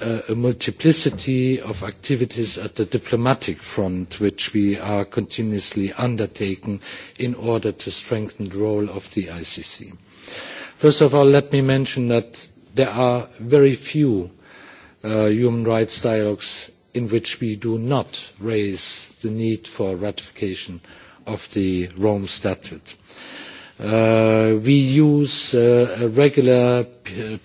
uh, a multiplicity of activities at the diplomatic front, which we are continuously undertaking in order to strengthen the role of the ICC. First of all, let me mention that there are very few uh, human rights dialogues in which we do not raise the need for ratification of the Rome Statute. Uh, we use uh, a regular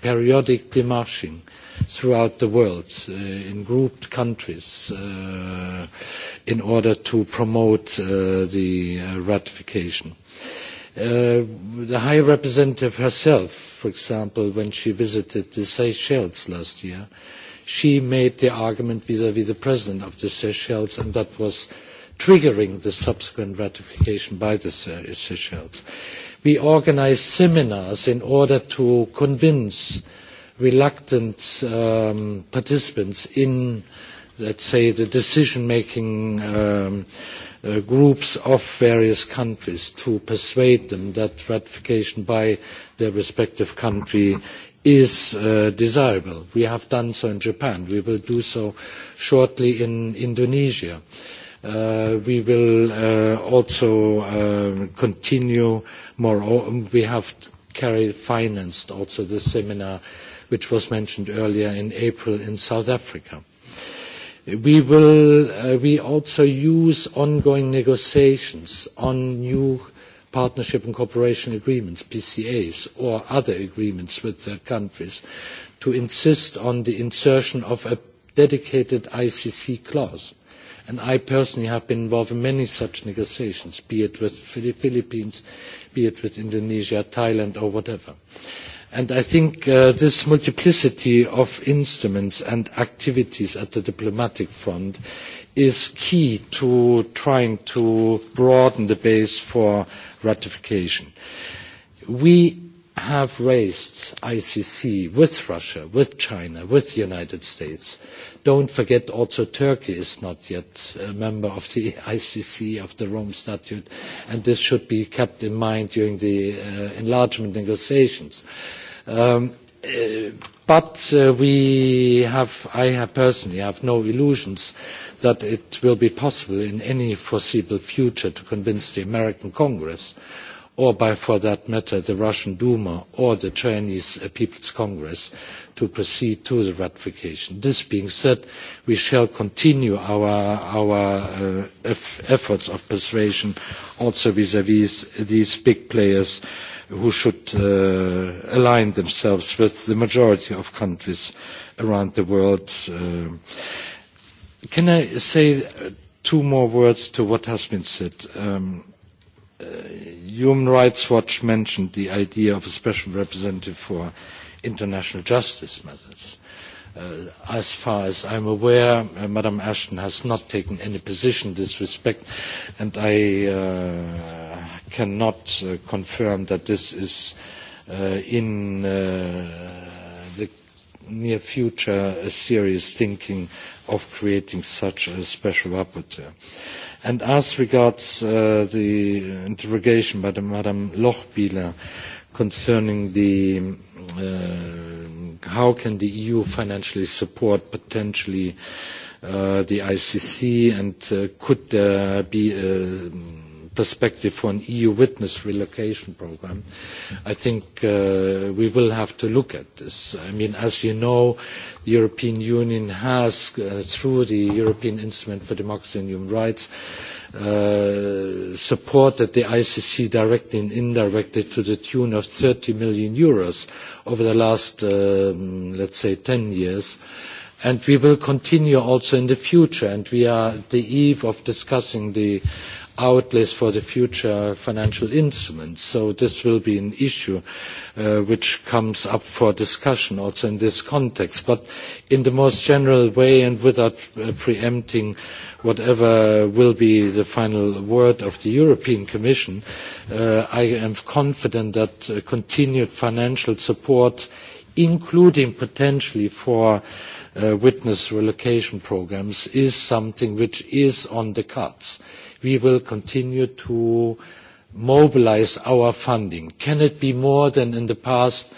periodic demarching throughout the world uh, in grouped countries uh, in order to promote uh, the uh, ratification. Uh, the High Representative herself, for example, when she visited the Seychelles last year, she made the argument vis-à-vis the president of the Seychelles, and that was triggering the subsequent ratification by the Seychelles. We organized seminars in order to convince reluctant um, participants in, let's say, the decision-making um, Uh, groups of various countries to persuade them that ratification by their respective country is uh, desirable. We have done so in Japan. We will do so shortly in Indonesia. Uh, we will uh, also um, continue more. We have carried financed also the seminar which was mentioned earlier in April in South Africa. We will uh, also use ongoing negotiations on new partnership and cooperation agreements, PCAs, or other agreements with third countries to insist on the insertion of a dedicated ICC clause. And I personally have been involved in many such negotiations, be it with the Philippines, be it with Indonesia, Thailand, or whatever. And I think uh, this multiplicity of instruments and activities at the diplomatic front is key to trying to broaden the base for ratification. We have raised ICC with Russia, with China, with the United States. Don't forget also Turkey is not yet a member of the ICC, of the Rome Statute, and this should be kept in mind during the uh, enlargement negotiations. Uh, Um, uh, but uh, we have, I have personally have no illusions that it will be possible in any foreseeable future to convince the American Congress or by for that matter the Russian Duma or the Chinese uh, People's Congress to proceed to the ratification. This being said, we shall continue our, efforts of persuasion also vis-à-vis these big players who should uh, align themselves with the majority of countries around the world. Uh, can I say two more words to what has been said? Um, uh, Human Rights Watch mentioned the idea of a special representative for international justice matters. Uh, as far as I'm aware, uh, Madam Ashton has not taken any position in this respect, and I uh, cannot uh, confirm that this is uh, in uh, the near future a serious thinking of creating such a special rapporteur. And as regards uh, the interrogation by the Madame Lochbieler concerning the uh, how can the EU financially support potentially uh, the ICC and uh, could there be a perspective for an EU witness relocation programme, I think uh, we will have to look at this. I mean, as you know, the European Union has, uh, through the European Instrument for Democracy and Human Rights, uh, supported the ICC directly and indirectly to the tune of 30 million euros over the last, um, let's say, 10 years and we will continue also in the future. And we are at the eve of discussing the Outlays for the future financial instruments. So this will be an issue uh, which comes up for discussion also in this context. But in the most general way and without uh, preempting whatever will be the final word of the European Commission, uh, I am confident that uh, continued financial support, including potentially for uh, witness relocation programs, is something which is on the cards. Uh, we will continue to mobilize our funding. Can it be more than in the past?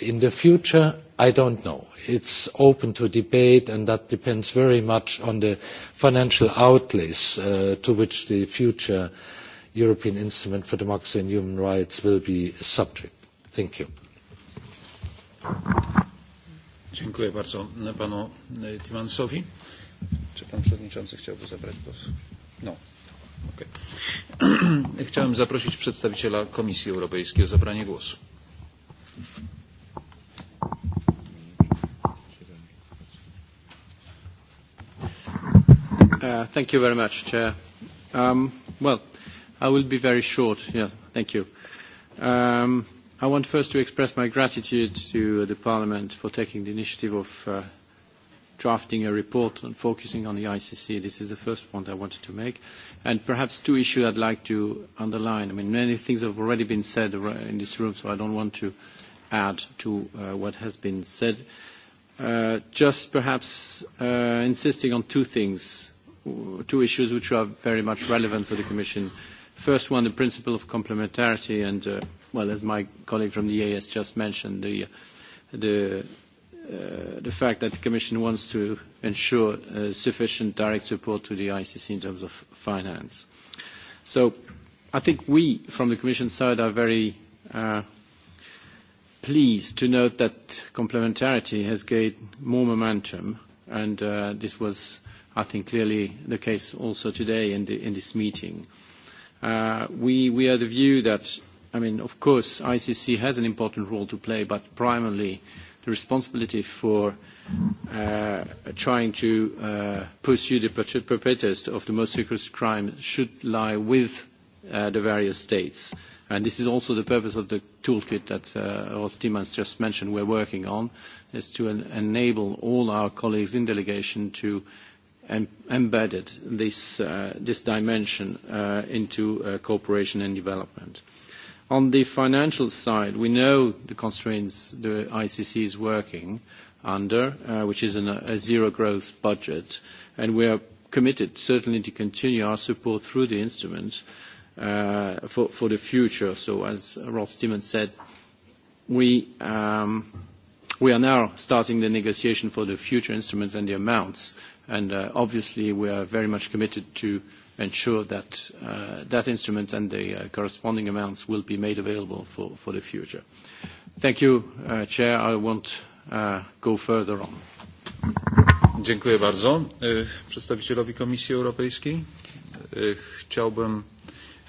In the future, I don't know. It's open to debate, and that depends very much on the financial outlays uh, to which the future European Instrument for Democracy and Human Rights will be subject. Thank you. Dziękuję bardzo panu Timansowi. Czy pan przewodniczący chciałby zabrać głos? No. Okay. Chciałem zaprosić przedstawiciela Komisji Europejskiej o zabranie głosu. Uh, thank you very much, Chair. Um, well, I will be very short. Yeah, thank you. Um, I want first to express my gratitude to the Parliament for taking the initiative of uh, drafting a report and focusing on the ICC. This is the first point I wanted to make. And perhaps two issues I'd like to underline. I mean, many things have already been said in this room, so I don't want to add to uh, what has been said. Uh, just perhaps uh, insisting on two things, two issues which are very much relevant for the Commission. First one, the principle of complementarity, and, well, as my colleague from the EAS just mentioned, the Uh, the fact that the Commission wants to ensure uh, sufficient direct support to the ICC in terms of finance. So I think we, from the Commission side, are very uh, pleased to note that complementarity has gained more momentum, and this was, I think, clearly the case also today in, this meeting. We, are of the view that, I mean, of course, ICC has an important role to play, but primarily, the responsibility for uh, trying to uh, pursue the perpetrators of the most serious crime should lie with uh, the various states. And this is also the purpose of the toolkit that uh, Rolf just mentioned we're working on, is to en enable all our colleagues in delegation to em embed this, uh, this dimension uh, into uh, cooperation and development. Uh, On the financial side, we know the constraints the ICC is working under, uh, which is a zero growth budget, and we are committed certainly to continue our support through the instrument uh, for, the future. So as Rolf Timmermans said, um, we, are now starting the negotiation for the future instruments and the amounts, and uh, obviously we are very much committed to ensure that uh, that instrument and the uh, corresponding amounts will be made available for, the future. Thank you, uh, Chair. I won't uh, go further on. Dziękuję bardzo e, przedstawicielowi Komisji Europejskiej. E, chciałbym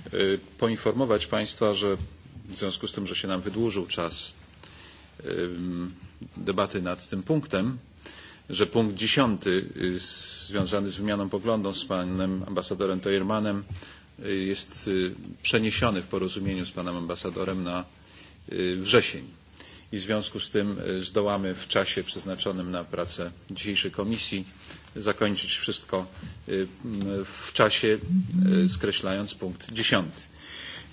e, poinformować Państwa, że w związku z tym, że się nam wydłużył czas debaty nad tym punktem, że punkt dziesiąty związany z wymianą poglądów z panem ambasadorem Toirmanem jest przeniesiony w porozumieniu z panem ambasadorem na wrzesień. I w związku z tym zdołamy w czasie przeznaczonym na pracę dzisiejszej komisji zakończyć wszystko w czasie, skreślając punkt dziesiąty.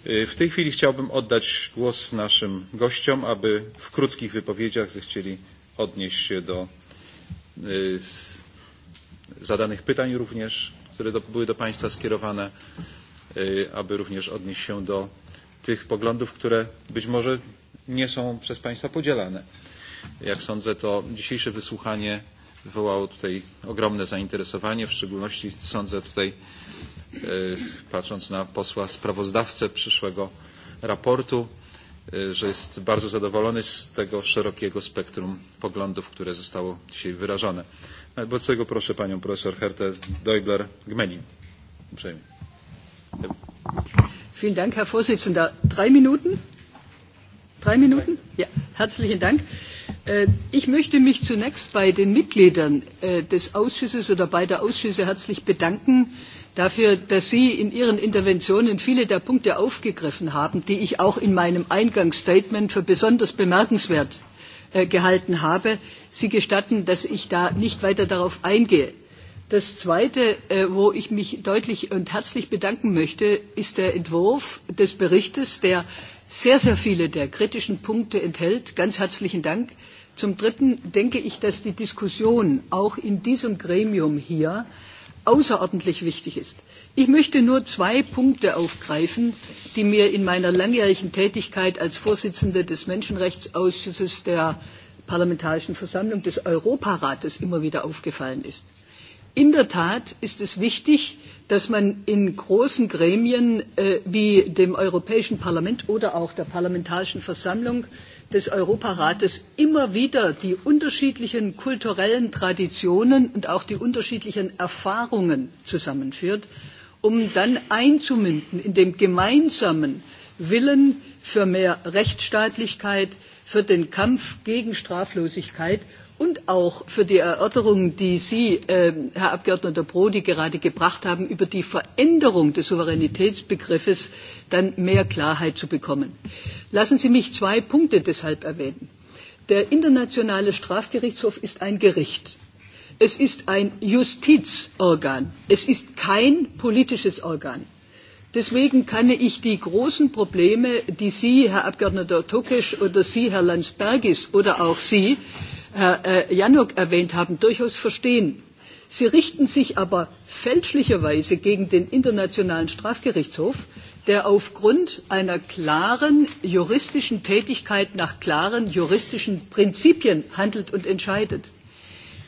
W tej chwili chciałbym oddać głos naszym gościom, aby w krótkich wypowiedziach zechcieli odnieść się do z zadanych pytań również, które do, były do Państwa skierowane, aby również odnieść się do tych poglądów, które być może nie są przez Państwa podzielane. Jak sądzę, to dzisiejsze wysłuchanie wywołało tutaj ogromne zainteresowanie, w szczególności sądzę tutaj, patrząc na posła sprawozdawcę przyszłego raportu, E, że jest bardzo zadowolony z tego szerokiego spektrum poglądów, które zostało dzisiaj wyrażone. Wobec no, tego proszę panią profesor Hertę Deubler-Gmelin. Uprzejmie. Vielen Dank, Herr Vorsitzender. Drei Minuten? Drei Minuten? Ja, herzlichen Dank. Äh, ich möchte mich zunächst bei den Mitgliedern äh, des Ausschusses oder beider Ausschüsse herzlich bedanken, dafür, dass Sie in Ihren Interventionen viele der Punkte aufgegriffen haben, die ich auch in meinem Eingangsstatement für besonders bemerkenswert äh, gehalten habe. Sie gestatten, dass ich da nicht weiter darauf eingehe. Das Zweite, äh, wo ich mich deutlich und herzlich bedanken möchte, ist der Entwurf des Berichtes, der sehr, sehr viele der kritischen Punkte enthält. Ganz herzlichen Dank. Zum Dritten denke ich, dass die Diskussion auch in diesem Gremium hier außerordentlich wichtig ist. Ich möchte nur zwei Punkte aufgreifen, die mir in meiner langjährigen Tätigkeit als Vorsitzende des Menschenrechtsausschusses der Parlamentarischen Versammlung des Europarates immer wieder aufgefallen ist. In der Tat ist es wichtig, dass man in großen Gremien äh, wie dem Europäischen Parlament oder auch der Parlamentarischen Versammlung äh, des Europarates immer wieder die unterschiedlichen kulturellen Traditionen und auch die unterschiedlichen Erfahrungen zusammenführt, um dann einzumünden in dem gemeinsamen Willen für mehr Rechtsstaatlichkeit, für den Kampf gegen Straflosigkeit und auch für die Erörterung, die Sie, äh, Herr Abgeordneter Prodi, gerade gebracht haben, über die Veränderung des Souveränitätsbegriffes dann mehr Klarheit zu bekommen. Lassen Sie mich zwei Punkte deshalb erwähnen. Der Internationale Strafgerichtshof ist ein Gericht. Es ist ein Justizorgan. Es ist kein politisches Organ. Deswegen kann ich die großen Probleme, die Sie, Herr Abgeordneter Tokesch oder Sie, Herr Landsbergis oder auch Sie, Herr äh, Januk erwähnt haben, durchaus verstehen. Sie richten sich aber fälschlicherweise gegen den Internationalen Strafgerichtshof, der aufgrund einer klaren juristischen Tätigkeit nach klaren juristischen Prinzipien handelt und entscheidet.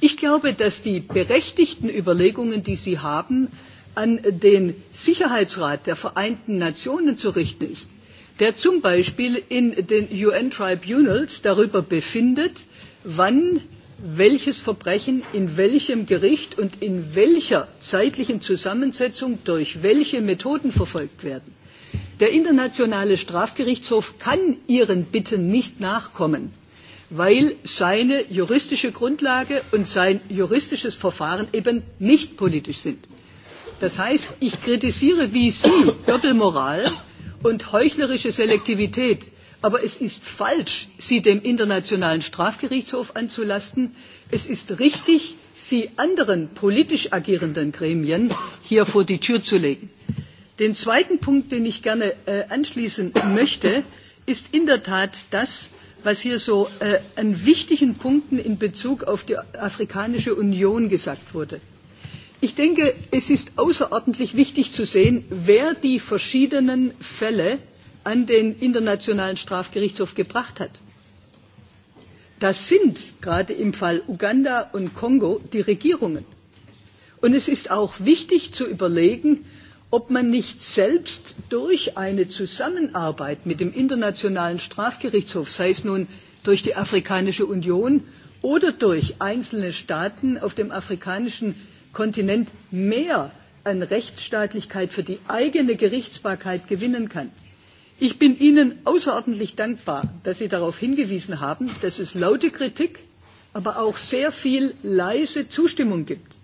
Ich glaube, dass die berechtigten Überlegungen, die Sie haben, an den Sicherheitsrat der Vereinten Nationen zu richten ist, der zum Beispiel in den UN Tribunals darüber befindet, wann welches Verbrechen in welchem Gericht und in welcher zeitlichen Zusammensetzung durch welche Methoden verfolgt werden. Der Internationale Strafgerichtshof kann ihren Bitten nicht nachkommen, weil seine juristische Grundlage und sein juristisches Verfahren eben nicht politisch sind. Das heißt, ich kritisiere wie Sie Doppelmoral und heuchlerische Selektivität Aber es ist falsch, sie dem Internationalen Strafgerichtshof anzulasten. Es ist richtig, sie anderen politisch agierenden Gremien hier vor die Tür zu legen. Den zweiten Punkt, den ich gerne äh, anschließen möchte, ist in der Tat das, was hier so äh, an wichtigen Punkten in Bezug auf die Afrikanische Union gesagt wurde. Ich denke, es ist außerordentlich wichtig zu sehen, wer die verschiedenen Fälle an den Internationalen Strafgerichtshof gebracht hat. Das sind gerade im Fall Uganda und Kongo die Regierungen. Und es ist auch wichtig zu überlegen, ob man nicht selbst durch eine Zusammenarbeit mit dem Internationalen Strafgerichtshof, sei es nun durch die Afrikanische Union oder durch einzelne Staaten auf dem afrikanischen Kontinent, mehr an Rechtsstaatlichkeit für die eigene Gerichtsbarkeit gewinnen kann. Ich bin Ihnen außerordentlich dankbar, dass Sie darauf hingewiesen haben, dass es laute Kritik, aber auch sehr viel leise Zustimmung gibt.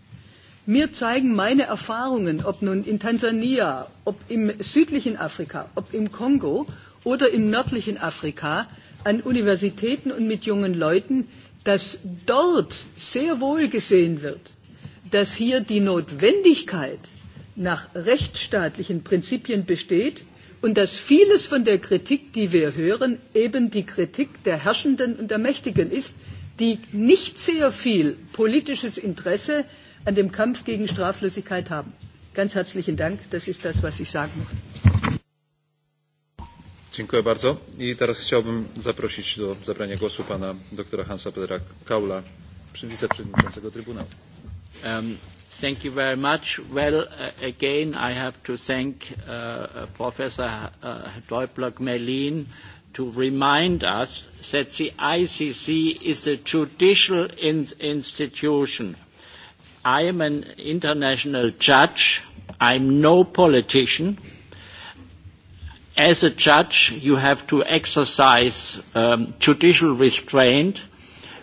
Mir zeigen meine Erfahrungen, ob nun in Tansania, ob im südlichen Afrika, ob im Kongo oder im nördlichen Afrika, an Universitäten und mit jungen Leuten, dass dort sehr wohl gesehen wird, dass hier die Notwendigkeit nach rechtsstaatlichen Prinzipien besteht, und dass vieles von der Kritik, die wir hören, eben die Kritik der Herrschenden und der Mächtigen ist, die nicht sehr viel politisches Interesse an dem Kampf gegen Straflosigkeit haben. Ganz herzlichen Dank. Das ist das, was ich sagen möchte. Dziękuję bardzo. I teraz chciałbym zaprosić do zabrania głosu pana doktora Hansa Pedra Kaula, wiceprzewodniczącego Trybunału. Um, Thank you very much. Well, uh, again, I have to thank uh, uh Professor uh, Deublock-Melin to remind us that the ICC is a judicial in institution. I am an international judge. I'm no politician. As a judge, you have to exercise um, judicial restraint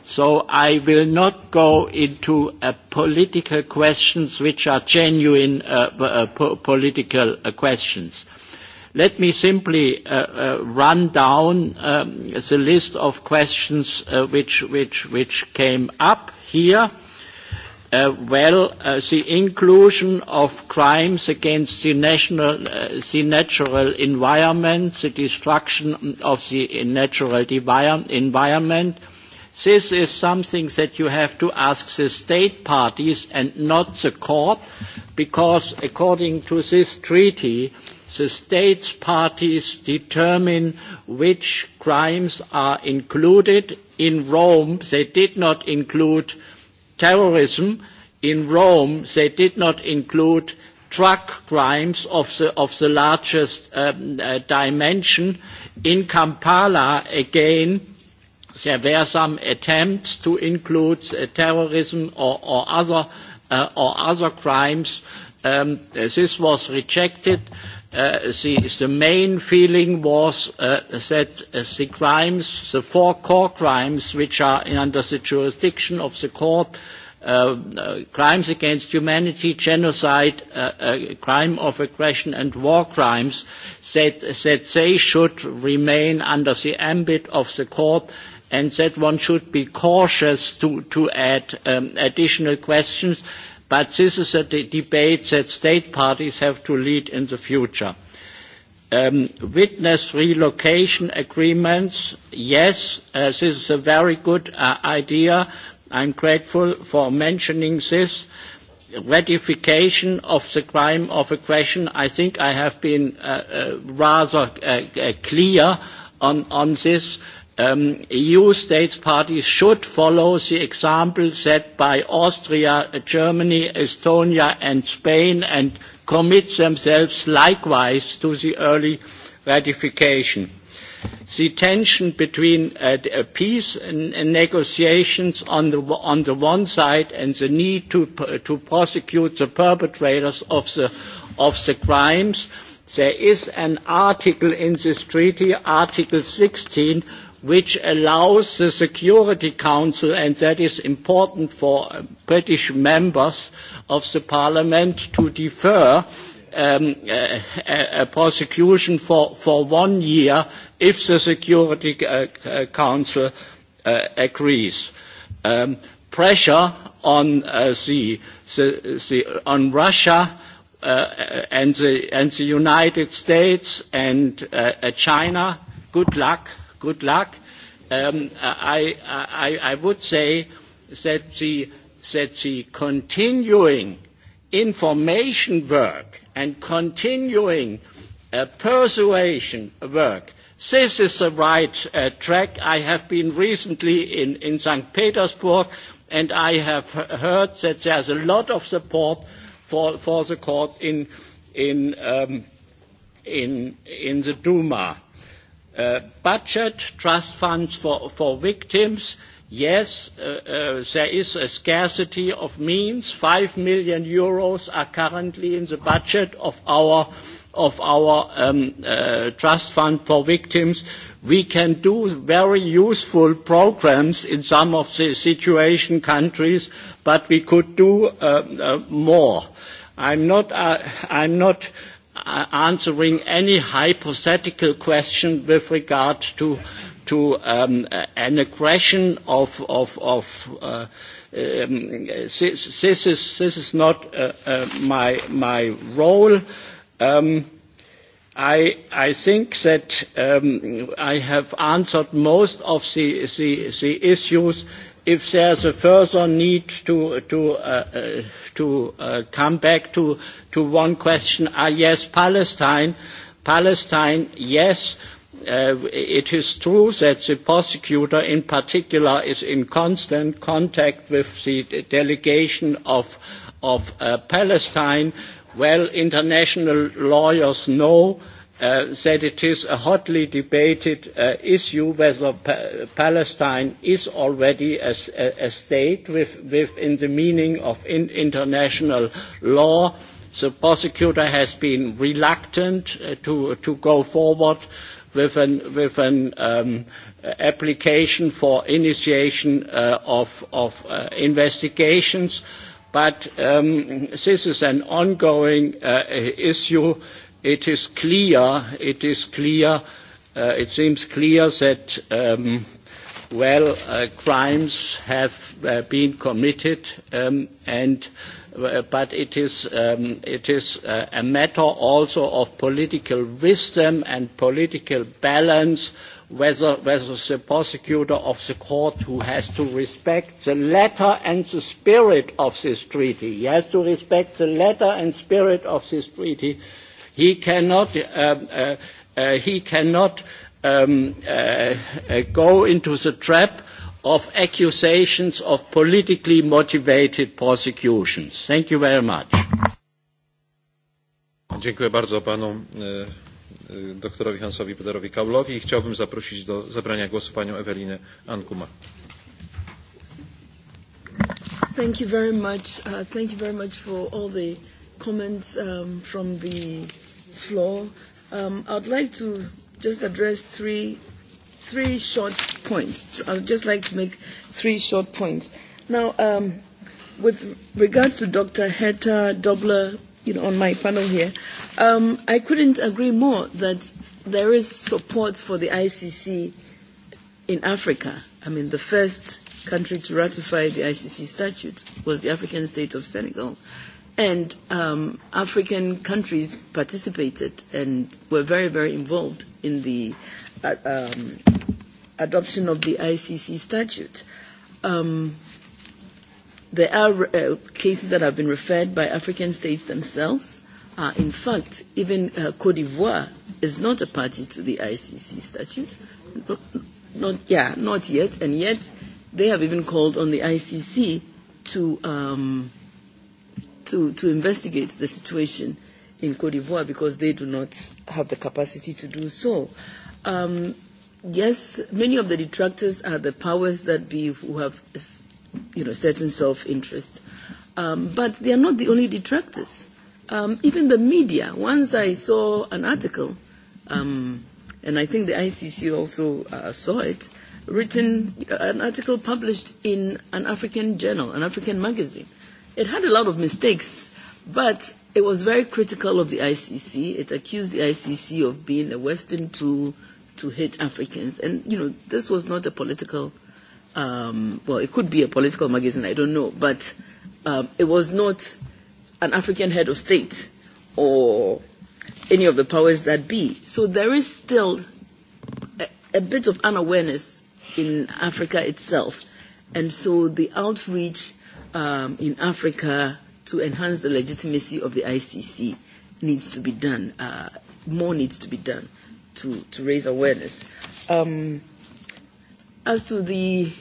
So I will not go into uh, political questions which are genuine uh, uh, political questions. Let me simply run down um, the list of questions which, came up here. well, the inclusion of crimes against the natural environment, the destruction of the natural environment, This is something that you have to ask the state parties and not the court, because according to this treaty, the state parties determine which crimes are included. In Rome, they did not include terrorism. In Rome, they did not include drug crimes of the, of the largest um, uh, dimension. In Kampala, again, there were some attempts to include uh, terrorism or, or, other, uh, or other crimes. Um, this was rejected. Uh, the, the main feeling was uh, that uh, the crimes, the four core crimes which are under the jurisdiction of the court, um, uh, crimes against humanity, genocide, crime of aggression and war crimes, that, that they should remain under the ambit of the court and that one should be cautious to, to add um, additional questions, but this is a de debate that state parties have to lead in the future. Um, witness relocation agreements, yes, uh, this is a very good uh, idea. I'm grateful for mentioning this. Ratification of the crime of aggression, I think I have been uh, uh, rather uh, uh, clear on, on this. Um, EU states parties should follow the example set by Austria, Germany, Estonia and Spain and commit themselves likewise to the early ratification. The tension between uh, uh peace and, and uh, negotiations on the, on the one side and the need to, uh, to prosecute the perpetrators of the, of the crimes, there is an article in this treaty, Article 16, which allows the Security Council, and that is important for uh, British members of the Parliament, to defer um, uh, a, a prosecution for, for one year if the Security uh, uh, Council uh, agrees. Um, pressure on uh, the, the, the, on Russia uh, and, the, and the United States and uh, China. Good luck good luck. Um, I, I, I would say that the, that the continuing information work and continuing uh, persuasion work this is the right uh, track. I have been recently in, in St. Petersburg and I have heard that there's a lot of support for, for the court in, in, um, in, in the Duma. Uh, budget, trust funds for, for victims, yes, uh, uh, there is a scarcity of means. Five million euros are currently in the budget of our, of our um, uh, trust fund for victims. We can do very useful programs in some of the situation countries, but we could do uh, uh, more. I'm not, uh, I'm not answering any hypothetical question with regard to to um, an aggression of of of uh, um, this, this is this is not uh, uh, my my role. Um, I I think that um, I have answered most of the the, the issues. If there's a further need to to uh, uh, to uh, come back to to one question, ah, yes, Palestine, Palestine, yes, Uh, it is true that the prosecutor in particular is in constant contact with the delegation of, of uh, Palestine. Well, international lawyers know uh, that it is a hotly debated uh, issue whether pa Palestine is already a, a, a state with, within the meaning of in international law. Uh, the prosecutor has been reluctant uh, to, uh, to go forward with an, with an um, application for initiation uh, of, of uh, investigations. But um, this is an ongoing uh, issue. It is clear, it is clear, uh, it seems clear that, um, well, uh, crimes have uh, been committed um, and uh, Uh, but it is, um, it is uh, a matter also of political wisdom and political balance whether, whether the prosecutor of the court who has to respect the letter and the spirit of this treaty, he has to respect the letter and spirit of this treaty, he cannot, um, uh, uh, he cannot um, uh, uh, go into the trap of accusations of politically motivated prosecutions. Thank you very much. Dziękuję bardzo panu e, e, doktorowi Hansowi Pederowi Kaulowi i chciałbym zaprosić do zabrania głosu panią Ewelinę Ankuma. Thank you very much. Uh, thank you very much for all the comments um, from the floor. Um, I'd like to just address three three short points. So I would just like to make three short points. Now, um, with regards to Dr. Heta Dobler, you know, on my panel here, um, I couldn't agree more that there is support for the ICC in Africa. I mean, the first country to ratify the ICC statute was the African state of Senegal And um, African countries participated and were very, very involved in the uh, um, adoption of the ICC statute. Um, there are uh, cases that have been referred by African states themselves. Uh, in fact, even uh, Cote d'Ivoire is not a party to the ICC statute. Not, not, yeah, not yet. And yet, they have even called on the ICC to. Um, to, to investigate the situation in Cote d'Ivoire because they do not have the capacity to do so. Um, yes, many of the detractors are the powers that be who have you know, certain self-interest. Um, but they are not the only detractors. Um, even the media, once I saw an article, um, and I think the ICC also uh, saw it, written, uh, an article published in an African journal, an African magazine, It had a lot of mistakes, but it was very critical of the ICC. It accused the ICC of being a Western tool to hit Africans. And, you know, this was not a political, um, well, it could be a political magazine, I don't know, but um, it was not an African head of state or any of the powers that be. So there is still a, a bit of unawareness in Africa itself. And so the outreach um, in Africa to enhance the legitimacy of the ICC needs to be done. Uh, more needs to be done to, to raise awareness. Um, as to the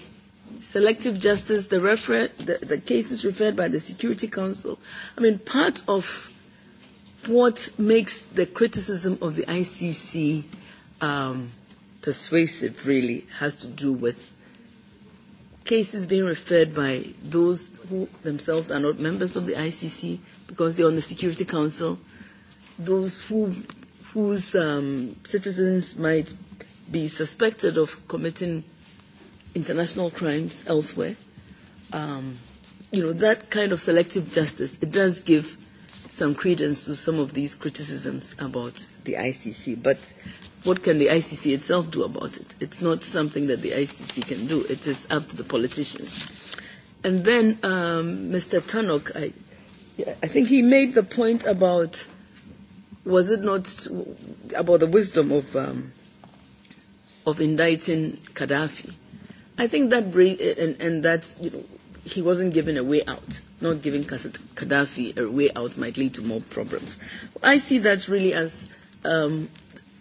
selective justice, the, refer- the, the cases referred by the Security Council, I mean, part of what makes the criticism of the ICC um, persuasive really has to do with cases being referred by those who themselves are not members of the ICC because they're on the Security Council, those who, whose um, citizens might be suspected of committing international crimes elsewhere. Um, you know, that kind of selective justice, it does give some credence to some of these criticisms about the ICC. But what can the ICC itself do about it? It's not something that the ICC can do. It is up to the politicians. And then um, Mr. Tannock, I, I think he made the point about, was it not about the wisdom of, um, of indicting Gaddafi? I think that, and, and that, you know, he wasn't given a way out. Not giving Gaddafi a way out might lead to more problems. I see that really as um,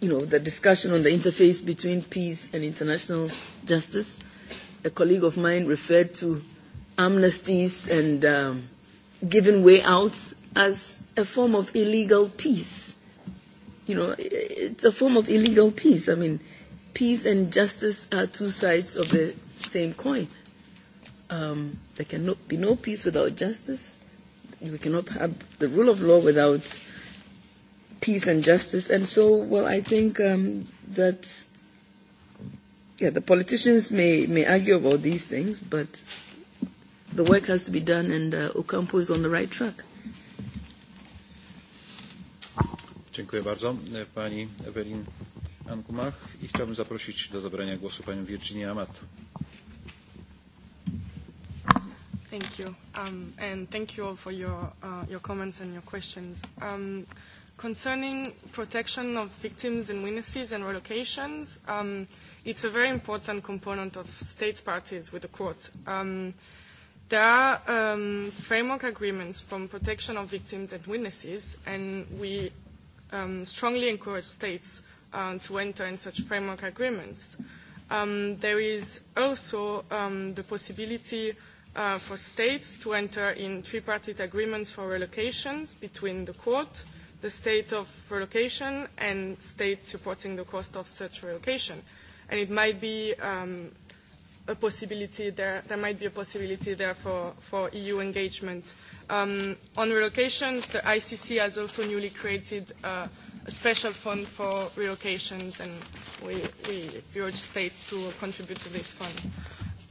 you know, the discussion on the interface between peace and international justice. A colleague of mine referred to amnesties and um, giving way out as a form of illegal peace. You know, it's a form of illegal peace. I mean, peace and justice are two sides of the same coin. Um, there can no, be no peace without justice. We cannot have the rule of law without peace and justice. And so, well, I think um, that yeah, the politicians may, may argue about these things, but the work has to be done, and uh, Ocampo is on the right track. Dziękuję bardzo. E, pani Ewelin Ankumach i chciałbym zaprosić do zabrania głosu panią Virginię Amat. Thank you. Um, and thank you all for your, uh, your comments and your questions. Um, Concerning protection of victims and witnesses and relocations, um, it's a very important component of states' parties with the court. Um, there are um, framework agreements from protection of victims and witnesses, and we um, strongly encourage states um, to enter in such framework agreements. Um, there is also um, the possibility uh, for states to enter in tripartite agreements for relocations between the court, the state of relocation and state supporting the cost of such relocation. And it might be um, a possibility there, there might be a possibility there for, for EU engagement. Um, on relocations, the ICC has also newly created uh, a special fund for relocations, and we, we urge states to contribute to this fund.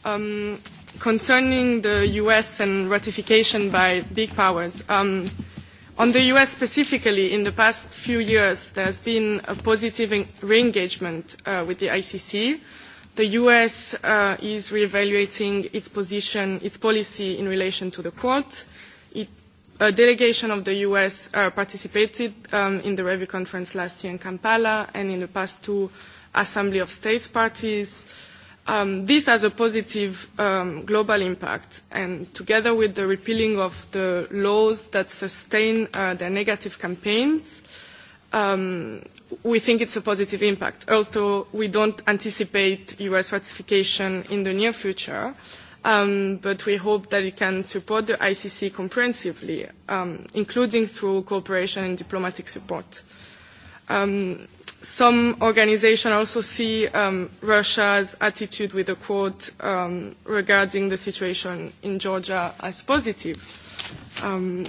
Um, concerning the US and ratification by big powers, um, On the US specifically, in the past few years, there has been a positive re-engagement uh, with the ICC. The US uh, is re-evaluating its position, its policy in relation to the court. It, a delegation of the US uh, participated um, in the review conference last year in Kampala and in the past two Assembly of States parties. Uh, Um, this has a positive um, global impact, and together with the repealing of the laws that sustain uh, their negative campaigns, um, we think it's a positive impact, although we don't anticipate US ratification in the near future. Um, but we hope that it can support the ICC comprehensively, um, including through cooperation and diplomatic support. Um, some organizations also see um, Russia's attitude with the quote um, regarding the situation in Georgia as positive. Um,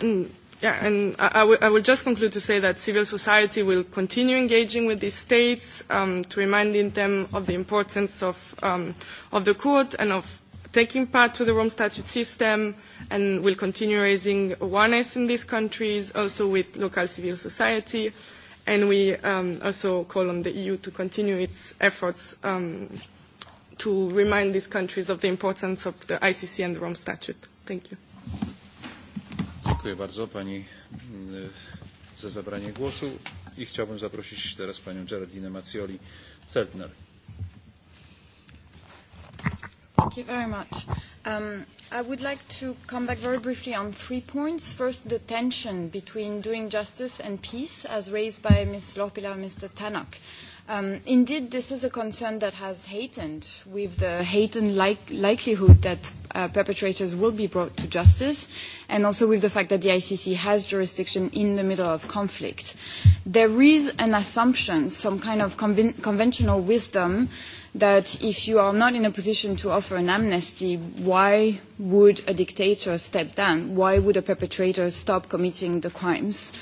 and, yeah, and I, I, I will just conclude to say that civil society will continue engaging with these states um, to reminding them of the importance of, um, of the court and of taking part to the Rome Statute system and will continue raising awareness in these countries, also with local civil society and we um, also call on the EU to continue its efforts um, to remind these countries of the importance of the ICC and the Rome Statute. Thank you. Dziękuję bardzo Pani e, za zabranie głosu i chciałbym zaprosić teraz Panią Geraldine Macioli-Celtner. Thank you very much. Um, I would like to come back very briefly on three points. First, the tension between doing justice and peace, as raised by Ms. Lorpila and Mr. Tannock. Um, indeed, this is a concern that has heightened with the heightened like likelihood that uh, perpetrators will be brought to justice, and also with the fact that the ICC has jurisdiction in the middle of conflict. There is an assumption, some kind of conven conventional wisdom, uh, that if you are not in a position to offer an amnesty, why would a dictator step down? Why would a perpetrator stop committing the crimes?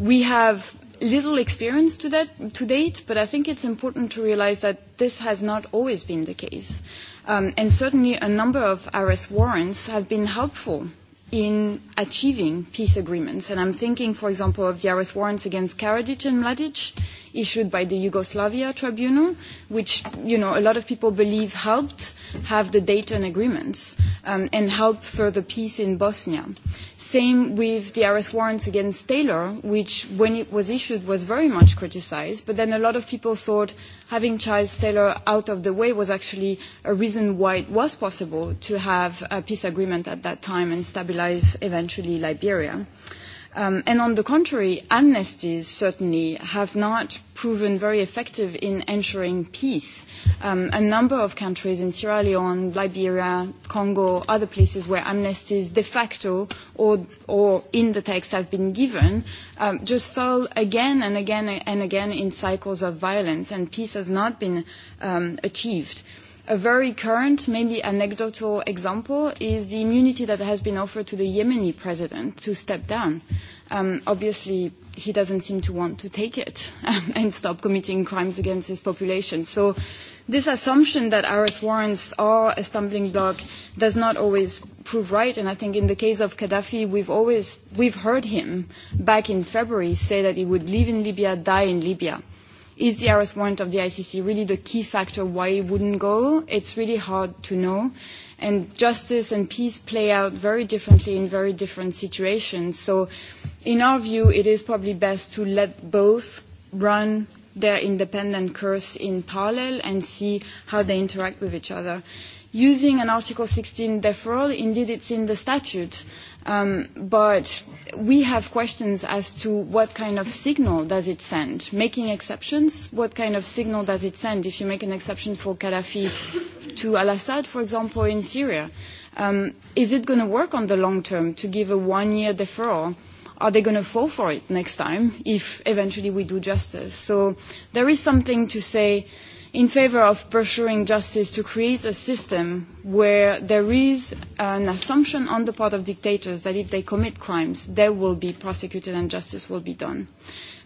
We have little experience to, that, to date, but I think it's important to realize that this has not always been the case. Um, and certainly a number of arrest warrants have been helpful in achieving peace agreements. And I'm thinking, for example, of the arrest warrants against Karadzic and Mladic issued by the Yugoslavia Tribunal, which, you know, a lot of people believe helped have the Dayton agreements um, and help further peace in Bosnia. Same with the arrest warrants against Taylor, which when it was issued was very much criticized, but then a lot of people thought having Charles Taylor out of the way was actually a reason why it was possible to have a peace agreement at that time and stabilize eventually Liberia. Um, and on the contrary, amnesties certainly have not proven very effective in ensuring peace. Um, a number of countries in Sierra Leone, Liberia, Congo, other places where amnesties de facto or, or in the text have been given, um, just fell again and again and again in cycles of violence, and peace has not been um, achieved. A very current, maybe anecdotal example is the immunity that has been offered to the Yemeni president to step down. Um, obviously, he doesn't seem to want to take it um, and stop committing crimes against his population. So this assumption that arrest warrants are a stumbling block does not always prove right. And I think in the case of Gaddafi, we've always, we've heard him back in February say that he would live in Libya, die in Libya. Is the arrest warrant of the ICC really the key factor why it wouldn't go? It's really hard to know. And justice and peace play out very differently in very different situations. So in our view, it is probably best to let both run their independent course in parallel and see how they interact with each other. Using an Article 16 deferral, indeed it's in the statute. Um, but we have questions as to what kind of signal does it send. Making exceptions, what kind of signal does it send if you make an exception for Gaddafi to al-Assad, for example, in Syria? Um, is it going to work on the long term to give a one-year deferral? Are they going to fall for it next time if eventually we do justice? So there is something to say in favour of pursuing justice to create a system where there is an assumption on the part of dictators that if they commit crimes, they will be prosecuted and justice will be done.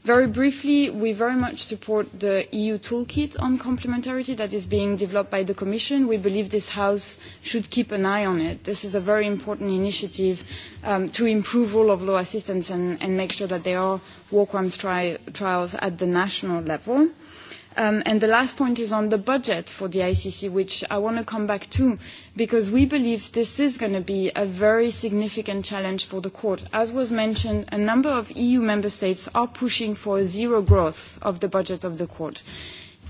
Very briefly, we very much support the EU toolkit on complementarity that is being developed by the Commission. We believe this House should keep an eye on it. This is a very important initiative um, to improve rule of law assistance and, and, make sure that there are war crimes tri trials at the national level. Um, and the last point is on the budget for the ICC, which I want to come back to, because we believe this is going to be a very significant challenge for the court. As was mentioned, a number of EU member states are pushing for zero growth of the budget of the court.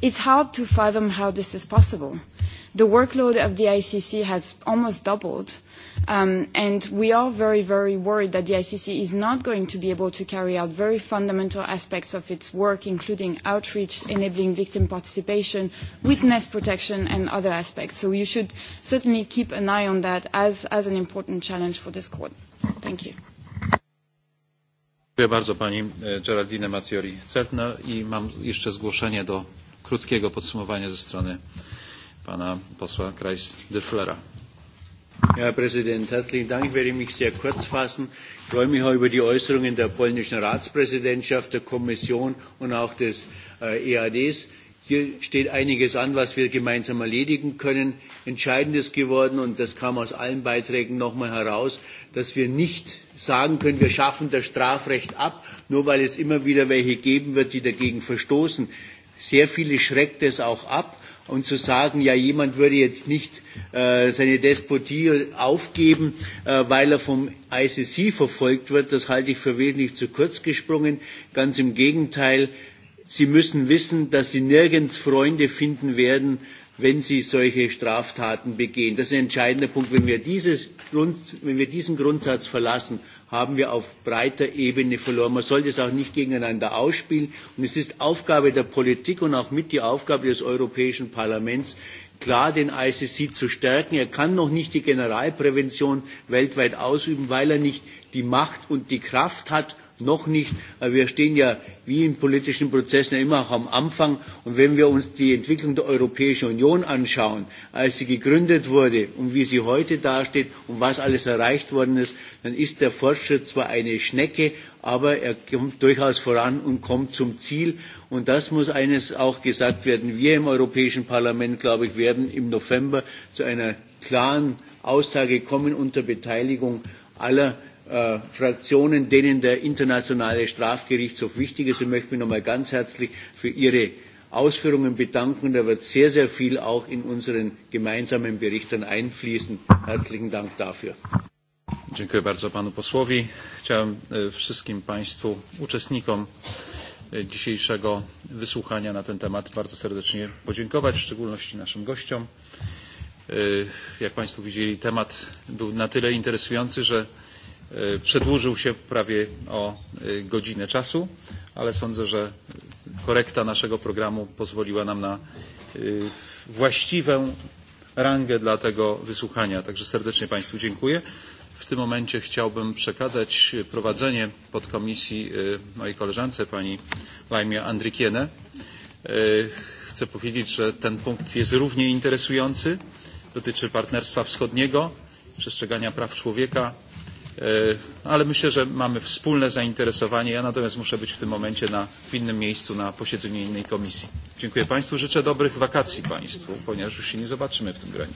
It's hard to fathom how this is possible. The workload of the ICC has almost doubled Um, and we are very, very worried that the ICC is not going to be able to carry out very fundamental aspects of its work, including outreach, enabling victim participation, witness protection, and other aspects. So you should certainly keep an eye on that as, as an important challenge for this court. Thank you. Dziękuję bardzo pani e, Geraldine Mazzioli celtner i mam jeszcze zgłoszenie do krótkiego podsumowania ze strony pana posła Kreis-Dyrflera. Herr Präsident, herzlichen Dank. Ich werde mich sehr kurz fassen. Ich freue mich auch über die Äußerungen der polnischen Ratspräsidentschaft, der Kommission und auch des äh, EADs. Hier steht einiges an, was wir gemeinsam erledigen können. Entscheidend ist geworden, und das kam aus allen Beiträgen nochmal heraus, dass wir nicht sagen können, wir schaffen das Strafrecht ab, nur weil es immer wieder welche geben wird, die dagegen verstoßen. Sehr viele schreckt es auch ab. Und zu sagen, ja, jemand würde jetzt nicht äh, seine Despotie aufgeben, äh, weil er vom ICC verfolgt wird, das halte ich für wesentlich zu kurz gesprungen. Ganz im Gegenteil, Sie müssen wissen, dass Sie nirgends Freunde finden werden, wenn sie solche Straftaten begehen. Das ist ein entscheidender Punkt. Wenn wir, dieses Grund, wenn wir diesen Grundsatz verlassen, haben wir auf breiter Ebene verloren. Man sollte es auch nicht gegeneinander ausspielen. Und es ist Aufgabe der Politik und auch mit die Aufgabe des Europäischen Parlaments, klar den ICC zu stärken. Er kann noch nicht die Generalprävention weltweit ausüben, weil er nicht die Macht und die Kraft hat, noch nicht. Aber wir stehen ja wie in politischen Prozessen immer auch am Anfang. Und wenn wir uns die Entwicklung der Europäischen Union anschauen, als sie gegründet wurde und wie sie heute dasteht und was alles erreicht worden ist, dann ist der Fortschritt zwar eine Schnecke, aber er kommt durchaus voran und kommt zum Ziel. Und das muss eines auch gesagt werden. Wir im Europäischen Parlament, glaube ich, werden im November zu einer klaren Aussage kommen unter Beteiligung aller Äh, Fraktionen, denen der internationale Strafgerichtshof wichtig ist. Ich möchte mich nochmal ganz herzlich für Ihre Ausführungen bedanken. Da wird sehr, sehr viel auch in unseren gemeinsamen Bericht dann einfließen. Herzlichen Dank dafür. Dziękuję bardzo panu posłowi. Chciałem e, wszystkim państwu uczestnikom e, dzisiejszego wysłuchania na ten temat bardzo serdecznie podziękować, w szczególności naszym gościom. E, jak państwo widzieli, temat był na tyle interesujący, że E, przedłużył się prawie o e, godzinę czasu, ale sądzę, że korekta naszego programu pozwoliła nam na e, właściwą rangę dla tego wysłuchania. Także serdecznie Państwu dziękuję. W tym momencie chciałbym przekazać prowadzenie podkomisji mojej koleżance, pani Lajmie Andrikiene. Chcę powiedzieć, że ten punkt jest równie interesujący. Dotyczy partnerstwa wschodniego, przestrzegania praw człowieka, E, ale myślę, że mamy wspólne zainteresowanie. Ja natomiast muszę być w tym momencie na, w innym miejscu na posiedzeniu innej komisji. Dziękuję Państwu. Życzę dobrych wakacji Państwu, ponieważ już się nie zobaczymy w tym gronie.